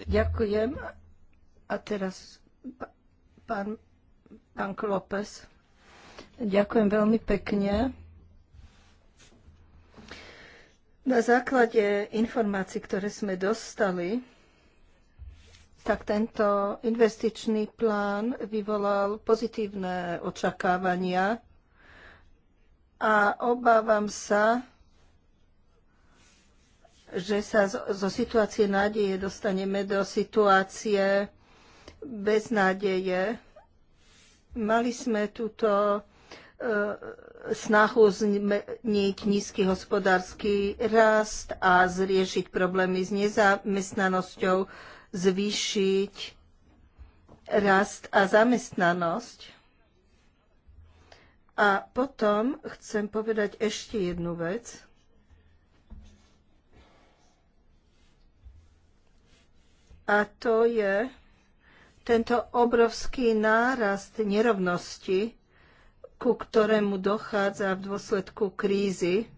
Speaker 1: Ďakujem.
Speaker 3: A teraz pán, pán Klopes. Ďakujem veľmi pekne. Na základe informácií, ktoré sme dostali, tak tento investičný plán vyvolal pozitívne očakávania a obávam sa, že sa zo situácie nádeje dostaneme do situácie bez nádeje. Mali sme túto e, snahu zmeniť nízky hospodársky rast a zriešiť problémy s nezamestnanosťou, zvýšiť rast a zamestnanosť. A potom chcem povedať ešte jednu vec. A to je tento obrovský nárast nerovnosti, ku ktorému dochádza v dôsledku krízy.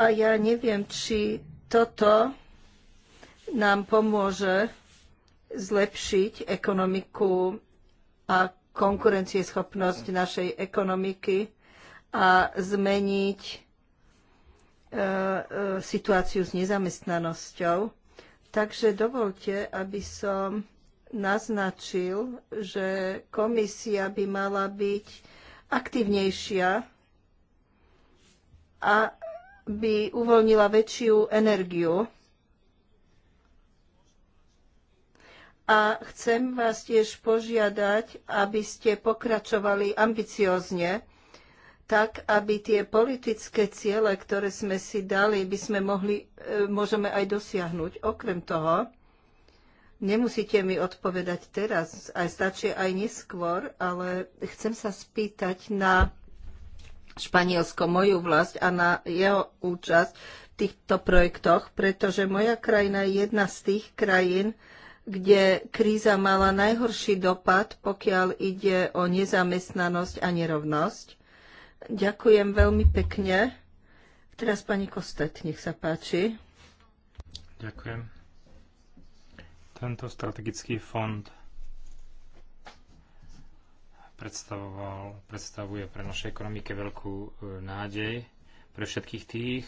Speaker 3: A ja neviem, či toto nám pomôže zlepšiť ekonomiku a konkurencieschopnosť našej ekonomiky a zmeniť E, e, situáciu s nezamestnanosťou. Takže dovolte, aby som naznačil, že komisia by mala byť aktívnejšia a by uvoľnila väčšiu energiu. A chcem vás tiež požiadať, aby ste pokračovali ambiciozne tak aby tie politické ciele, ktoré sme si dali, by sme mohli, e, môžeme aj dosiahnuť. Okrem toho, nemusíte mi odpovedať teraz, aj stačí aj neskôr, ale chcem sa spýtať na Španielsko, moju vlast a na jeho účasť v týchto projektoch, pretože moja krajina je jedna z tých krajín, kde kríza mala najhorší dopad, pokiaľ ide o nezamestnanosť a nerovnosť. Ďakujem veľmi pekne. Teraz pani Kostet, nech sa páči.
Speaker 4: Ďakujem. Tento strategický fond predstavoval, predstavuje pre našej ekonomike veľkú e, nádej pre všetkých tých,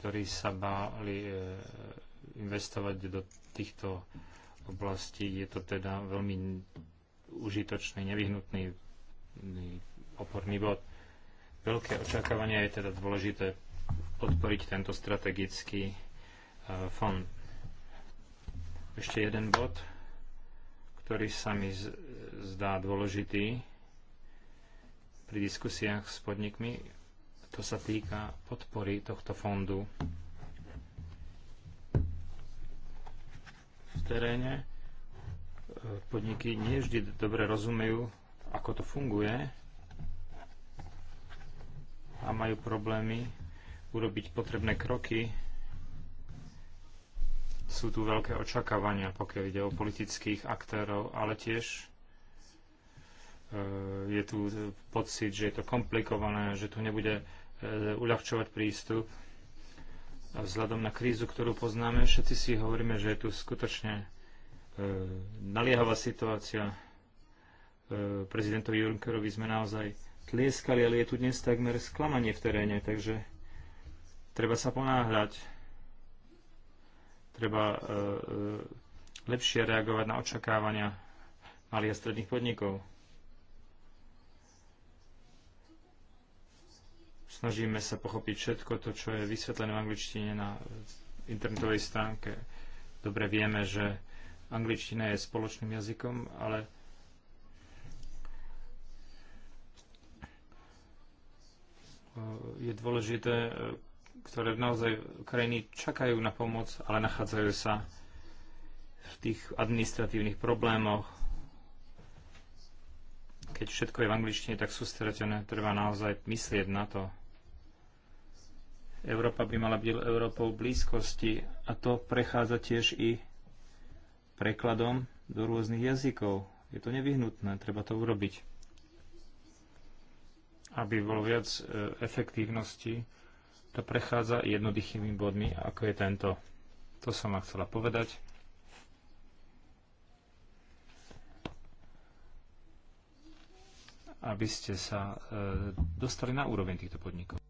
Speaker 4: ktorí sa báli e, investovať do týchto oblastí. Je to teda veľmi užitočný, nevyhnutný oporný bod. Veľké očakávania je teda dôležité podporiť tento strategický e, fond. Ešte jeden bod, ktorý sa mi zdá dôležitý pri diskusiách s podnikmi, to sa týka podpory tohto fondu v teréne. E, podniky nie vždy dobre rozumejú, ako to funguje a majú problémy urobiť potrebné kroky. Sú tu veľké očakávania, pokiaľ ide o politických aktérov, ale tiež e, je tu pocit, že je to komplikované, že tu nebude e, uľahčovať prístup. A vzhľadom na krízu, ktorú poznáme, všetci si hovoríme, že je tu skutočne e, naliehavá situácia. Prezidentovi Junckerovi sme naozaj tlieskali, ale je tu dnes takmer sklamanie v teréne, takže treba sa ponáhľať. Treba e, e, lepšie reagovať na očakávania malých a stredných podnikov. Snažíme sa pochopiť všetko to, čo je vysvetlené v angličtine na internetovej stránke. Dobre vieme, že angličtina je spoločným jazykom, ale je dôležité, e, ktoré naozaj krajiny čakajú na pomoc, ale nachádzajú sa v tých administratívnych problémoch. Keď všetko je v angličtine tak sústredené, treba naozaj myslieť na to. Európa by mala byť Európou blízkosti a to prechádza tiež i prekladom do rôznych jazykov. Je to nevyhnutné, treba to urobiť aby bolo viac e, efektívnosti, to prechádza jednoduchými bodmi, ako je tento. To som vám chcela povedať. aby ste sa e, dostali na úroveň týchto podnikov.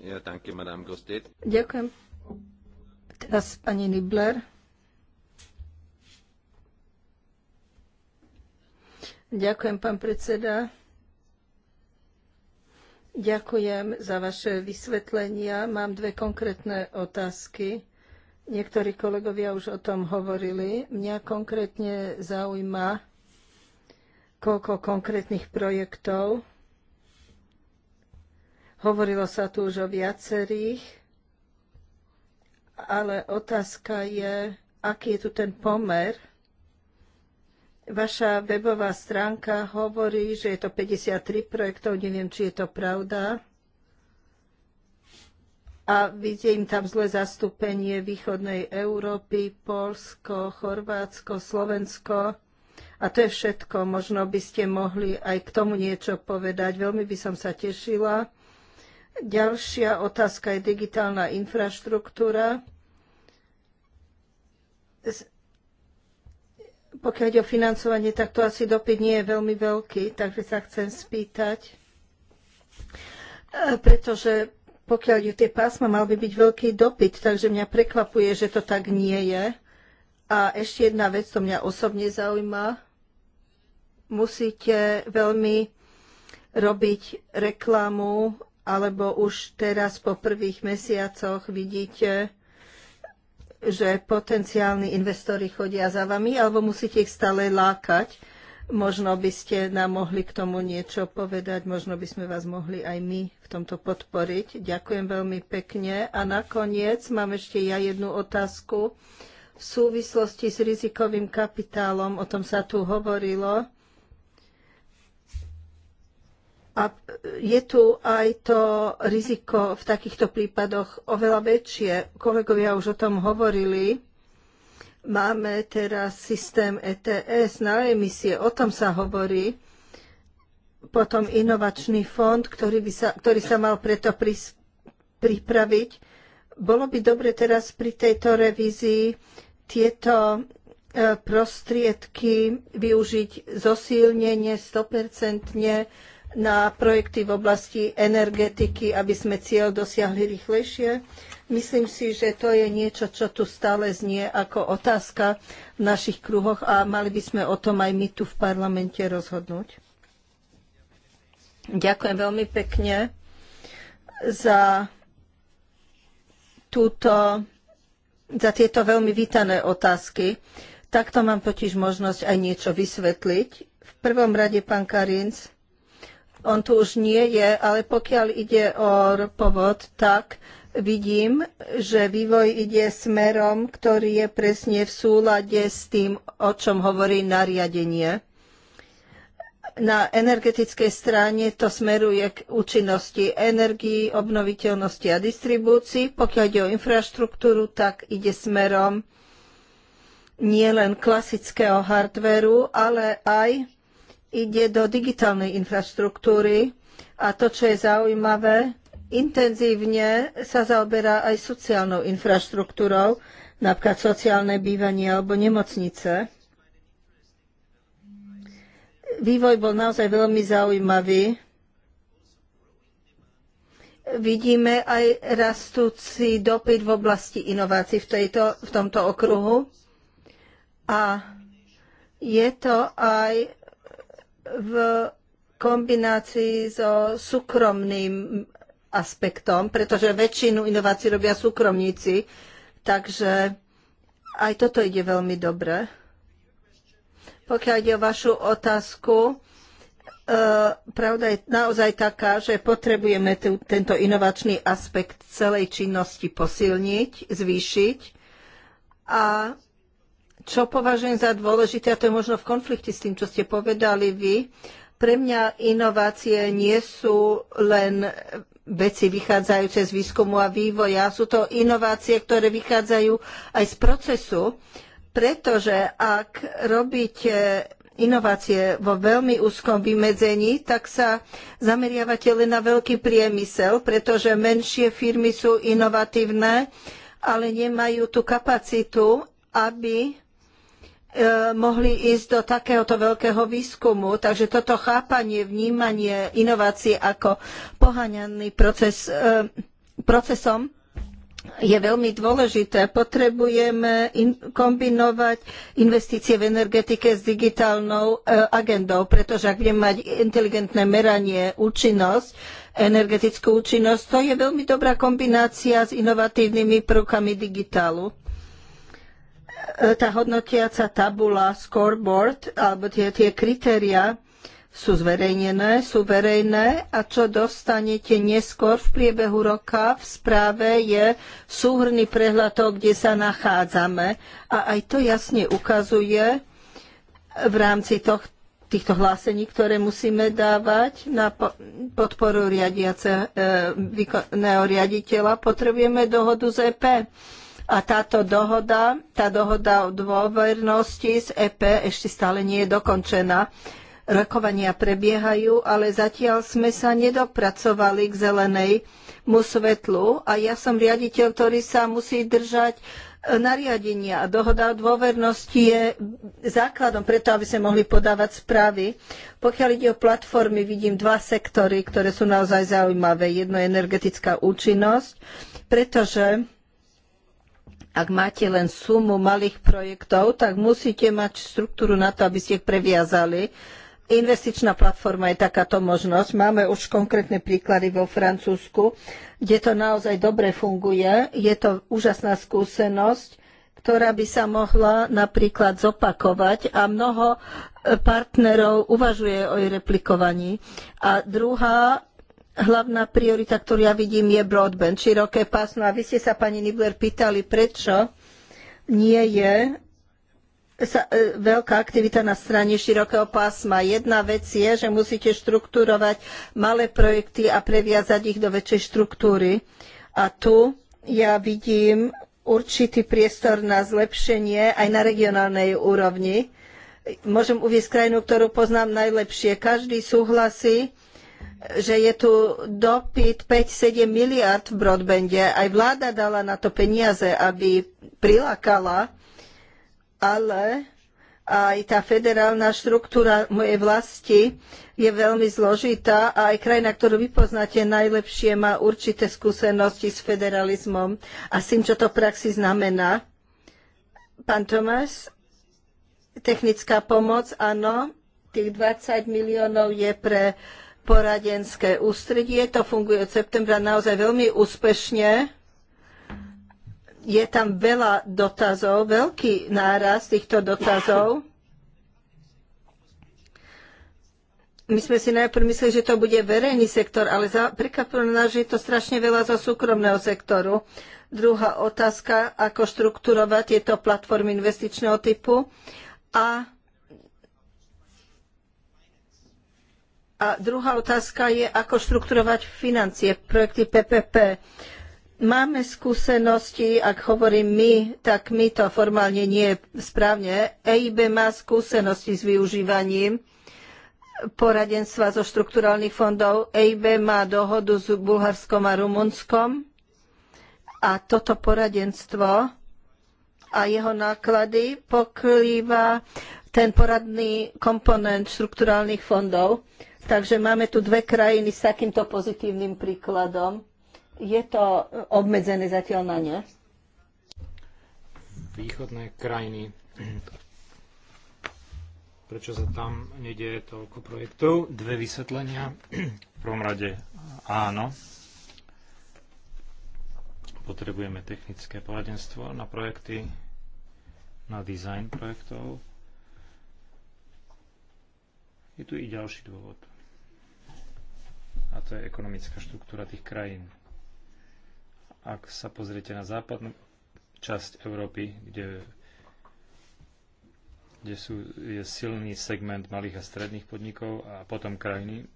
Speaker 1: Ja, you, madame Gostit.
Speaker 3: Ďakujem. Teraz pani Nibler. Ďakujem, pán predseda. Ďakujem za vaše vysvetlenia. Mám dve konkrétne otázky. Niektorí kolegovia už o tom hovorili. Mňa konkrétne zaujíma, koľko konkrétnych projektov. Hovorilo sa tu už o viacerých, ale otázka je, aký je tu ten pomer – Vaša webová stránka hovorí, že je to 53 projektov, neviem, či je to pravda. A vidím tam zlé zastúpenie východnej Európy, Polsko, Chorvátsko, Slovensko. A to je všetko. Možno by ste mohli aj k tomu niečo povedať. Veľmi by som sa tešila. Ďalšia otázka je digitálna infraštruktúra. pokiaľ ide o financovanie, tak to asi dopyt nie je veľmi veľký, takže sa chcem spýtať, e, pretože pokiaľ ide tie pásma, mal by byť veľký dopyt, takže mňa prekvapuje, že to tak nie je. A ešte jedna vec, to mňa osobne zaujíma. Musíte veľmi robiť reklamu, alebo už teraz po prvých mesiacoch vidíte, že potenciálni investori chodia za vami, alebo musíte ich stále lákať? Možno by ste nám mohli k tomu niečo povedať, možno by sme vás mohli aj my v tomto podporiť. Ďakujem veľmi pekne. A nakoniec mám ešte ja jednu otázku. V súvislosti s rizikovým kapitálom, o tom sa tu hovorilo, je tu aj to riziko v takýchto prípadoch oveľa väčšie. Kolegovia už o tom hovorili. Máme teraz systém ETS na emisie, o tom sa hovorí. Potom inovačný fond, ktorý, by sa, ktorý sa mal preto pris, pripraviť. Bolo by dobre teraz pri tejto revízii tieto e, prostriedky využiť zosilnenie 100% na projekty v oblasti energetiky, aby sme cieľ dosiahli rýchlejšie. Myslím si, že to je niečo, čo tu stále znie ako otázka v našich kruhoch a mali by sme o tom aj my tu v parlamente rozhodnúť. Ďakujem veľmi pekne za túto, za tieto veľmi vítané otázky. Takto mám totiž možnosť aj niečo vysvetliť. V prvom rade, pán Karinc, on tu už nie je, ale pokiaľ ide o ropovod, tak vidím, že vývoj ide smerom, ktorý je presne v súlade s tým, o čom hovorí nariadenie. Na energetickej strane to smeruje k účinnosti energii, obnoviteľnosti a distribúcii. Pokiaľ ide o infraštruktúru, tak ide smerom nielen klasického hardveru, ale aj ide do digitálnej infraštruktúry a to, čo je zaujímavé, intenzívne sa zaoberá aj sociálnou infraštruktúrou, napríklad sociálne bývanie alebo nemocnice. Vývoj bol naozaj veľmi zaujímavý. Vidíme aj rastúci dopyt v oblasti inovácií v, tejto, v tomto okruhu. A je to aj v kombinácii so súkromným aspektom, pretože väčšinu inovácií robia súkromníci, takže aj toto ide veľmi dobre. Pokiaľ ide o vašu otázku, e, pravda je naozaj taká, že potrebujeme tento inovačný aspekt celej činnosti posilniť, zvýšiť a čo považujem za dôležité, a to je možno v konflikte s tým, čo ste povedali vy, pre mňa inovácie nie sú len veci vychádzajúce z výskumu a vývoja, sú to inovácie, ktoré vychádzajú aj z procesu, pretože ak robíte inovácie vo veľmi úzkom vymedzení, tak sa zameriavate len na veľký priemysel, pretože menšie firmy sú inovatívne, ale nemajú tú kapacitu, aby E, mohli ísť do takéhoto veľkého výskumu. Takže toto chápanie, vnímanie inovácie ako poháňaný proces, e, procesom je veľmi dôležité. Potrebujeme in, kombinovať investície v energetike s digitálnou e, agendou, pretože ak budeme mať inteligentné meranie, účinnosť, energetickú účinnosť, to je veľmi dobrá kombinácia s inovatívnymi prvkami digitálu. E, tá hodnotiaca tabula, scoreboard, alebo tie, tie kritéria sú zverejnené, sú verejné a čo dostanete neskôr v priebehu roka v správe je súhrný prehľad toho, kde sa nachádzame. A aj to jasne ukazuje v rámci tohto týchto hlásení, ktoré musíme dávať na podporu riadiaceho e, riaditeľa, potrebujeme dohodu z EP a táto dohoda, tá dohoda o dôvernosti z EP ešte stále nie je dokončená. Rokovania prebiehajú, ale zatiaľ sme sa nedopracovali k zelenému svetlu a ja som riaditeľ, ktorý sa musí držať e, nariadenia a dohoda o dôvernosti je základom preto, aby sme mohli podávať správy. Pokiaľ ide o platformy, vidím dva sektory, ktoré sú naozaj zaujímavé. Jedno je energetická účinnosť, pretože ak máte len sumu malých projektov, tak musíte mať štruktúru na to, aby ste ich previazali. Investičná platforma je takáto možnosť. Máme už konkrétne príklady vo Francúzsku, kde to naozaj dobre funguje. Je to úžasná skúsenosť, ktorá by sa mohla napríklad zopakovať a mnoho e, partnerov uvažuje o jej replikovaní. A druhá hlavná priorita, ktorú ja vidím, je broadband, široké pásmo. A vy ste sa, pani Nibler, pýtali, prečo nie je sa, e, veľká aktivita na strane širokého pásma. Jedna vec je, že musíte štruktúrovať malé projekty a previazať ich do väčšej štruktúry. A tu ja vidím určitý priestor na zlepšenie aj na regionálnej úrovni. Môžem uvieť krajinu, ktorú poznám najlepšie. Každý súhlasí, že je tu dopyt 5-7 miliard v broadbande. Aj vláda dala na to peniaze, aby prilákala, ale aj tá federálna štruktúra mojej vlasti je veľmi zložitá a aj krajina, ktorú vy poznáte najlepšie, má určité skúsenosti s federalizmom a s tým, čo to v praxi znamená. Pán Tomás, technická pomoc, áno, tých 20 miliónov je pre uh, poradenské ústredie. To funguje od septembra naozaj veľmi úspešne. Je tam veľa dotazov, veľký náraz týchto dotazov. My sme si najprv mysleli, že to bude verejný sektor, ale prekvapilo nás, že je to strašne veľa zo súkromného sektoru. Druhá otázka, ako štruktúrovať tieto platformy investičného typu. A A druhá otázka je, ako štrukturovať financie, projekty PPP. Máme skúsenosti, ak hovorím my, tak my to formálne nie je správne. EIB má skúsenosti s využívaním poradenstva zo štrukturálnych fondov. EIB má dohodu s Bulharskom a Rumunskom a toto poradenstvo a jeho náklady pokrýva ten poradný komponent štrukturálnych fondov. Takže máme tu dve krajiny s takýmto pozitívnym príkladom. Je to obmedzené zatiaľ na ne?
Speaker 4: Východné krajiny. Prečo sa tam nedieje toľko projektov? Dve vysvetlenia. V prvom rade áno. Potrebujeme technické poradenstvo na projekty, na dizajn projektov. Je tu i ďalší dôvod a to je ekonomická štruktúra tých krajín. Ak sa pozriete na západnú časť Európy, kde, kde sú, je silný segment malých a stredných podnikov a potom krajiny,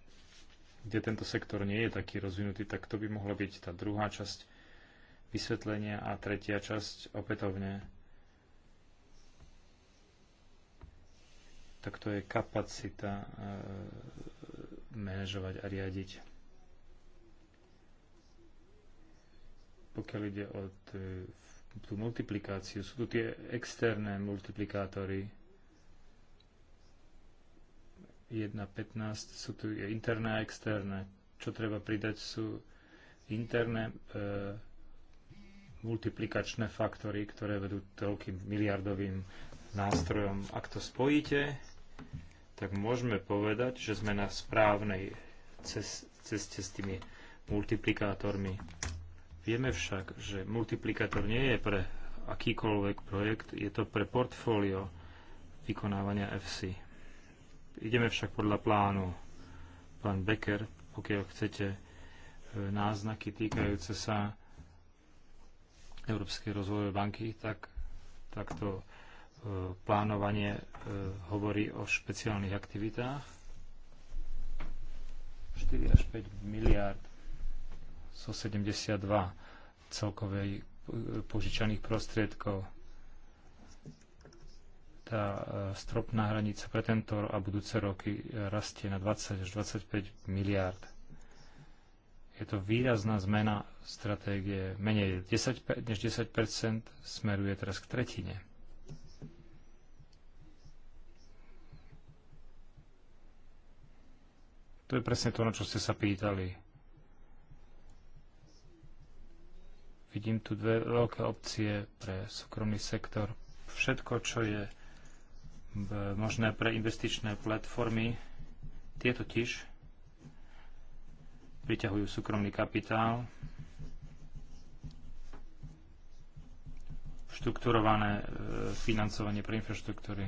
Speaker 4: kde tento sektor nie je taký rozvinutý, tak to by mohla byť tá druhá časť vysvetlenia a tretia časť opätovne. Tak to je kapacita e, manažovať a riadiť. Pokiaľ ide o tú multiplikáciu, sú tu tie externé multiplikátory 1.15, sú tu interné a externé. Čo treba pridať sú interné e, multiplikačné faktory, ktoré vedú toľkým miliardovým nástrojom. Ak to spojíte, tak môžeme povedať, že sme na správnej ceste s tými multiplikátormi. Vieme však, že multiplikátor nie je pre akýkoľvek projekt, je to pre portfólio vykonávania FC. Ideme však podľa plánu. Pán Becker, pokiaľ chcete e, náznaky týkajúce sa Európskej rozvojovej banky, tak, tak to plánovanie e, hovorí o špeciálnych aktivitách. 4 až 5 miliard zo 72 celkovej e, požičaných prostriedkov. Tá e, stropná hranica pre tento a budúce roky rastie na 20 až 25 miliard. Je to výrazná zmena stratégie. Menej 10, než 10 smeruje teraz k tretine. To je presne to, na čo ste sa pýtali. Vidím tu dve veľké opcie pre súkromný sektor. Všetko, čo je možné pre investičné platformy, tie totiž priťahujú súkromný kapitál, štrukturované e, financovanie pre infraštruktúry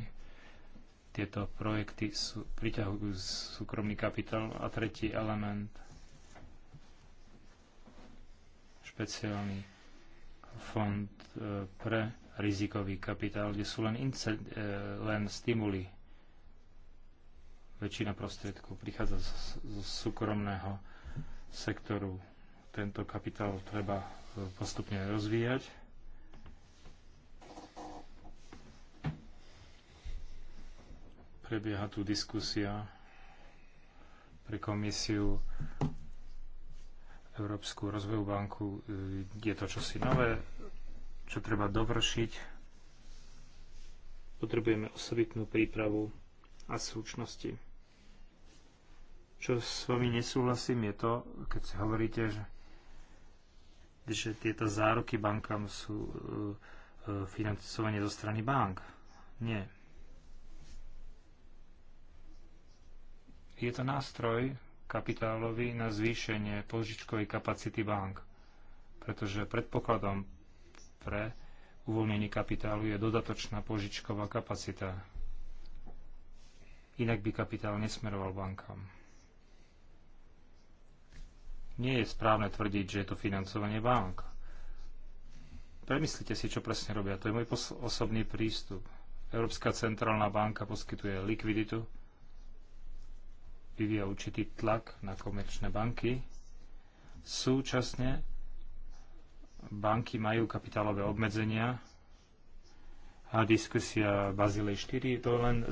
Speaker 4: tieto projekty sú, priťahujú súkromný kapitál. A tretí element, špeciálny fond e, pre rizikový kapitál, kde sú len, incen- e, len stimuly. Väčšina prostriedkov prichádza zo súkromného sektoru. Tento kapitál treba e, postupne rozvíjať. Prebieha tu diskusia pre komisiu Európsku rozvojovú banku. E, je to čosi nové, čo treba dovršiť. Potrebujeme osobitnú prípravu a súčnosti. Čo s vami nesúhlasím je to, keď si hovoríte, že, že tieto záruky bankám sú e, e, financovanie zo strany bank. Nie. Je to nástroj kapitálový na zvýšenie požičkovej kapacity bank, pretože predpokladom pre uvoľnenie kapitálu je dodatočná požičková kapacita. Inak by kapitál nesmeroval bankám. Nie je správne tvrdiť, že je to financovanie bank. Premyslite si, čo presne robia. To je môj osobný prístup. Európska centrálna banka poskytuje likviditu, vyvíja určitý tlak na komerčné banky. Súčasne banky majú kapitálové obmedzenia a diskusia Bazilej 4 to len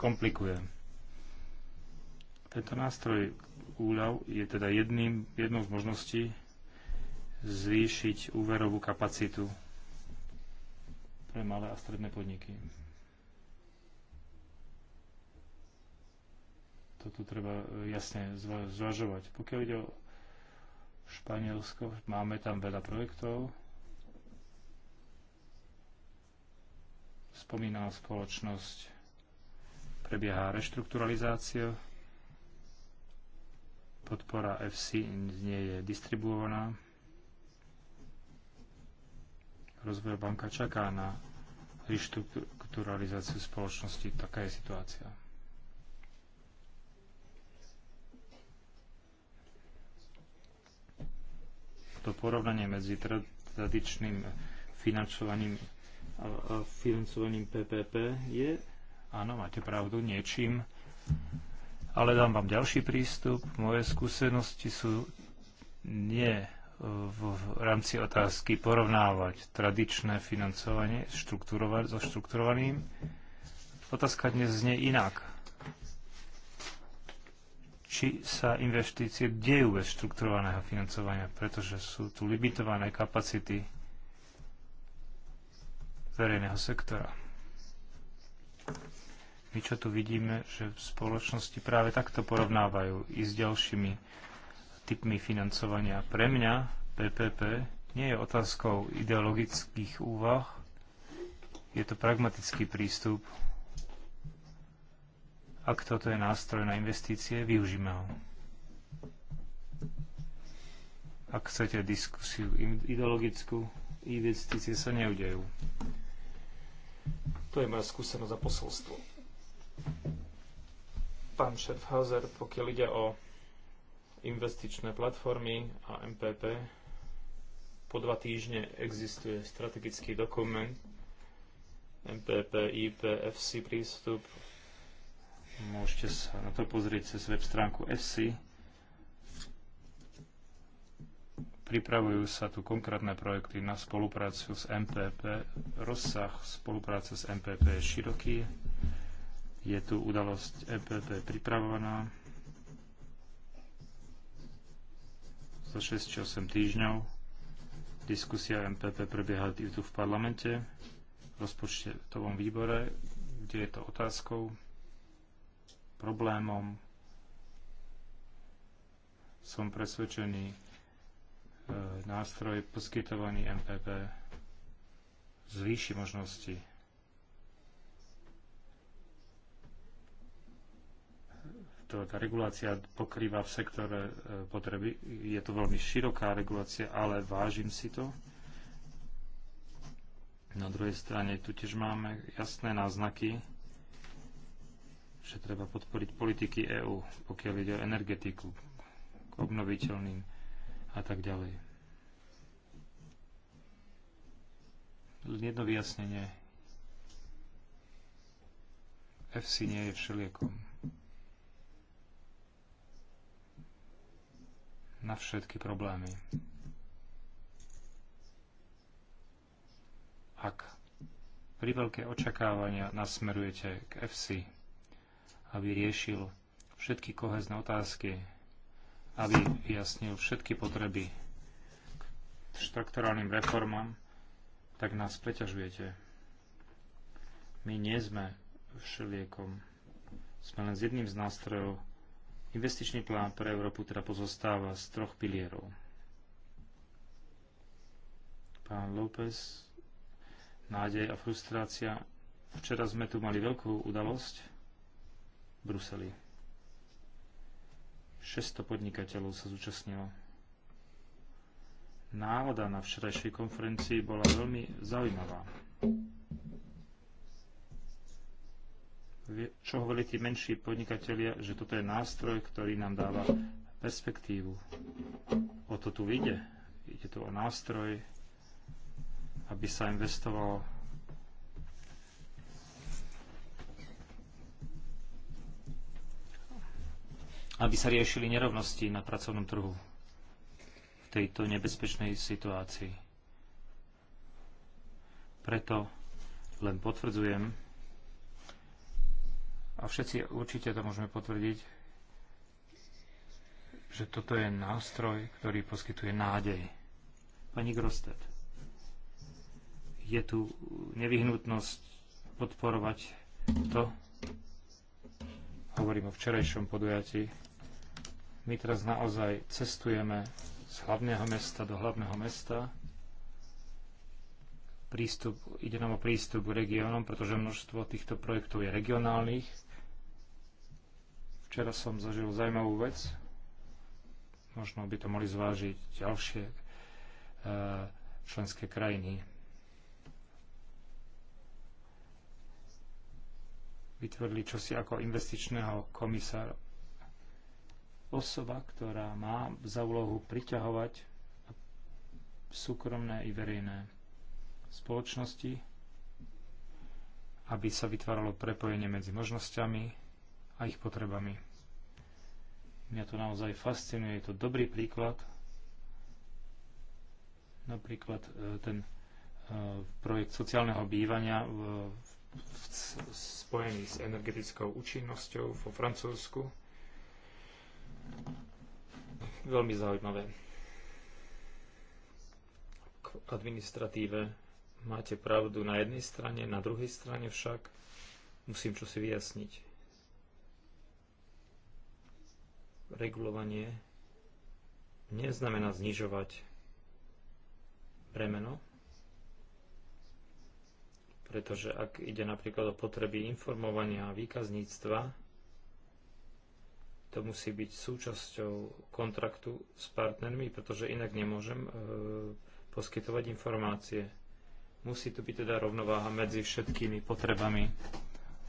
Speaker 4: komplikuje. Tento nástroj úľav je teda jedným, jednou z možností zvýšiť úverovú kapacitu pre malé a stredné podniky. To tu treba e, jasne zvažovať. Pokiaľ ide o Španielsko, máme tam veľa projektov. Spomínala spoločnosť, prebieha reštrukturalizácia, podpora FC nie je distribuovaná. Rozvoj banka čaká na reštrukturalizáciu spoločnosti. Taká je situácia. to porovnanie medzi tradičným financovaním a financovaním PPP je, áno, máte pravdu, niečím, ale dám vám ďalší prístup. Moje skúsenosti sú nie e, v rámci otázky porovnávať tradičné financovanie so štrukturovaným. Otázka dnes znie inak či sa investície dejú bez štrukturovaného financovania, pretože sú tu limitované kapacity verejného sektora. My čo tu vidíme, že v spoločnosti práve takto porovnávajú i s ďalšími typmi financovania. Pre mňa PPP nie je otázkou ideologických úvah, je to pragmatický prístup ak toto je nástroj na investície, využíme ho. Ak chcete diskusiu ideologickú, investície sa neudejú. To je moja skúsenosť a posolstvo. Pán Schaffhauser, pokiaľ ide o investičné platformy a MPP, po dva týždne existuje strategický dokument MPP, IP, FC prístup, Môžete sa na to pozrieť cez web stránku FC. Pripravujú sa tu konkrétne projekty na spoluprácu s MPP. Rozsah spolupráce s MPP je široký. Je tu udalosť MPP pripravovaná za 6 či 8 týždňov. Diskusia MPP prebieha tu v parlamente, v rozpočtovom výbore, kde je to otázkou problémom. Som presvedčený, e, nástroj poskytovaný MPP zvýši možnosti tá regulácia pokrýva v sektore e, potreby. Je to veľmi široká regulácia, ale vážim si to. Na druhej strane tu tiež máme jasné náznaky, že treba podporiť politiky EÚ, pokiaľ ide o energetiku, k obnoviteľným a tak ďalej. jedno vyjasnenie. FC nie je všeliekom. Na všetky problémy. Ak pri veľké očakávania nasmerujete k FC, aby riešil všetky kohezné otázky, aby vyjasnil všetky potreby štrukturálnym reformám, tak nás preťažujete. My nie sme všeliekom. Sme len s jedným z nástrojov. Investičný plán pre Európu teda pozostáva z troch pilierov. Pán López, nádej a frustrácia. Včera sme tu mali veľkú udalosť, Bruseli. 600 podnikateľov sa zúčastnilo. Nálada na včerajšej konferencii bola veľmi zaujímavá. Čo hovorili tí menší podnikatelia, že toto je nástroj, ktorý nám dáva perspektívu. O to tu ide. Ide tu o nástroj, aby sa investovalo aby sa riešili nerovnosti na pracovnom trhu v tejto nebezpečnej situácii. Preto len potvrdzujem, a všetci určite to môžeme potvrdiť, že toto je nástroj, ktorý poskytuje nádej. Pani Grostet. je tu nevyhnutnosť podporovať to, hovorím o včerajšom podujatí, my teraz naozaj cestujeme z hlavného mesta do hlavného mesta. Prístup, ide nám o prístup k regiónom, pretože množstvo týchto projektov je regionálnych. Včera som zažil zaujímavú vec. Možno by to mohli zvážiť ďalšie e, členské krajiny. Vytvorili čosi ako investičného komisára osoba, ktorá má za úlohu priťahovať súkromné i verejné spoločnosti, aby sa vytváralo prepojenie medzi možnosťami a ich potrebami. Mňa to naozaj fascinuje, je to dobrý príklad. Napríklad e, ten e, projekt sociálneho bývania spojený s energetickou účinnosťou vo Francúzsku, veľmi zaujímavé. K administratíve máte pravdu na jednej strane, na druhej strane však musím čosi vyjasniť. Regulovanie neznamená znižovať bremeno, pretože ak ide napríklad o potreby informovania a výkazníctva, to musí byť súčasťou kontraktu s partnermi, pretože inak nemôžem e, poskytovať informácie. Musí tu byť teda rovnováha medzi všetkými potrebami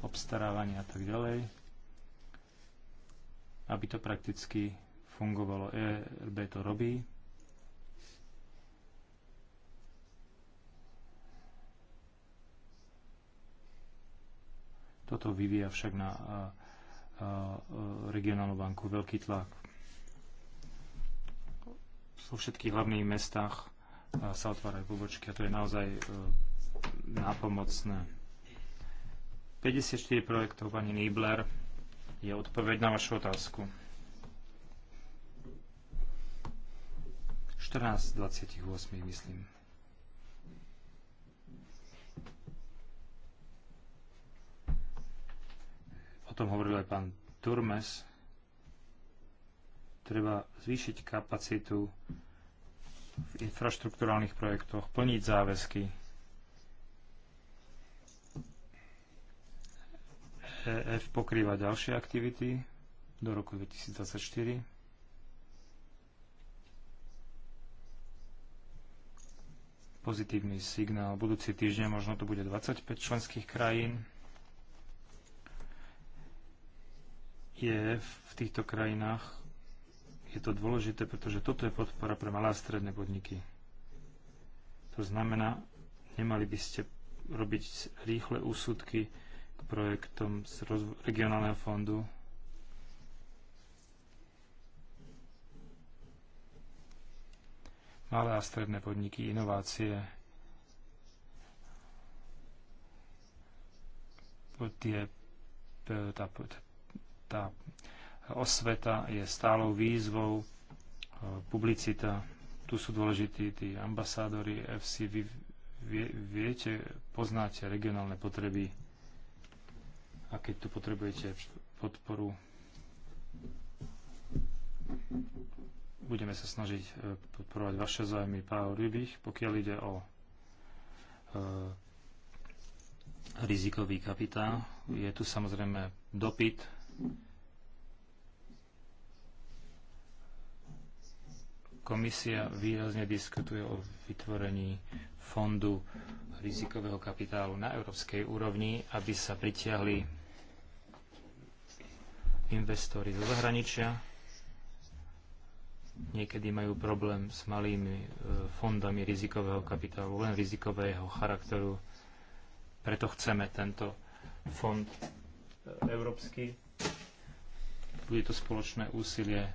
Speaker 4: obstarávania a tak ďalej, aby to prakticky fungovalo. ERB to robí. Toto vyvíja však na e, regionálnu banku veľký tlak. Vo všetkých hlavných mestách sa otvárajú pobočky a to je naozaj e, nápomocné. 54 projektov pani Nibler, je odpoveď na vašu otázku. 14 28, myslím. tom hovoril aj pán Turmes, treba zvýšiť kapacitu v infraštruktúrálnych projektoch, plniť záväzky. EF pokrýva ďalšie aktivity do roku 2024. Pozitívny signál. Budúci týždeň možno to bude 25 členských krajín. je v týchto krajinách, je to dôležité, pretože toto je podpora pre malé a stredné podniky. To znamená, nemali by ste robiť rýchle úsudky k projektom z regionálneho fondu, malé a stredné podniky, inovácie, tie, e, tá, tá osveta je stálou výzvou, e, publicita, tu sú dôležití tí ambasádori FC, vy viete, poznáte regionálne potreby a keď tu potrebujete podporu, budeme sa snažiť e, podporovať vaše zájmy Pál Rybich, pokiaľ ide o e, rizikový kapitál. Je tu samozrejme dopyt Komisia výrazne diskutuje o vytvorení fondu rizikového kapitálu na európskej úrovni, aby sa pritiahli investori zo zahraničia. Niekedy majú problém s malými e, fondami rizikového kapitálu, len rizikového charakteru. Preto chceme tento fond e, európsky bude to spoločné úsilie e,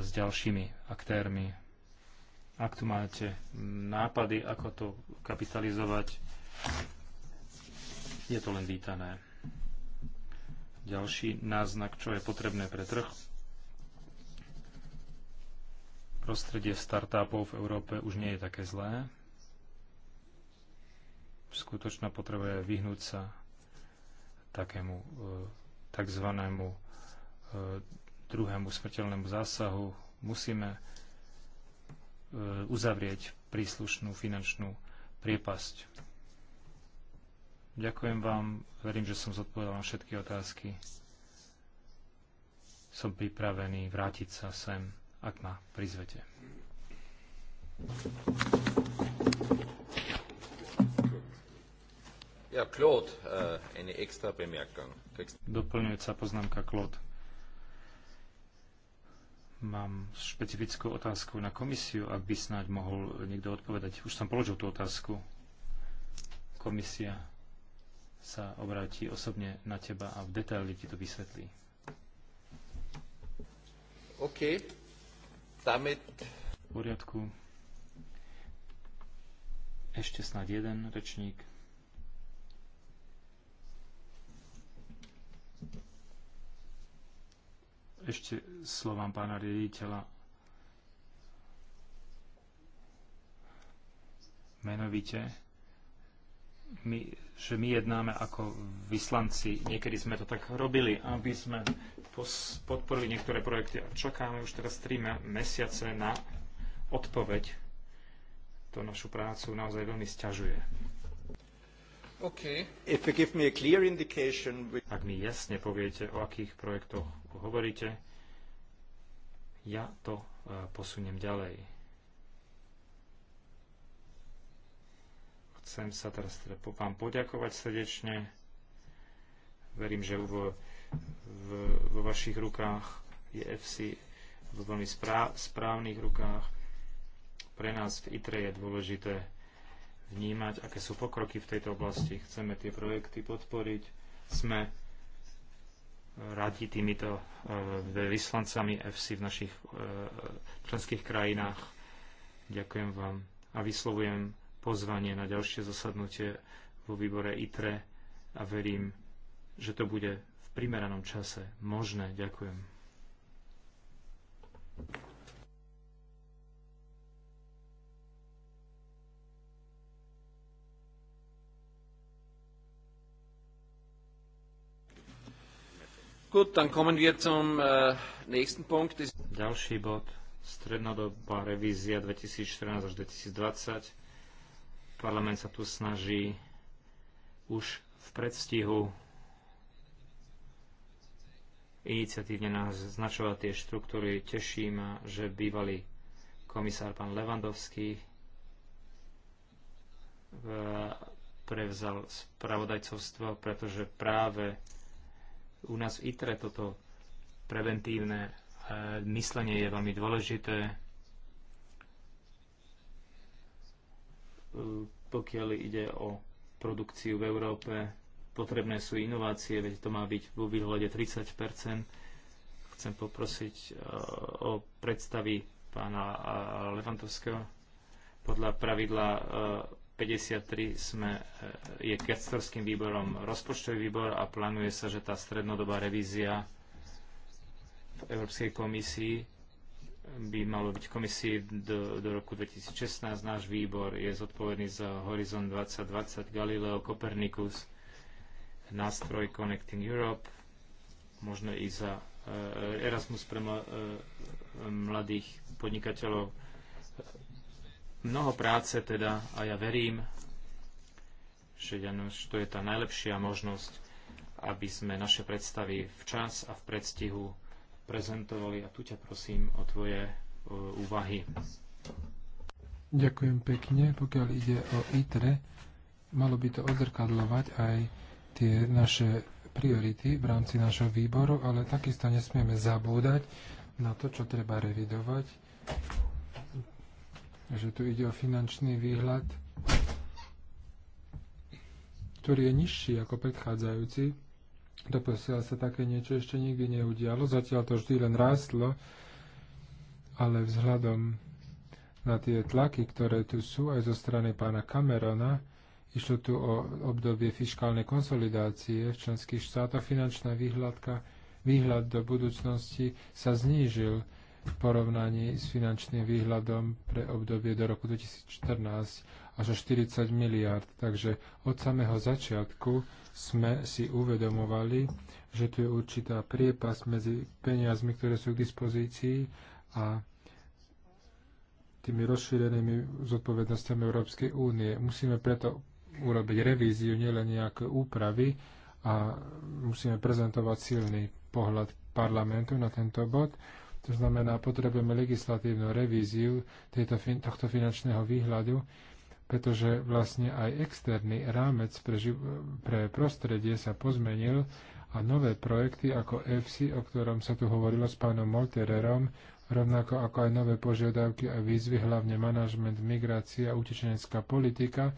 Speaker 4: s ďalšími aktérmi. Ak tu máte nápady, ako to kapitalizovať, je to len vítané. Ďalší náznak, čo je potrebné pre trh. Prostredie startupov v Európe už nie je také zlé. Skutočná potreba je vyhnúť sa takému e, takzvanému E, druhému smrteľnému zásahu musíme e, uzavrieť príslušnú finančnú priepasť. Ďakujem vám, verím, že som zodpovedal na všetky otázky. Som pripravený vrátiť sa sem, ak ma prizvete.
Speaker 1: Ja, Claude, e, eine extra Bemerkung.
Speaker 4: Doplňujúca poznámka Claude. Mám špecifickú otázku na komisiu, ak by snáď mohol niekto odpovedať. Už som položil tú otázku. Komisia sa obráti osobne na teba a v detaily ti to vysvetlí.
Speaker 1: OK. Damit...
Speaker 4: V poriadku. Ešte snáď jeden rečník. ešte slovám pána riaditeľa. Menovite, my, že my jednáme ako vyslanci, niekedy sme to tak robili, aby sme podporili niektoré projekty a čakáme už teraz 3 mesiace na odpoveď. To našu prácu naozaj veľmi sťažuje. Ak mi jasne poviete, o akých projektoch hovoríte, ja to e, posuniem ďalej. Chcem sa teraz teda vám poďakovať srdečne. Verím, že vo, v, vo vašich rukách je FC v veľmi správnych rukách. Pre nás v ITRE je dôležité vnímať, aké sú pokroky v tejto oblasti. Chceme tie projekty podporiť. Sme e, radi týmito e, vyslancami FC v našich e, členských krajinách. Ďakujem vám a vyslovujem pozvanie na ďalšie zasadnutie vo výbore ITRE a verím, že to bude v primeranom čase možné. Ďakujem.
Speaker 1: Gut, dann kommen wir zum äh, nächsten Punkt.
Speaker 4: Ďalší bod, strednodobá revízia 2014 až 2020. Parlament sa tu snaží už v predstihu iniciatívne naznačovať tie štruktúry. Teší ma, že bývalý komisár pán Levandovský e, prevzal spravodajcovstvo, pretože práve u nás v ITRE toto preventívne e, myslenie je veľmi dôležité. E, pokiaľ ide o produkciu v Európe, potrebné sú inovácie, veď to má byť v výhľade 30 Chcem poprosiť e, o predstavy pána Levantovského podľa pravidla 53 sme, e, je gestorským výborom rozpočtový výbor a plánuje sa, že tá strednodobá revízia v Európskej komisii by malo byť komisii do, do roku 2016. Náš výbor je zodpovedný za Horizon 2020, Galileo, Copernicus, nástroj Connecting Europe, možno i za e, Erasmus pre e, mladých podnikateľov, Mnoho práce teda a ja verím, že to je tá najlepšia možnosť, aby sme naše predstavy včas a v predstihu prezentovali. A tu ťa prosím o tvoje e, úvahy.
Speaker 2: Ďakujem pekne. Pokiaľ ide o ITRE, malo by to odzrkadlovať aj tie naše priority v rámci našho výboru, ale takisto nesmieme zabúdať na to, čo treba revidovať že tu ide o finančný výhľad, ktorý je nižší ako predchádzajúci. Doposiaľ sa také niečo ešte nikdy neudialo, zatiaľ to vždy len rástlo, ale vzhľadom na tie tlaky, ktoré tu sú aj zo strany pána Camerona, išlo tu o obdobie fiskálnej konsolidácie v členských štátoch, finančná výhľadka, výhľad do budúcnosti sa znížil v porovnaní s finančným výhľadom pre obdobie do roku 2014 až o 40 miliard. Takže od samého začiatku sme si uvedomovali, že tu je určitá priepas medzi peniazmi, ktoré sú k dispozícii a tými rozšírenými zodpovednosťami Európskej únie. Musíme preto urobiť revíziu, nielen nejaké úpravy a musíme prezentovať silný pohľad parlamentu na tento bod. To znamená, potrebujeme legislatívnu revíziu tejto, tohto finančného výhľadu, pretože vlastne aj externý rámec pre, pre prostredie sa pozmenil a nové projekty ako EFSI, o ktorom sa tu hovorilo s pánom Moltererom, rovnako ako aj nové požiadavky a výzvy, hlavne manažment, migrácia, a utečenecká politika,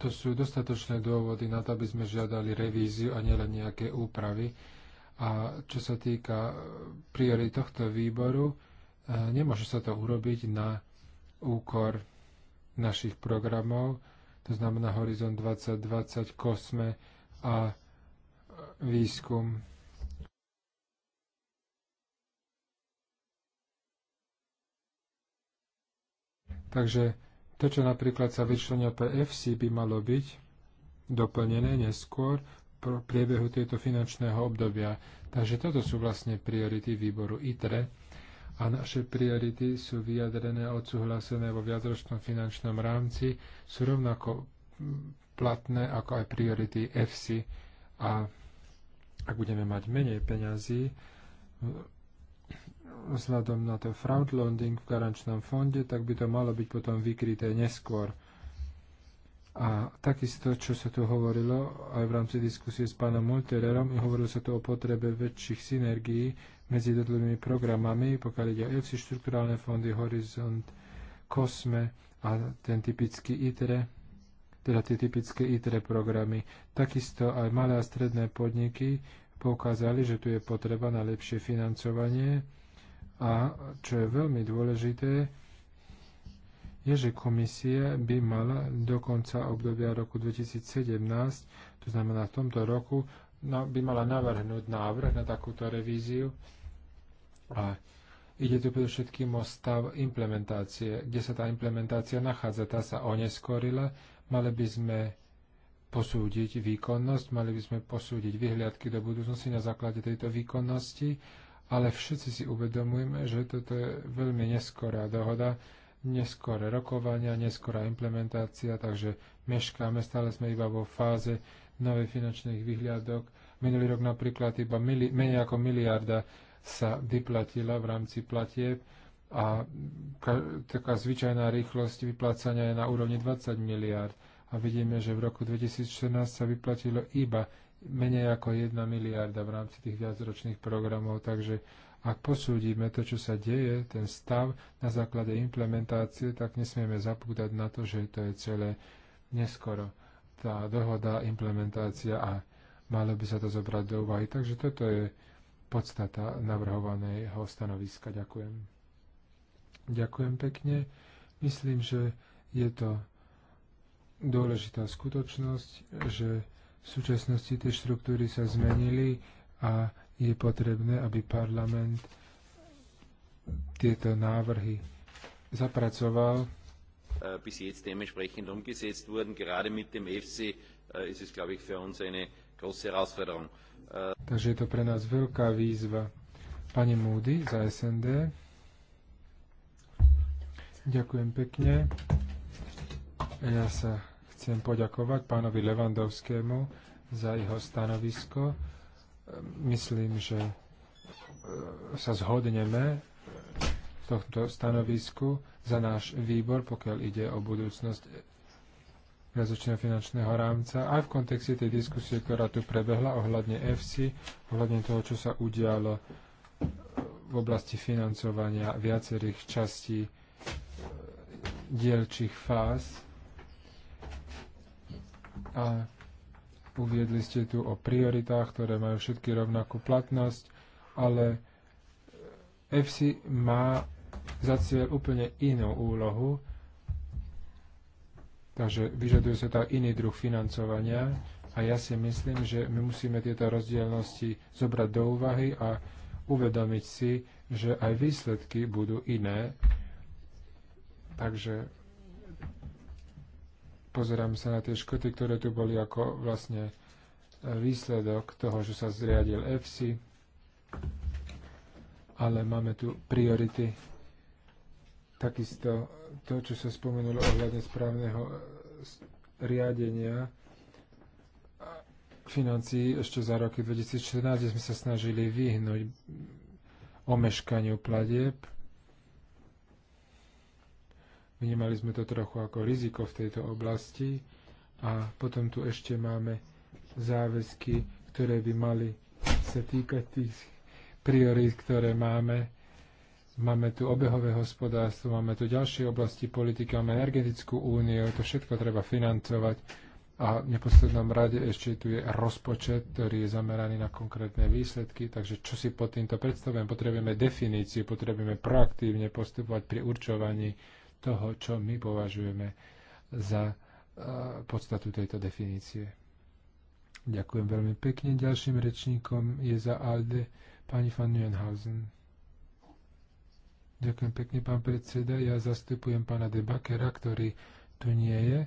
Speaker 2: to sú dostatočné dôvody na to, aby sme žiadali revíziu a nielen nejaké úpravy. A čo sa týka e, priory tohto výboru, e, nemôže sa to urobiť na úkor našich programov, to znamená Horizon 2020, Kosme a e, výskum. Takže to, čo napríklad sa vyčlenil pre FC, by malo byť doplnené neskôr, priebehu tejto finančného obdobia. Takže toto sú vlastne priority výboru ITRE a naše priority sú vyjadrené, a odsúhlasené vo viacročnom finančnom rámci, sú rovnako platné ako aj priority EFSI a ak budeme mať menej peňazí, vzhľadom na to front loading v garančnom fonde, tak by to malo byť potom vykryté neskôr. A takisto, čo sa tu hovorilo aj v rámci diskusie s pánom Moltererom, hovorilo sa tu o potrebe väčších synergií medzi jednotlivými programami, pokiaľ ide o EFSI, štruktúrálne fondy, Horizont, Kosme a ten typický ITRE, teda tie typické ITRE programy. Takisto aj malé a stredné podniky poukázali, že tu je potreba na lepšie financovanie a čo je veľmi dôležité, je, že komisia by mala do konca obdobia roku 2017, to znamená v tomto roku, no, by mala navrhnúť návrh na takúto revíziu. A ide tu predovšetkým o stav implementácie, kde sa tá implementácia nachádza, tá sa oneskorila. Mali by sme posúdiť výkonnosť, mali by sme posúdiť vyhliadky do budúcnosti na základe tejto výkonnosti, ale všetci si uvedomujeme, že toto je veľmi neskorá dohoda, neskore rokovania, neskorá implementácia, takže meškáme, stále sme iba vo fáze novej finančných vyhliadok. Minulý rok napríklad iba mili, menej ako miliarda sa vyplatila v rámci platieb a ka, taká zvyčajná rýchlosť vyplácania je na úrovni 20 miliard. A vidíme, že v roku 2014 sa vyplatilo iba menej ako 1 miliarda v rámci tých viacročných programov, takže ak posúdime to, čo sa deje, ten stav na základe implementácie, tak nesmieme zapútať na to, že to je celé neskoro. Tá dohoda, implementácia a malo by sa to zobrať do úvahy. Takže toto je podstata navrhovaného stanoviska. Ďakujem. Ďakujem pekne. Myslím, že je to dôležitá skutočnosť, že v súčasnosti tie štruktúry sa zmenili a je potrebné, aby parlament tieto návrhy zapracoval.
Speaker 1: Äh, bis jetzt dementsprechend umgesetzt wurden. Gerade mit dem EFSI äh, ist es, glaube ich, für uns eine große Herausforderung. Äh,
Speaker 2: Takže je to pre nás veľká výzva. Pani Moody za SND. Ďakujem pekne. Ja sa chcem poďakovať pánovi Levandovskému za jeho stanovisko myslím, že e, sa zhodneme v tomto stanovisku za náš výbor, pokiaľ ide o budúcnosť viazočného finančného rámca, aj v kontexte tej diskusie, ktorá tu prebehla ohľadne EFSI, ohľadne toho, čo sa udialo e, v oblasti financovania viacerých častí e, dielčích fáz. A Uviedli ste tu o prioritách, ktoré majú všetky rovnakú platnosť, ale FC má za cieľ úplne inú úlohu, takže vyžaduje sa tam iný druh financovania a ja si myslím, že my musíme tieto rozdielnosti zobrať do úvahy a uvedomiť si, že aj výsledky budú iné. Takže pozerám sa na tie škody, ktoré tu boli ako vlastne výsledok toho, že sa zriadil FC, ale máme tu priority. Takisto to, čo sa spomenulo ohľadne správneho e, riadenia financií ešte za roky 2014, kde sme sa snažili vyhnúť omeškaniu platieb Vnímali sme to trochu ako riziko v tejto oblasti a potom tu ešte máme záväzky, ktoré by mali sa týkať tých priorít, ktoré máme. Máme tu obehové hospodárstvo, máme tu ďalšie oblasti politiky, máme energetickú úniu, to všetko treba financovať. A v neposlednom rade ešte tu je rozpočet, ktorý je zameraný na konkrétne výsledky. Takže čo si pod týmto predstavujem? Potrebujeme definíciu, potrebujeme proaktívne postupovať pri určovaní toho, čo my považujeme za e, podstatu tejto definície. Ďakujem veľmi pekne. Ďalším rečníkom je za ALDE pani van Nuenhausen. Ďakujem pekne, pán predseda. Ja zastupujem pána Debakera, ktorý tu nie je,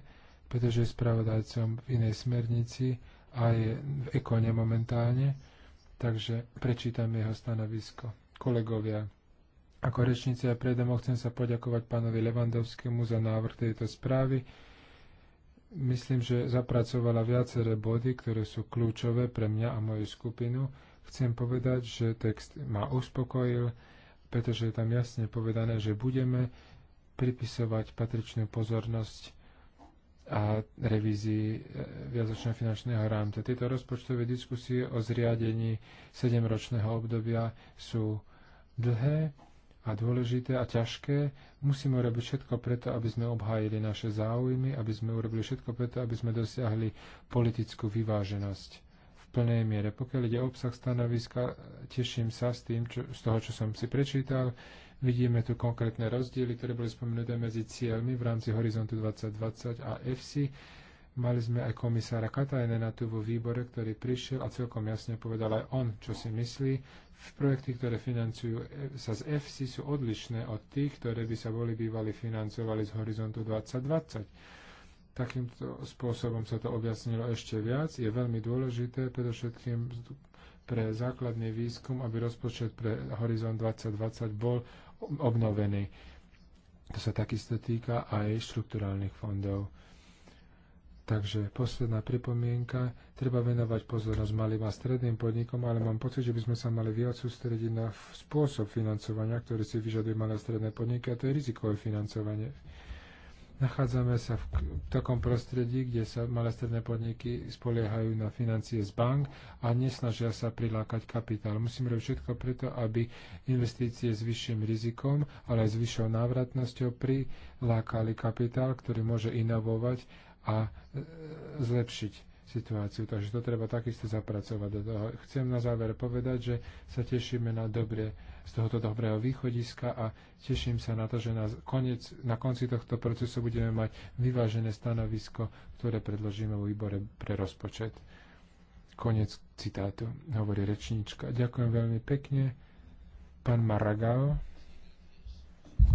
Speaker 2: pretože je spravodajcom v inej smernici a je v ekone momentálne, takže prečítam jeho stanovisko. Kolegovia, ako rečnice a predomo chcem sa poďakovať pánovi Levandovskému za návrh tejto správy. Myslím, že zapracovala viaceré body, ktoré sú kľúčové pre mňa a moju skupinu. Chcem povedať, že text ma uspokojil, pretože je tam jasne povedané, že budeme pripisovať patričnú pozornosť a revízii e, viacočného finančného rámca. Tieto rozpočtové diskusie o zriadení 7-ročného obdobia sú dlhé, a dôležité a ťažké. Musíme urobiť všetko preto, aby sme obhájili naše záujmy, aby sme urobili všetko preto, aby sme dosiahli politickú vyváženosť v plnej miere. Pokiaľ ide o obsah stanoviska, teším sa s tým, čo, z toho, čo som si prečítal. Vidíme tu konkrétne rozdiely, ktoré boli spomenuté medzi cieľmi v rámci Horizontu 2020 a EFSI Mali sme aj komisára Katajnena tu vo výbore, ktorý prišiel a celkom jasne povedal aj on, čo si myslí. V projekty, ktoré financujú e, sa z EFSI, sú odlišné od tých, ktoré by sa boli bývali financovali z Horizontu 2020. Takýmto spôsobom sa to objasnilo ešte viac. Je veľmi dôležité, predovšetkým pre základný výskum, aby rozpočet pre Horizont 2020 bol obnovený. To sa takisto týka aj štrukturálnych fondov. Takže posledná pripomienka, treba venovať pozornosť malým a stredným podnikom, ale mám pocit, že by sme sa mali viac sústrediť na spôsob financovania, ktorý si vyžaduje malé a stredné podniky, a to je rizikové financovanie. Nachádzame sa v takom prostredí, kde sa malé stredné podniky spoliehajú na financie z bank a nesnažia sa prilákať kapitál. Musíme robiť všetko preto, aby investície s vyšším rizikom, ale aj s vyššou návratnosťou prilákali kapitál, ktorý môže inovovať a e, zlepšiť situáciu. Takže to treba takisto zapracovať do toho. Chcem na záver povedať, že sa tešíme na dobre z tohoto dobrého východiska a teším sa na to, že na, konec, na konci tohto procesu budeme mať vyvážené stanovisko, ktoré predložíme vo výbore pre rozpočet. Konec citátu, hovorí rečníčka. Ďakujem veľmi pekne. Pán Maragao.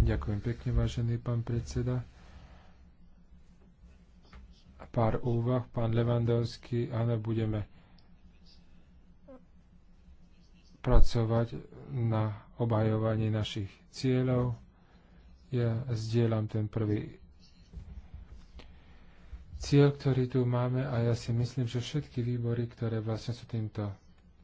Speaker 2: Ďakujem pekne, vážený pán predseda pár úvah. Pán Levandovský, áno, budeme pracovať na obhajovaní našich cieľov. Ja zdieľam ten prvý cieľ, ktorý tu máme a ja si myslím, že všetky výbory, ktoré vlastne sú týmto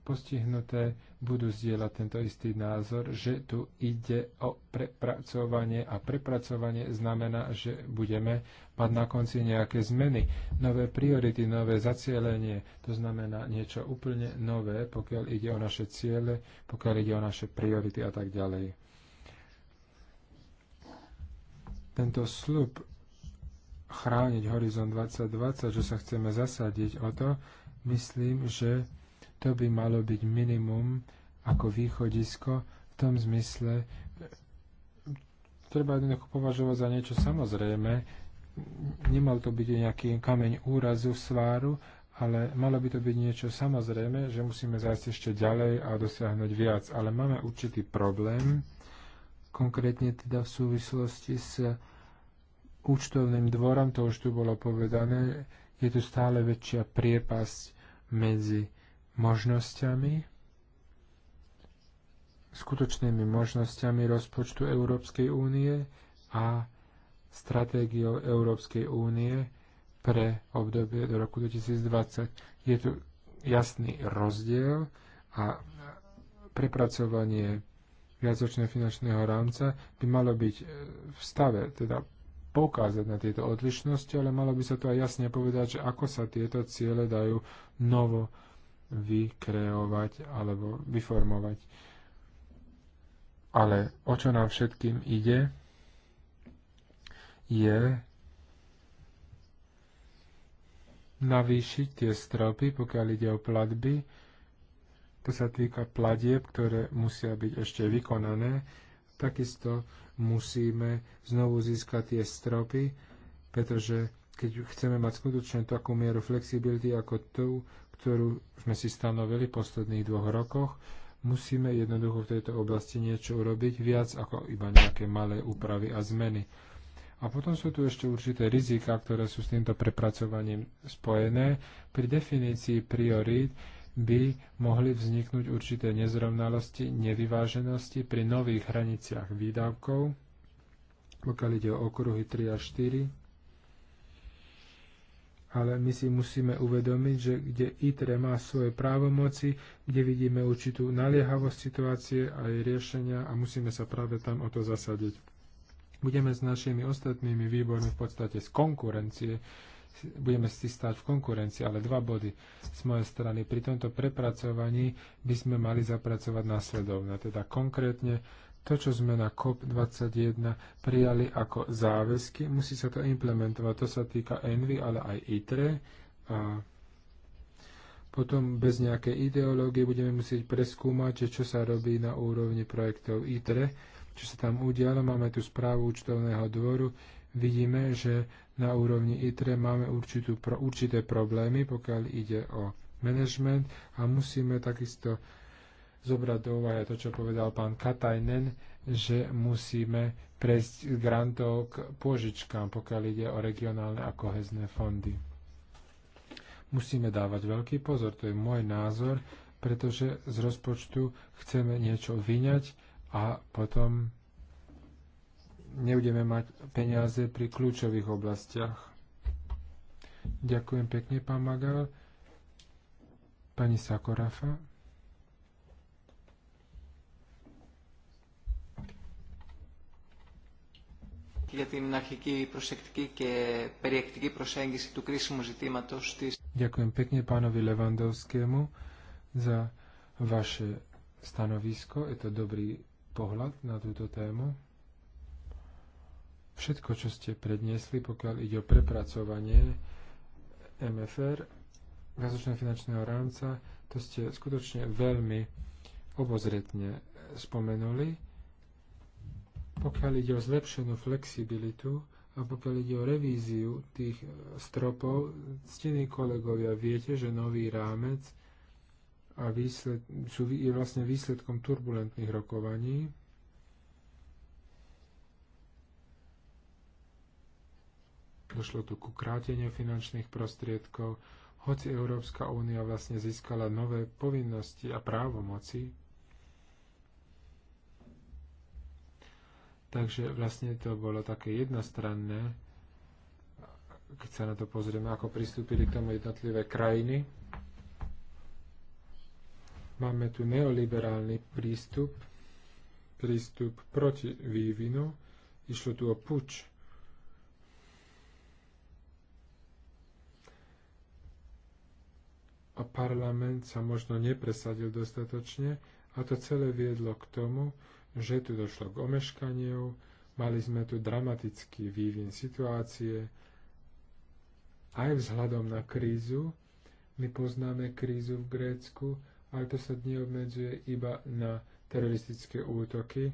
Speaker 2: postihnuté budú zdieľať tento istý názor, že tu ide o prepracovanie a prepracovanie znamená, že budeme mať na konci nejaké zmeny, nové priority, nové zacielenie, to znamená niečo úplne nové, pokiaľ ide o naše ciele, pokiaľ ide o naše priority a tak ďalej. Tento slub chrániť Horizon 2020, že sa chceme zasadiť o to, myslím, že to by malo byť minimum ako východisko v tom zmysle, treba jednoducho považovať za niečo samozrejme. Nemal to byť nejaký kameň úrazu, sváru, ale malo by to byť niečo samozrejme, že musíme zájsť ešte ďalej a dosiahnuť viac. Ale máme určitý problém, konkrétne teda v súvislosti s účtovným dvorom, to už tu bolo povedané, je tu stále väčšia priepasť medzi možnosťami, skutočnými možnosťami rozpočtu Európskej únie a stratégiou Európskej únie pre obdobie do roku 2020. Je tu jasný rozdiel a prepracovanie viacočného finančného rámca by malo byť e, v stave, teda poukázať na tieto odlišnosti, ale malo by sa to aj jasne povedať, že ako sa tieto ciele dajú novo vykreovať alebo vyformovať. Ale o čo nám všetkým ide, je navýšiť tie stropy, pokiaľ ide o platby. To sa týka platieb, ktoré musia byť ešte vykonané. Takisto musíme znovu získať tie stropy, pretože keď chceme mať skutočne takú mieru flexibility ako tú, ktorú sme si stanovili v posledných dvoch rokoch, musíme jednoducho v tejto oblasti niečo urobiť viac ako iba nejaké malé úpravy a zmeny. A potom sú tu ešte určité rizika, ktoré sú s týmto prepracovaním spojené. Pri definícii priorít by mohli vzniknúť určité nezrovnalosti, nevyváženosti pri nových hraniciach výdavkov, pokiaľ ide o okruhy 3 a 4, ale my si musíme uvedomiť, že kde ITRE má svoje právomoci, kde vidíme určitú naliehavosť situácie a jej riešenia a musíme sa práve tam o to zasadiť. Budeme s našimi ostatnými výbormi v podstate z konkurencie, budeme si stať v konkurencii, ale dva body z mojej strany. Pri tomto prepracovaní by sme mali zapracovať následovne, teda konkrétne to, čo sme na COP21 prijali ako záväzky, musí sa to implementovať. To sa týka Envy, ale aj ITRE. A potom bez nejakej ideológie budeme musieť preskúmať, že čo sa robí na úrovni projektov ITRE, čo sa tam udialo. Máme tu správu účtovného dvoru. Vidíme, že na úrovni ITRE máme určitú, určité problémy, pokiaľ ide o management a musíme takisto zobrať do úvahy to, čo povedal pán Katajnen, že musíme prejsť z grantov k pôžičkám, pokiaľ ide o regionálne a kohezné fondy. Musíme dávať veľký pozor, to je môj názor, pretože z rozpočtu chceme niečo vyňať a potom nebudeme mať peniaze pri kľúčových oblastiach. Ďakujem pekne, pán Magal. Pani Sakorafa.
Speaker 3: για την αρχική
Speaker 1: προσεκτική και περιεκτική προσέγγιση του κρίσιμου ζητήματος της.
Speaker 2: Ďakujem pekne pánovi Levandovskému za vaše stanovisko. Je to dobrý pohľad na túto tému. Všetko, čo ste predniesli, pokiaľ ide o prepracovanie MFR, viacočného finančného rámca, to ste skutočne veľmi obozretne spomenuli pokiaľ ide o zlepšenú flexibilitu a pokiaľ ide o revíziu tých e, stropov, ctení kolegovia, viete, že nový rámec a výsled, sú, je vlastne výsledkom turbulentných rokovaní. Došlo tu ku kráteniu finančných prostriedkov, hoci Európska únia vlastne získala nové povinnosti a právomoci Takže vlastne to bolo také jednostranné, keď sa na to pozrieme, ako pristúpili k tomu jednotlivé krajiny. Máme tu neoliberálny prístup, prístup proti vývinu. Išlo tu o puč. A parlament sa možno nepresadil dostatočne a to celé viedlo k tomu, že tu došlo k omeškaniu, mali sme tu dramatický vývin situácie, aj vzhľadom na krízu. My poznáme krízu v Grécku, ale to sa neobmedzuje iba na teroristické útoky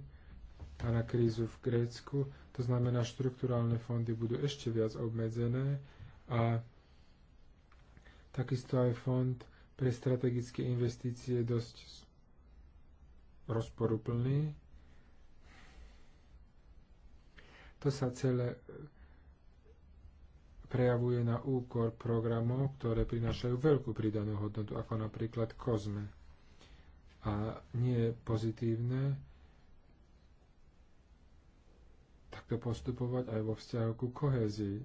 Speaker 2: a na krízu v Grécku. To znamená, štrukturálne fondy budú ešte viac obmedzené a takisto aj fond pre strategické investície je dosť rozporuplný. To sa celé prejavuje na úkor programov, ktoré prinášajú veľkú pridanú hodnotu, ako napríklad kozme. A nie je pozitívne takto postupovať aj vo vzťahu ku kohézii.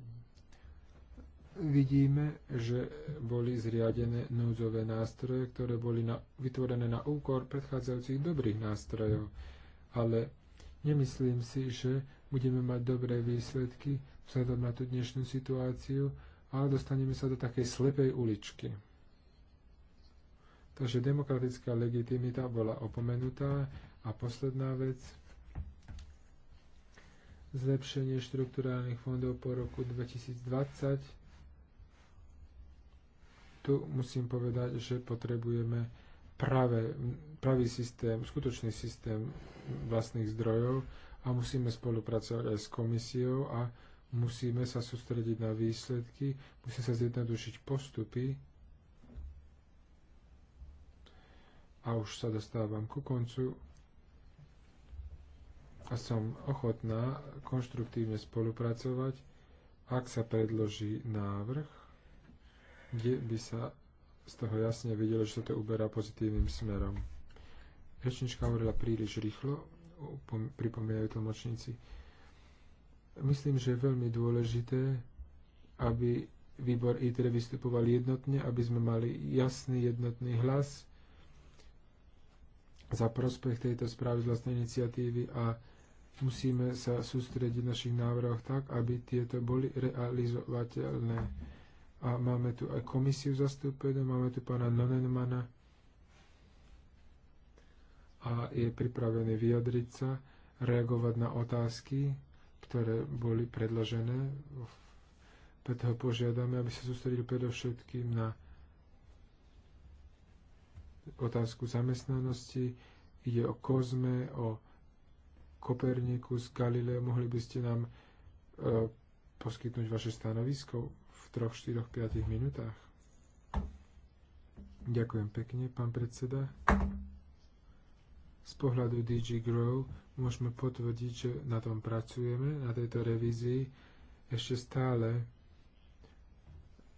Speaker 2: Vidíme, že boli zriadené núdzové nástroje, ktoré boli na, vytvorené na úkor predchádzajúcich dobrých nástrojov, ale nemyslím si, že budeme mať dobré výsledky vzhľadom na tú dnešnú situáciu, ale dostaneme sa do takej slepej uličky. Takže demokratická legitimita bola opomenutá a posledná vec zlepšenie štrukturálnych fondov po roku 2020. Tu musím povedať, že potrebujeme práve, pravý systém, skutočný systém vlastných zdrojov a musíme spolupracovať aj s komisiou a musíme sa sústrediť na výsledky, musíme sa zjednodušiť postupy a už sa dostávam ku koncu a som ochotná konštruktívne spolupracovať, ak sa predloží návrh, kde by sa z toho jasne videlo, že sa to uberá pozitívnym smerom. Rečnička hovorila príliš rýchlo, pripomínajú tlmočníci. Myslím, že je veľmi dôležité, aby výbor ITRE vystupoval jednotne, aby sme mali jasný jednotný hlas za prospech tejto správy z vlastnej iniciatívy a musíme sa sústrediť v našich návrhoch tak, aby tieto boli realizovateľné. A máme tu aj komisiu zastúpenú, máme tu pána Nonenmana, a je pripravený vyjadriť sa, reagovať na otázky, ktoré boli predložené. Preto ho požiadame, aby sa sústredil predovšetkým na otázku zamestnanosti, ide o kozme, o z Galileo. Mohli by ste nám e, poskytnúť vaše stanovisko v 3, 4, 5 minútach? Ďakujem pekne, pán predseda. Z pohľadu DG Grow môžeme potvrdiť, že na tom pracujeme, na tejto revízii. Ešte stále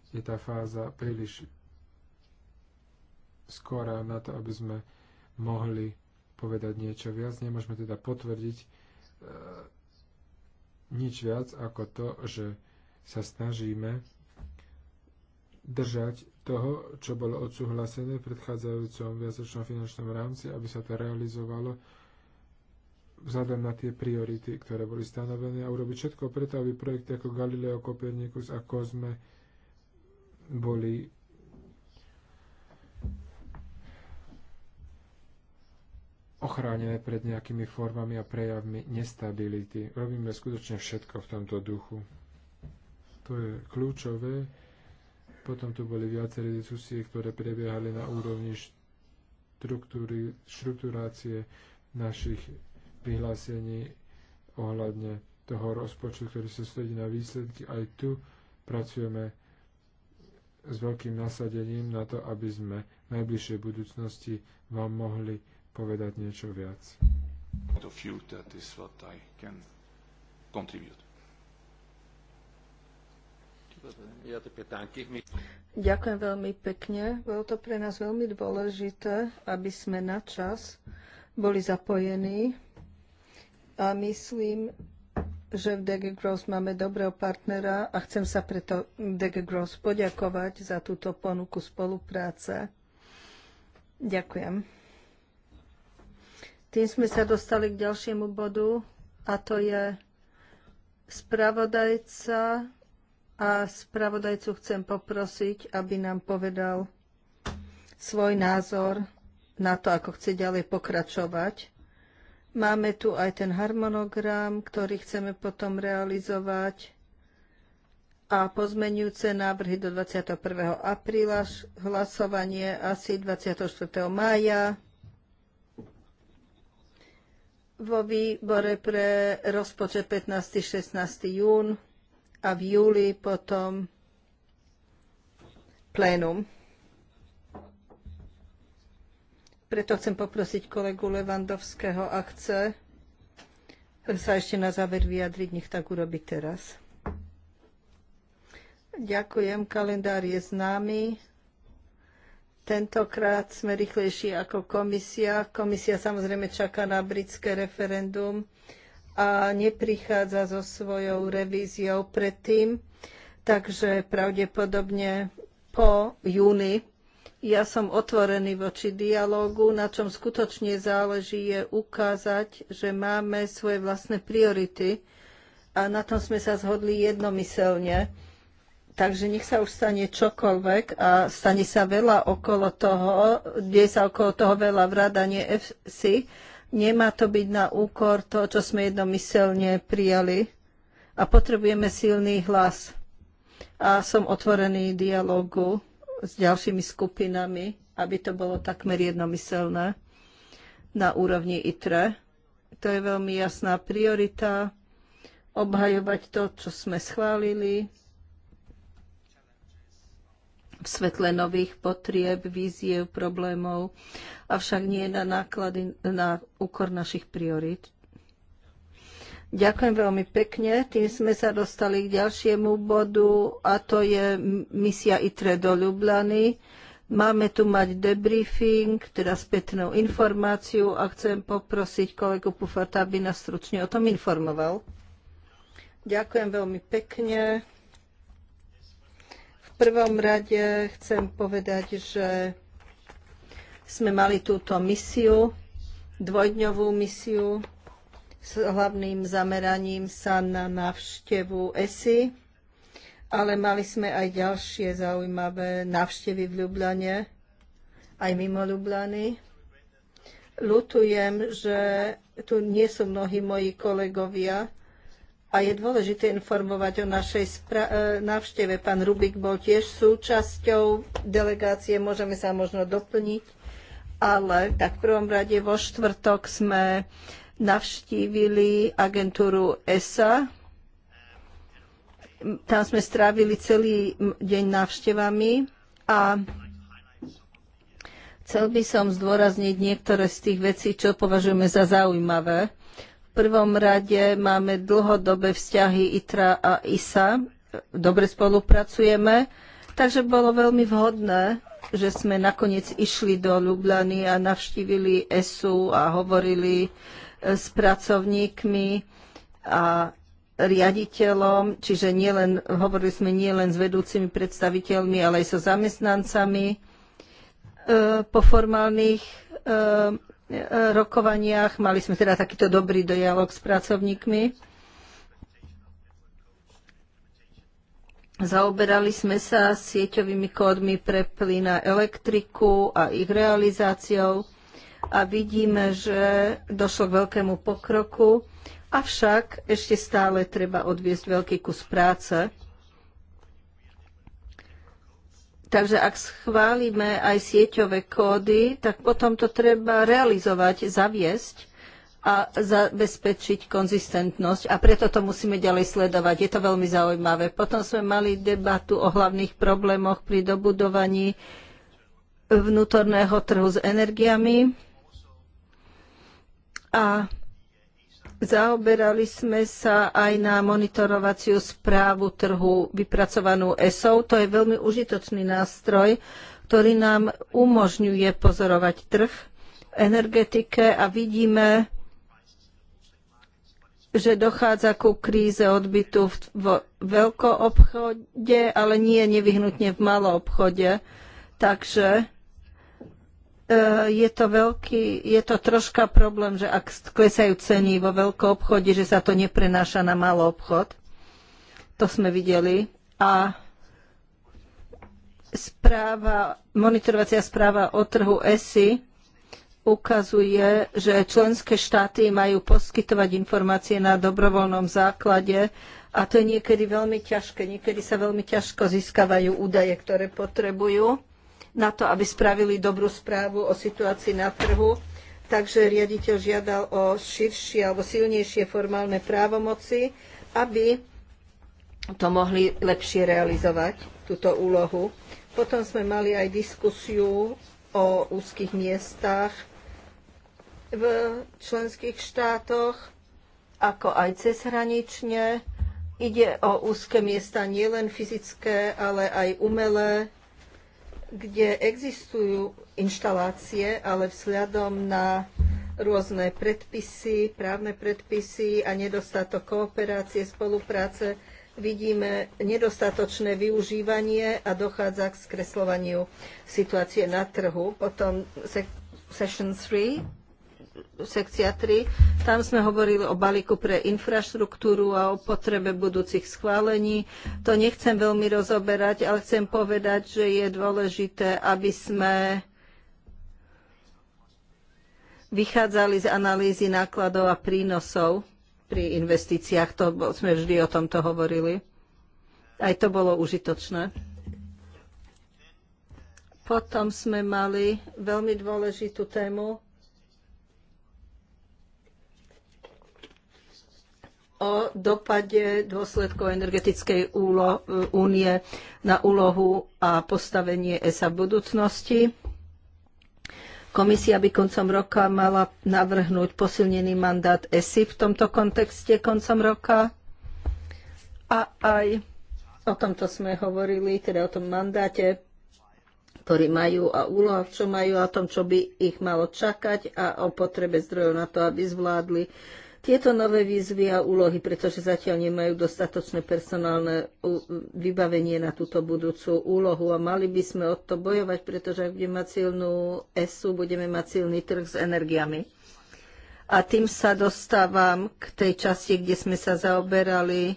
Speaker 2: je tá fáza príliš skorá na to, aby sme mohli povedať niečo viac. Nemôžeme teda potvrdiť e, nič viac ako to, že sa snažíme držať toho, čo bolo odsúhlasené v predchádzajúcom viacročnom finančnom rámci, aby sa to realizovalo vzhľadom na tie priority, ktoré boli stanovené a urobiť všetko preto, aby projekty ako Galileo, Copernicus a Kozme boli ochránené pred nejakými formami a prejavmi nestability. Robíme skutočne všetko v tomto duchu. To je kľúčové potom tu boli viaceré diskusie, ktoré prebiehali na úrovni štruktúry, štruktúrácie našich vyhlásení ohľadne toho rozpočtu, ktorý sa stojí na výsledky. Aj tu pracujeme s veľkým nasadením na to, aby sme v najbližšej budúcnosti vám mohli povedať niečo viac.
Speaker 1: contribute.
Speaker 3: Ďakujem veľmi pekne. Bolo to pre nás veľmi dôležité, aby sme na čas boli zapojení. A myslím, že v DG Growth máme dobrého partnera a chcem sa preto DG Growth poďakovať za túto ponuku spolupráce. Ďakujem. Tým sme sa dostali k ďalšiemu bodu a to je spravodajca a spravodajcu chcem poprosiť, aby nám povedal svoj názor na to, ako chce ďalej pokračovať. Máme tu aj ten harmonogram, ktorý chceme potom realizovať a pozmenujúce návrhy do 21. apríla, hlasovanie asi 24. mája vo výbore pre rozpočet 15. 16. jún a v júli potom plénum. Preto chcem poprosiť kolegu Levandovského, ak chce sa ešte na záver vyjadriť, nech tak urobi teraz. Ďakujem, kalendár je známy. Tentokrát sme rýchlejší ako komisia. Komisia samozrejme čaká na britské referendum a neprichádza so svojou revíziou predtým, takže pravdepodobne po júni. Ja som otvorený voči dialógu, na čom skutočne záleží je ukázať, že máme svoje vlastné priority a na tom sme sa zhodli jednomyselne. Takže nech sa už stane čokoľvek a stane sa veľa okolo toho, deje sa okolo toho veľa vrádanie FC, Nemá to byť na úkor toho, čo sme jednomyselne prijali. A potrebujeme silný hlas. A som otvorený dialogu s ďalšími skupinami, aby to bolo takmer jednomyselné na úrovni ITRE. To je veľmi jasná priorita obhajovať to, čo sme schválili, v svetle nových potrieb, víziev, problémov, avšak nie na náklady, na úkor našich priorít. Ďakujem veľmi pekne. Tým sme sa dostali k ďalšiemu bodu a to je misia ITRE do Ljubljany. Máme tu mať debriefing, teda spätnú informáciu a chcem poprosiť kolegu Pufata, aby nás stručne o tom informoval. Ďakujem veľmi pekne. V prvom rade chcem povedať, že sme mali túto misiu, dvojdňovú misiu s hlavným zameraním sa na návštevu ESI, ale mali sme aj ďalšie zaujímavé návštevy v Ljubljane, aj mimo Ljubljany. Lutujem, že tu nie sú mnohí moji kolegovia, a je dôležité informovať o našej e, návšteve. Pán Rubik bol tiež súčasťou delegácie, môžeme sa možno doplniť, ale tak v prvom rade vo štvrtok sme navštívili agentúru ESA. Tam sme strávili celý deň návštevami a chcel by som zdôrazniť niektoré z tých vecí, čo považujeme za zaujímavé prvom rade máme dlhodobé vzťahy ITRA a ISA. Dobre spolupracujeme. Takže bolo veľmi vhodné, že sme nakoniec išli do Ljubljany a navštívili ESU a hovorili eh, s pracovníkmi a riaditeľom, čiže nielen, hovorili sme nielen s vedúcimi predstaviteľmi, ale aj so zamestnancami. E, po formálnych e, rokovaniach. Mali sme teda takýto dobrý dialog s pracovníkmi. Zaoberali sme sa sieťovými kódmi pre plyn a elektriku a ich realizáciou a vidíme, že došlo k veľkému pokroku, avšak ešte stále treba odviesť veľký kus práce Takže ak schválime aj sieťové kódy, tak potom to treba realizovať, zaviesť a zabezpečiť konzistentnosť a preto to musíme ďalej sledovať. Je to veľmi zaujímavé. Potom sme mali debatu o hlavných problémoch pri dobudovaní vnútorného trhu s energiami a Zaoberali sme sa aj na monitorovaciu správu trhu vypracovanú ESO. To je veľmi užitočný nástroj, ktorý nám umožňuje pozorovať trh v energetike a vidíme, že dochádza ku kríze odbytu v veľkoobchode, ale nie nevyhnutne v maloobchode. Takže E, je to veľký, je to troška problém, že ak klesajú ceny vo veľkom obchode, že sa to neprenáša na malý obchod. To sme videli. A správa, monitorovacia správa o trhu ESI ukazuje, že členské štáty majú poskytovať informácie na dobrovoľnom základe a to je niekedy veľmi ťažké. Niekedy sa veľmi ťažko získavajú údaje, ktoré potrebujú na to, aby spravili dobrú správu o situácii na trhu. Takže riaditeľ žiadal o širšie alebo silnejšie formálne právomoci, aby to mohli lepšie realizovať, túto úlohu. Potom sme mali aj diskusiu o úzkých miestach v členských štátoch, ako aj cezhranične. Ide o úzke miesta nielen fyzické, ale aj umelé, kde existujú inštalácie, ale vzhľadom na rôzne predpisy, právne predpisy a nedostatok kooperácie, spolupráce vidíme nedostatočné využívanie a dochádza k skreslovaniu situácie na trhu. Potom session 3 sekcia 3. Tam sme hovorili o balíku pre infraštruktúru a o potrebe budúcich schválení. To nechcem veľmi rozoberať, ale chcem povedať, že je dôležité, aby sme vychádzali z analýzy nákladov a prínosov pri investíciách. To sme vždy o tomto hovorili. Aj to bolo užitočné. Potom sme mali veľmi dôležitú tému o dopade dôsledkov energetickej úlo- e, únie na úlohu a postavenie ESA v budúcnosti. Komisia by koncom roka mala navrhnúť posilnený mandát ESI v tomto kontexte koncom roka. A aj o tomto sme hovorili, teda o tom mandáte, ktorý majú a úloha, čo majú a o tom, čo by ich malo čakať a o potrebe zdrojov na to, aby zvládli tieto nové výzvy a úlohy, pretože zatiaľ nemajú dostatočné personálne vybavenie na túto budúcu úlohu a mali by sme od to bojovať, pretože ak budeme mať silnú ESU, budeme mať silný trh s energiami. A tým sa dostávam k tej časti, kde sme sa zaoberali e,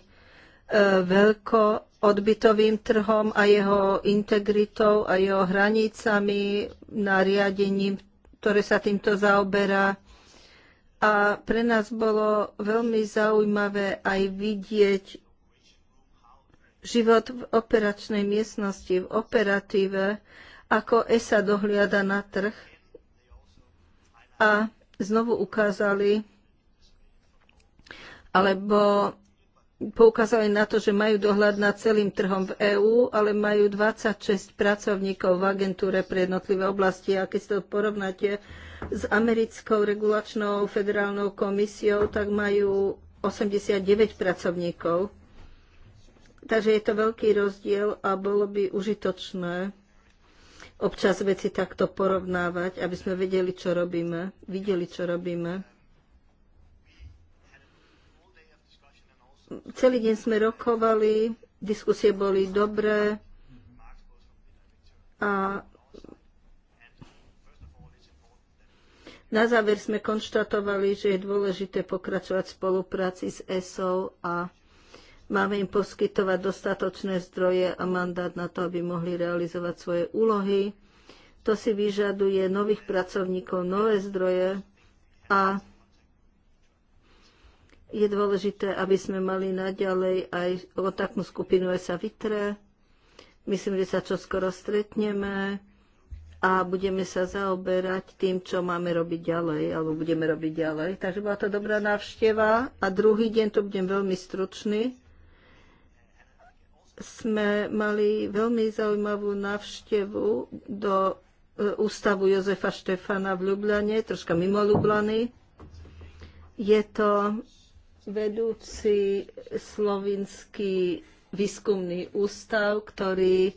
Speaker 3: veľko odbytovým trhom a jeho integritou a jeho hranicami, nariadením, ktoré sa týmto zaoberá a pre nás bolo veľmi zaujímavé aj vidieť život v operačnej miestnosti, v operatíve, ako ESA dohliada na trh. A znovu ukázali, alebo poukázali na to, že majú dohľad nad celým trhom v EÚ, ale majú 26 pracovníkov v agentúre pre jednotlivé oblasti. A keď si to porovnáte s americkou regulačnou federálnou komisiou, tak majú 89 pracovníkov. Takže je to veľký rozdiel a bolo by užitočné občas veci takto porovnávať, aby sme vedeli, čo robíme, videli, čo robíme. Celý deň sme rokovali, diskusie boli dobré a Na záver sme konštatovali, že je dôležité pokračovať v spolupráci s ESO a máme im poskytovať dostatočné zdroje a mandát na to, aby mohli realizovať svoje úlohy. To si vyžaduje nových pracovníkov, nové zdroje a je dôležité, aby sme mali naďalej aj kontaktnú skupinu ESA Vitre. Myslím, že sa čoskoro stretneme a budeme sa zaoberať tým, čo máme robiť ďalej, alebo budeme robiť ďalej. Takže bola to dobrá návšteva a druhý deň, to budem veľmi stručný, sme mali veľmi zaujímavú návštevu do e, ústavu Jozefa Štefana v Ljubljane, troška mimo Ljubljany. Je to vedúci slovinský výskumný ústav, ktorý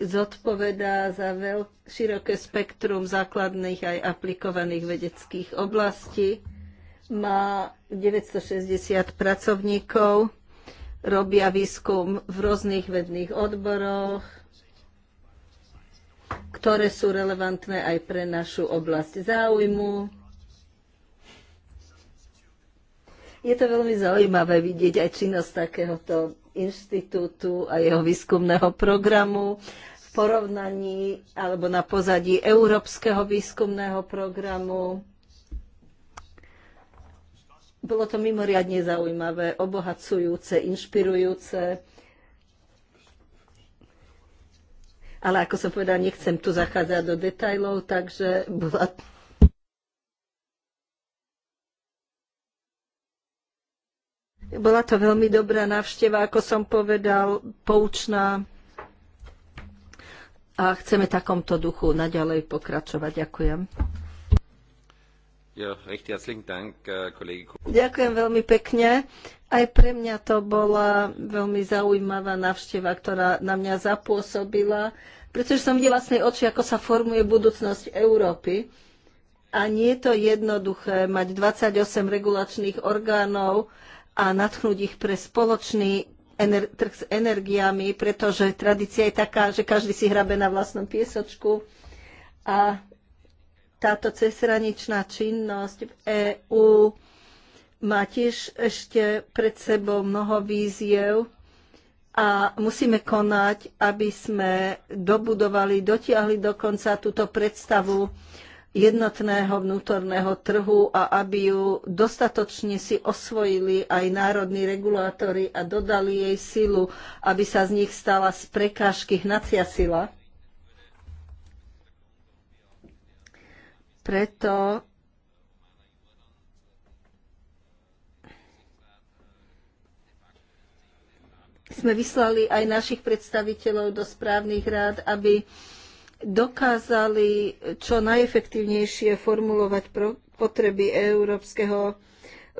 Speaker 3: zodpovedá za veľ- široké spektrum základných aj aplikovaných vedeckých oblastí. Má 960 pracovníkov, robia výskum v rôznych vedných odboroch, ktoré sú relevantné aj pre našu oblasť záujmu Je to veľmi zaujímavé vidieť aj činnosť takéhoto inštitútu a jeho výskumného programu v porovnaní alebo na pozadí európskeho výskumného programu. Bolo to mimoriadne zaujímavé, obohacujúce, inšpirujúce. Ale ako som povedal, nechcem tu zachádzať do detajlov, takže bola Bola to veľmi dobrá návšteva, ako som povedal, poučná. A chceme takomto duchu naďalej pokračovať. Ďakujem.
Speaker 1: Ja, dank, äh,
Speaker 3: Ďakujem veľmi pekne. Aj pre mňa to bola veľmi zaujímavá návšteva, ktorá na mňa zapôsobila, pretože som videla vlastnej oči, ako sa formuje budúcnosť Európy. A nie je to jednoduché mať 28 regulačných orgánov, a natchnúť ich pre spoločný trh s energiami, pretože tradícia je taká, že každý si hrabe na vlastnom piesočku a táto cezhraničná činnosť v EÚ má tiež ešte pred sebou mnoho víziev a musíme konať, aby sme dobudovali, dotiahli dokonca túto predstavu jednotného vnútorného trhu a aby ju dostatočne si osvojili aj národní regulátory a dodali jej silu, aby sa z nich stala z prekážky hnacia sila. Preto sme vyslali aj našich predstaviteľov do správnych rád, aby dokázali čo najefektívnejšie formulovať potreby európskeho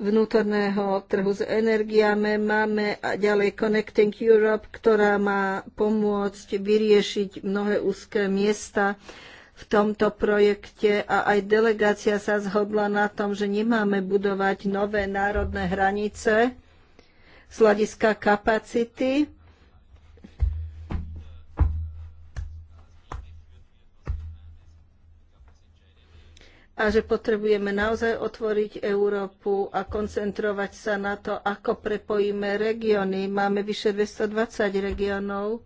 Speaker 3: vnútorného trhu s energiami. Máme ďalej Connecting Europe, ktorá má pomôcť vyriešiť mnohé úzké miesta v tomto projekte a aj delegácia sa zhodla na tom, že nemáme budovať nové národné hranice z hľadiska kapacity, a že potrebujeme naozaj otvoriť Európu a koncentrovať sa na to, ako prepojíme regióny. Máme vyše 220 regiónov,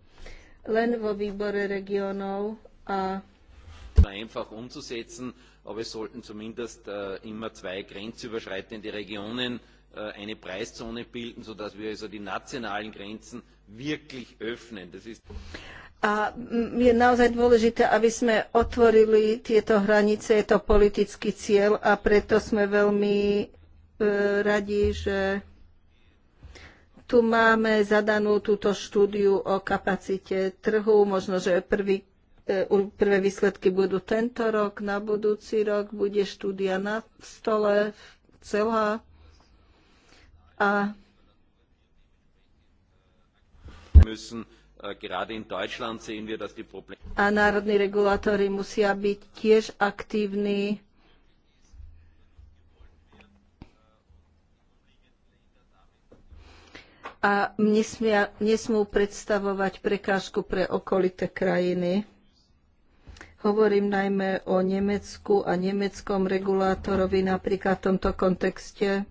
Speaker 3: len vo výbore regiónov a
Speaker 1: einfach umzusetzen, aber es sollten zumindest äh, immer zwei grenzüberschreitende Regionen äh, eine Preiszone bilden, sodass wir also die nationalen Grenzen wirklich öffnen. Das ist
Speaker 3: a je naozaj dôležité, aby sme otvorili tieto hranice, je to politický cieľ a preto sme veľmi e, radi, že tu máme zadanú túto štúdiu o kapacite trhu. Možno, že prvý, e, prvé výsledky budú tento rok, na budúci rok bude štúdia na stole celá. A
Speaker 1: Äh,
Speaker 3: a národní regulátory musia byť tiež aktívni. a nesmú predstavovať prekážku pre okolité krajiny. Hovorím najmä o Nemecku a nemeckom regulátorovi napríklad v tomto kontexte.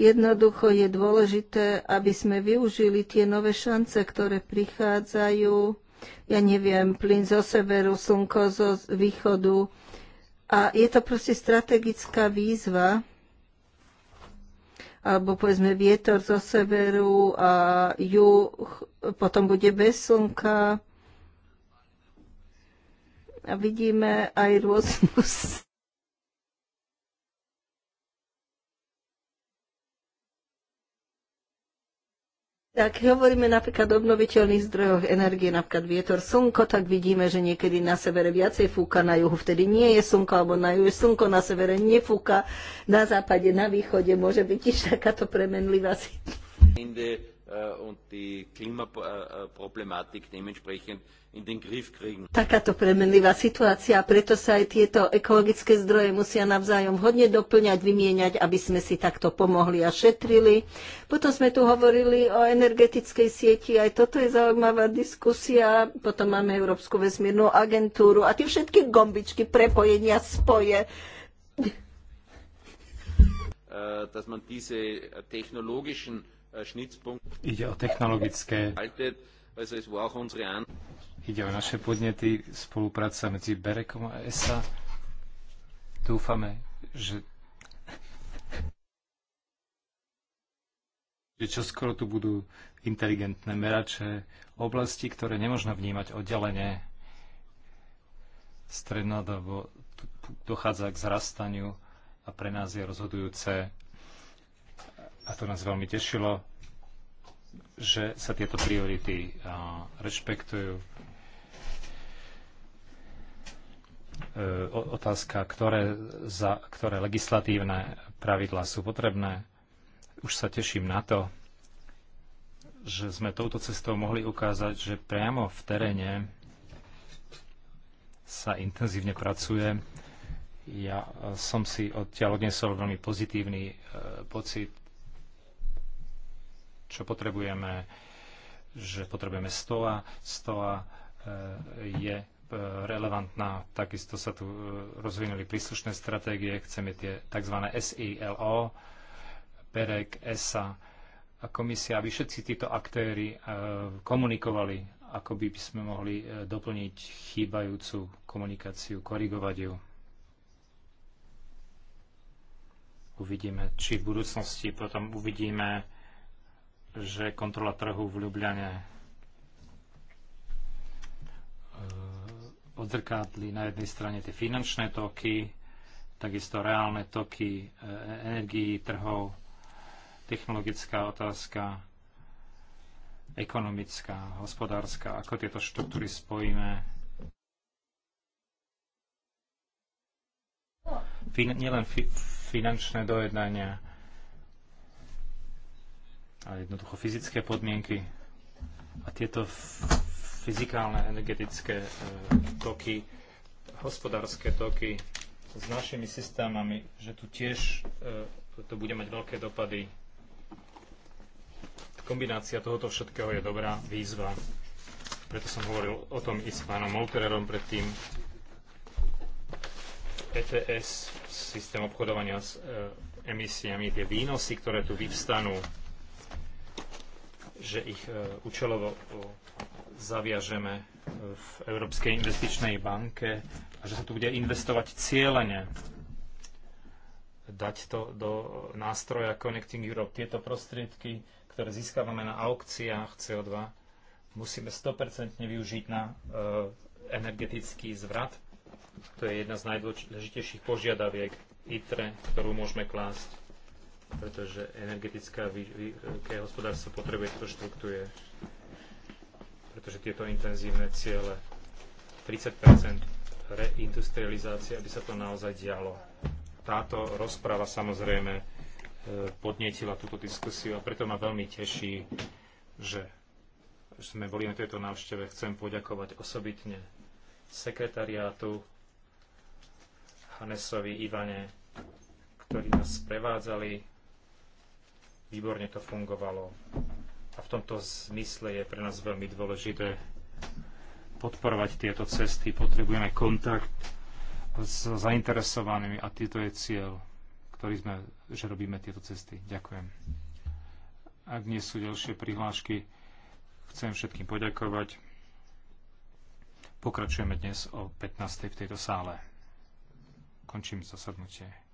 Speaker 3: Jednoducho je dôležité, aby sme využili tie nové šance, ktoré prichádzajú, ja neviem, plyn zo severu, slnko zo východu. A je to proste strategická výzva, alebo povedzme vietor zo severu a juh, potom bude bez slnka. A vidíme aj rôznu Tak hovoríme napríklad o obnoviteľných zdrojoch energie, napríklad vietor, slnko, tak vidíme, že niekedy na severe viacej fúka, na juhu vtedy nie je slnko, alebo na juhu slnko, na severe nefúka, na západe, na východe môže byť tiež takáto premenlivá
Speaker 1: situácia. Äh, und die Klimaproblematik dementsprechend in den Griff kriegen. Takáto
Speaker 3: premenlivá situácia, preto sa aj tieto ekologické zdroje musia navzájom hodne doplňať, vymieňať, aby sme si takto pomohli a šetrili. Potom sme tu hovorili o energetickej sieti, aj toto je zaujímavá diskusia. Potom máme Európsku vesmírnu agentúru a tie všetky gombičky, prepojenia, spoje äh,
Speaker 1: dass man diese technologischen Äh, Ide o technologické
Speaker 4: Ide o naše podnety, spolupráca medzi Berekom a ESA. Dúfame, že
Speaker 2: že čoskoro tu budú
Speaker 4: inteligentné merače, oblasti, ktoré nemôžno vnímať oddelenie. Strednodobo dochádza k zrastaniu a pre nás je rozhodujúce a to nás veľmi tešilo, že sa tieto priority rešpektujú. E, otázka, ktoré, za, ktoré legislatívne pravidlá sú potrebné. Už sa teším na to, že sme touto cestou mohli ukázať, že priamo v teréne sa intenzívne pracuje. Ja e, som si odtiaľ odnesol veľmi pozitívny e, pocit čo potrebujeme, že potrebujeme stoa. Stoa e, je e, relevantná. Takisto sa tu e, rozvinuli príslušné stratégie. Chceme tie tzv. SILO, PEREK, ESA a komisia, aby všetci títo aktéry komunikovali, ako by sme mohli doplniť chýbajúcu komunikáciu, korigovať ju. Uvidíme, či v budúcnosti potom uvidíme že kontrola trhu v Ljubljane e, odzrkadli na jednej strane tie finančné toky, takisto reálne toky e, energií, trhov, technologická otázka, ekonomická, hospodárska, ako tieto štruktúry spojíme. Fin- nielen fi- finančné dojednania, a jednoducho fyzické podmienky a tieto fyzikálne energetické e, toky, hospodárske toky s našimi systémami, že tu tiež e, to bude mať veľké dopady. Kombinácia tohoto všetkého je dobrá výzva. Preto som hovoril o tom i s pánom Moltererom predtým. ETS, systém obchodovania s e, emisiami, tie výnosy, ktoré tu vyvstanú, že ich e, účelovo e, zaviažeme e, v Európskej investičnej banke a že sa tu bude investovať cieľene dať to do nástroja Connecting Europe. Tieto prostriedky, ktoré získavame na aukciách CO2, musíme 100% využiť na energetický zvrat. To je jedna z najdôležitejších požiadaviek ITRE, ktorú môžeme klásť pretože energetická veľké hospodárstvo potrebuje to štruktúre, pretože tieto intenzívne ciele 30 reindustrializácie, aby sa to naozaj dialo. Táto rozprava samozrejme e, podnietila túto diskusiu a preto ma veľmi teší, že sme boli na tejto návšteve. Chcem poďakovať osobitne sekretariátu Hanesovi Ivane, ktorí nás sprevádzali Výborne to fungovalo. A v tomto zmysle je pre nás veľmi dôležité podporovať tieto cesty. Potrebujeme kontakt s zainteresovanými a tieto je cieľ, ktorý sme, že robíme tieto cesty. Ďakujem. Ak nie sú ďalšie prihlášky, chcem všetkým poďakovať. Pokračujeme dnes o 15.00 v tejto sále. Končím zasadnutie.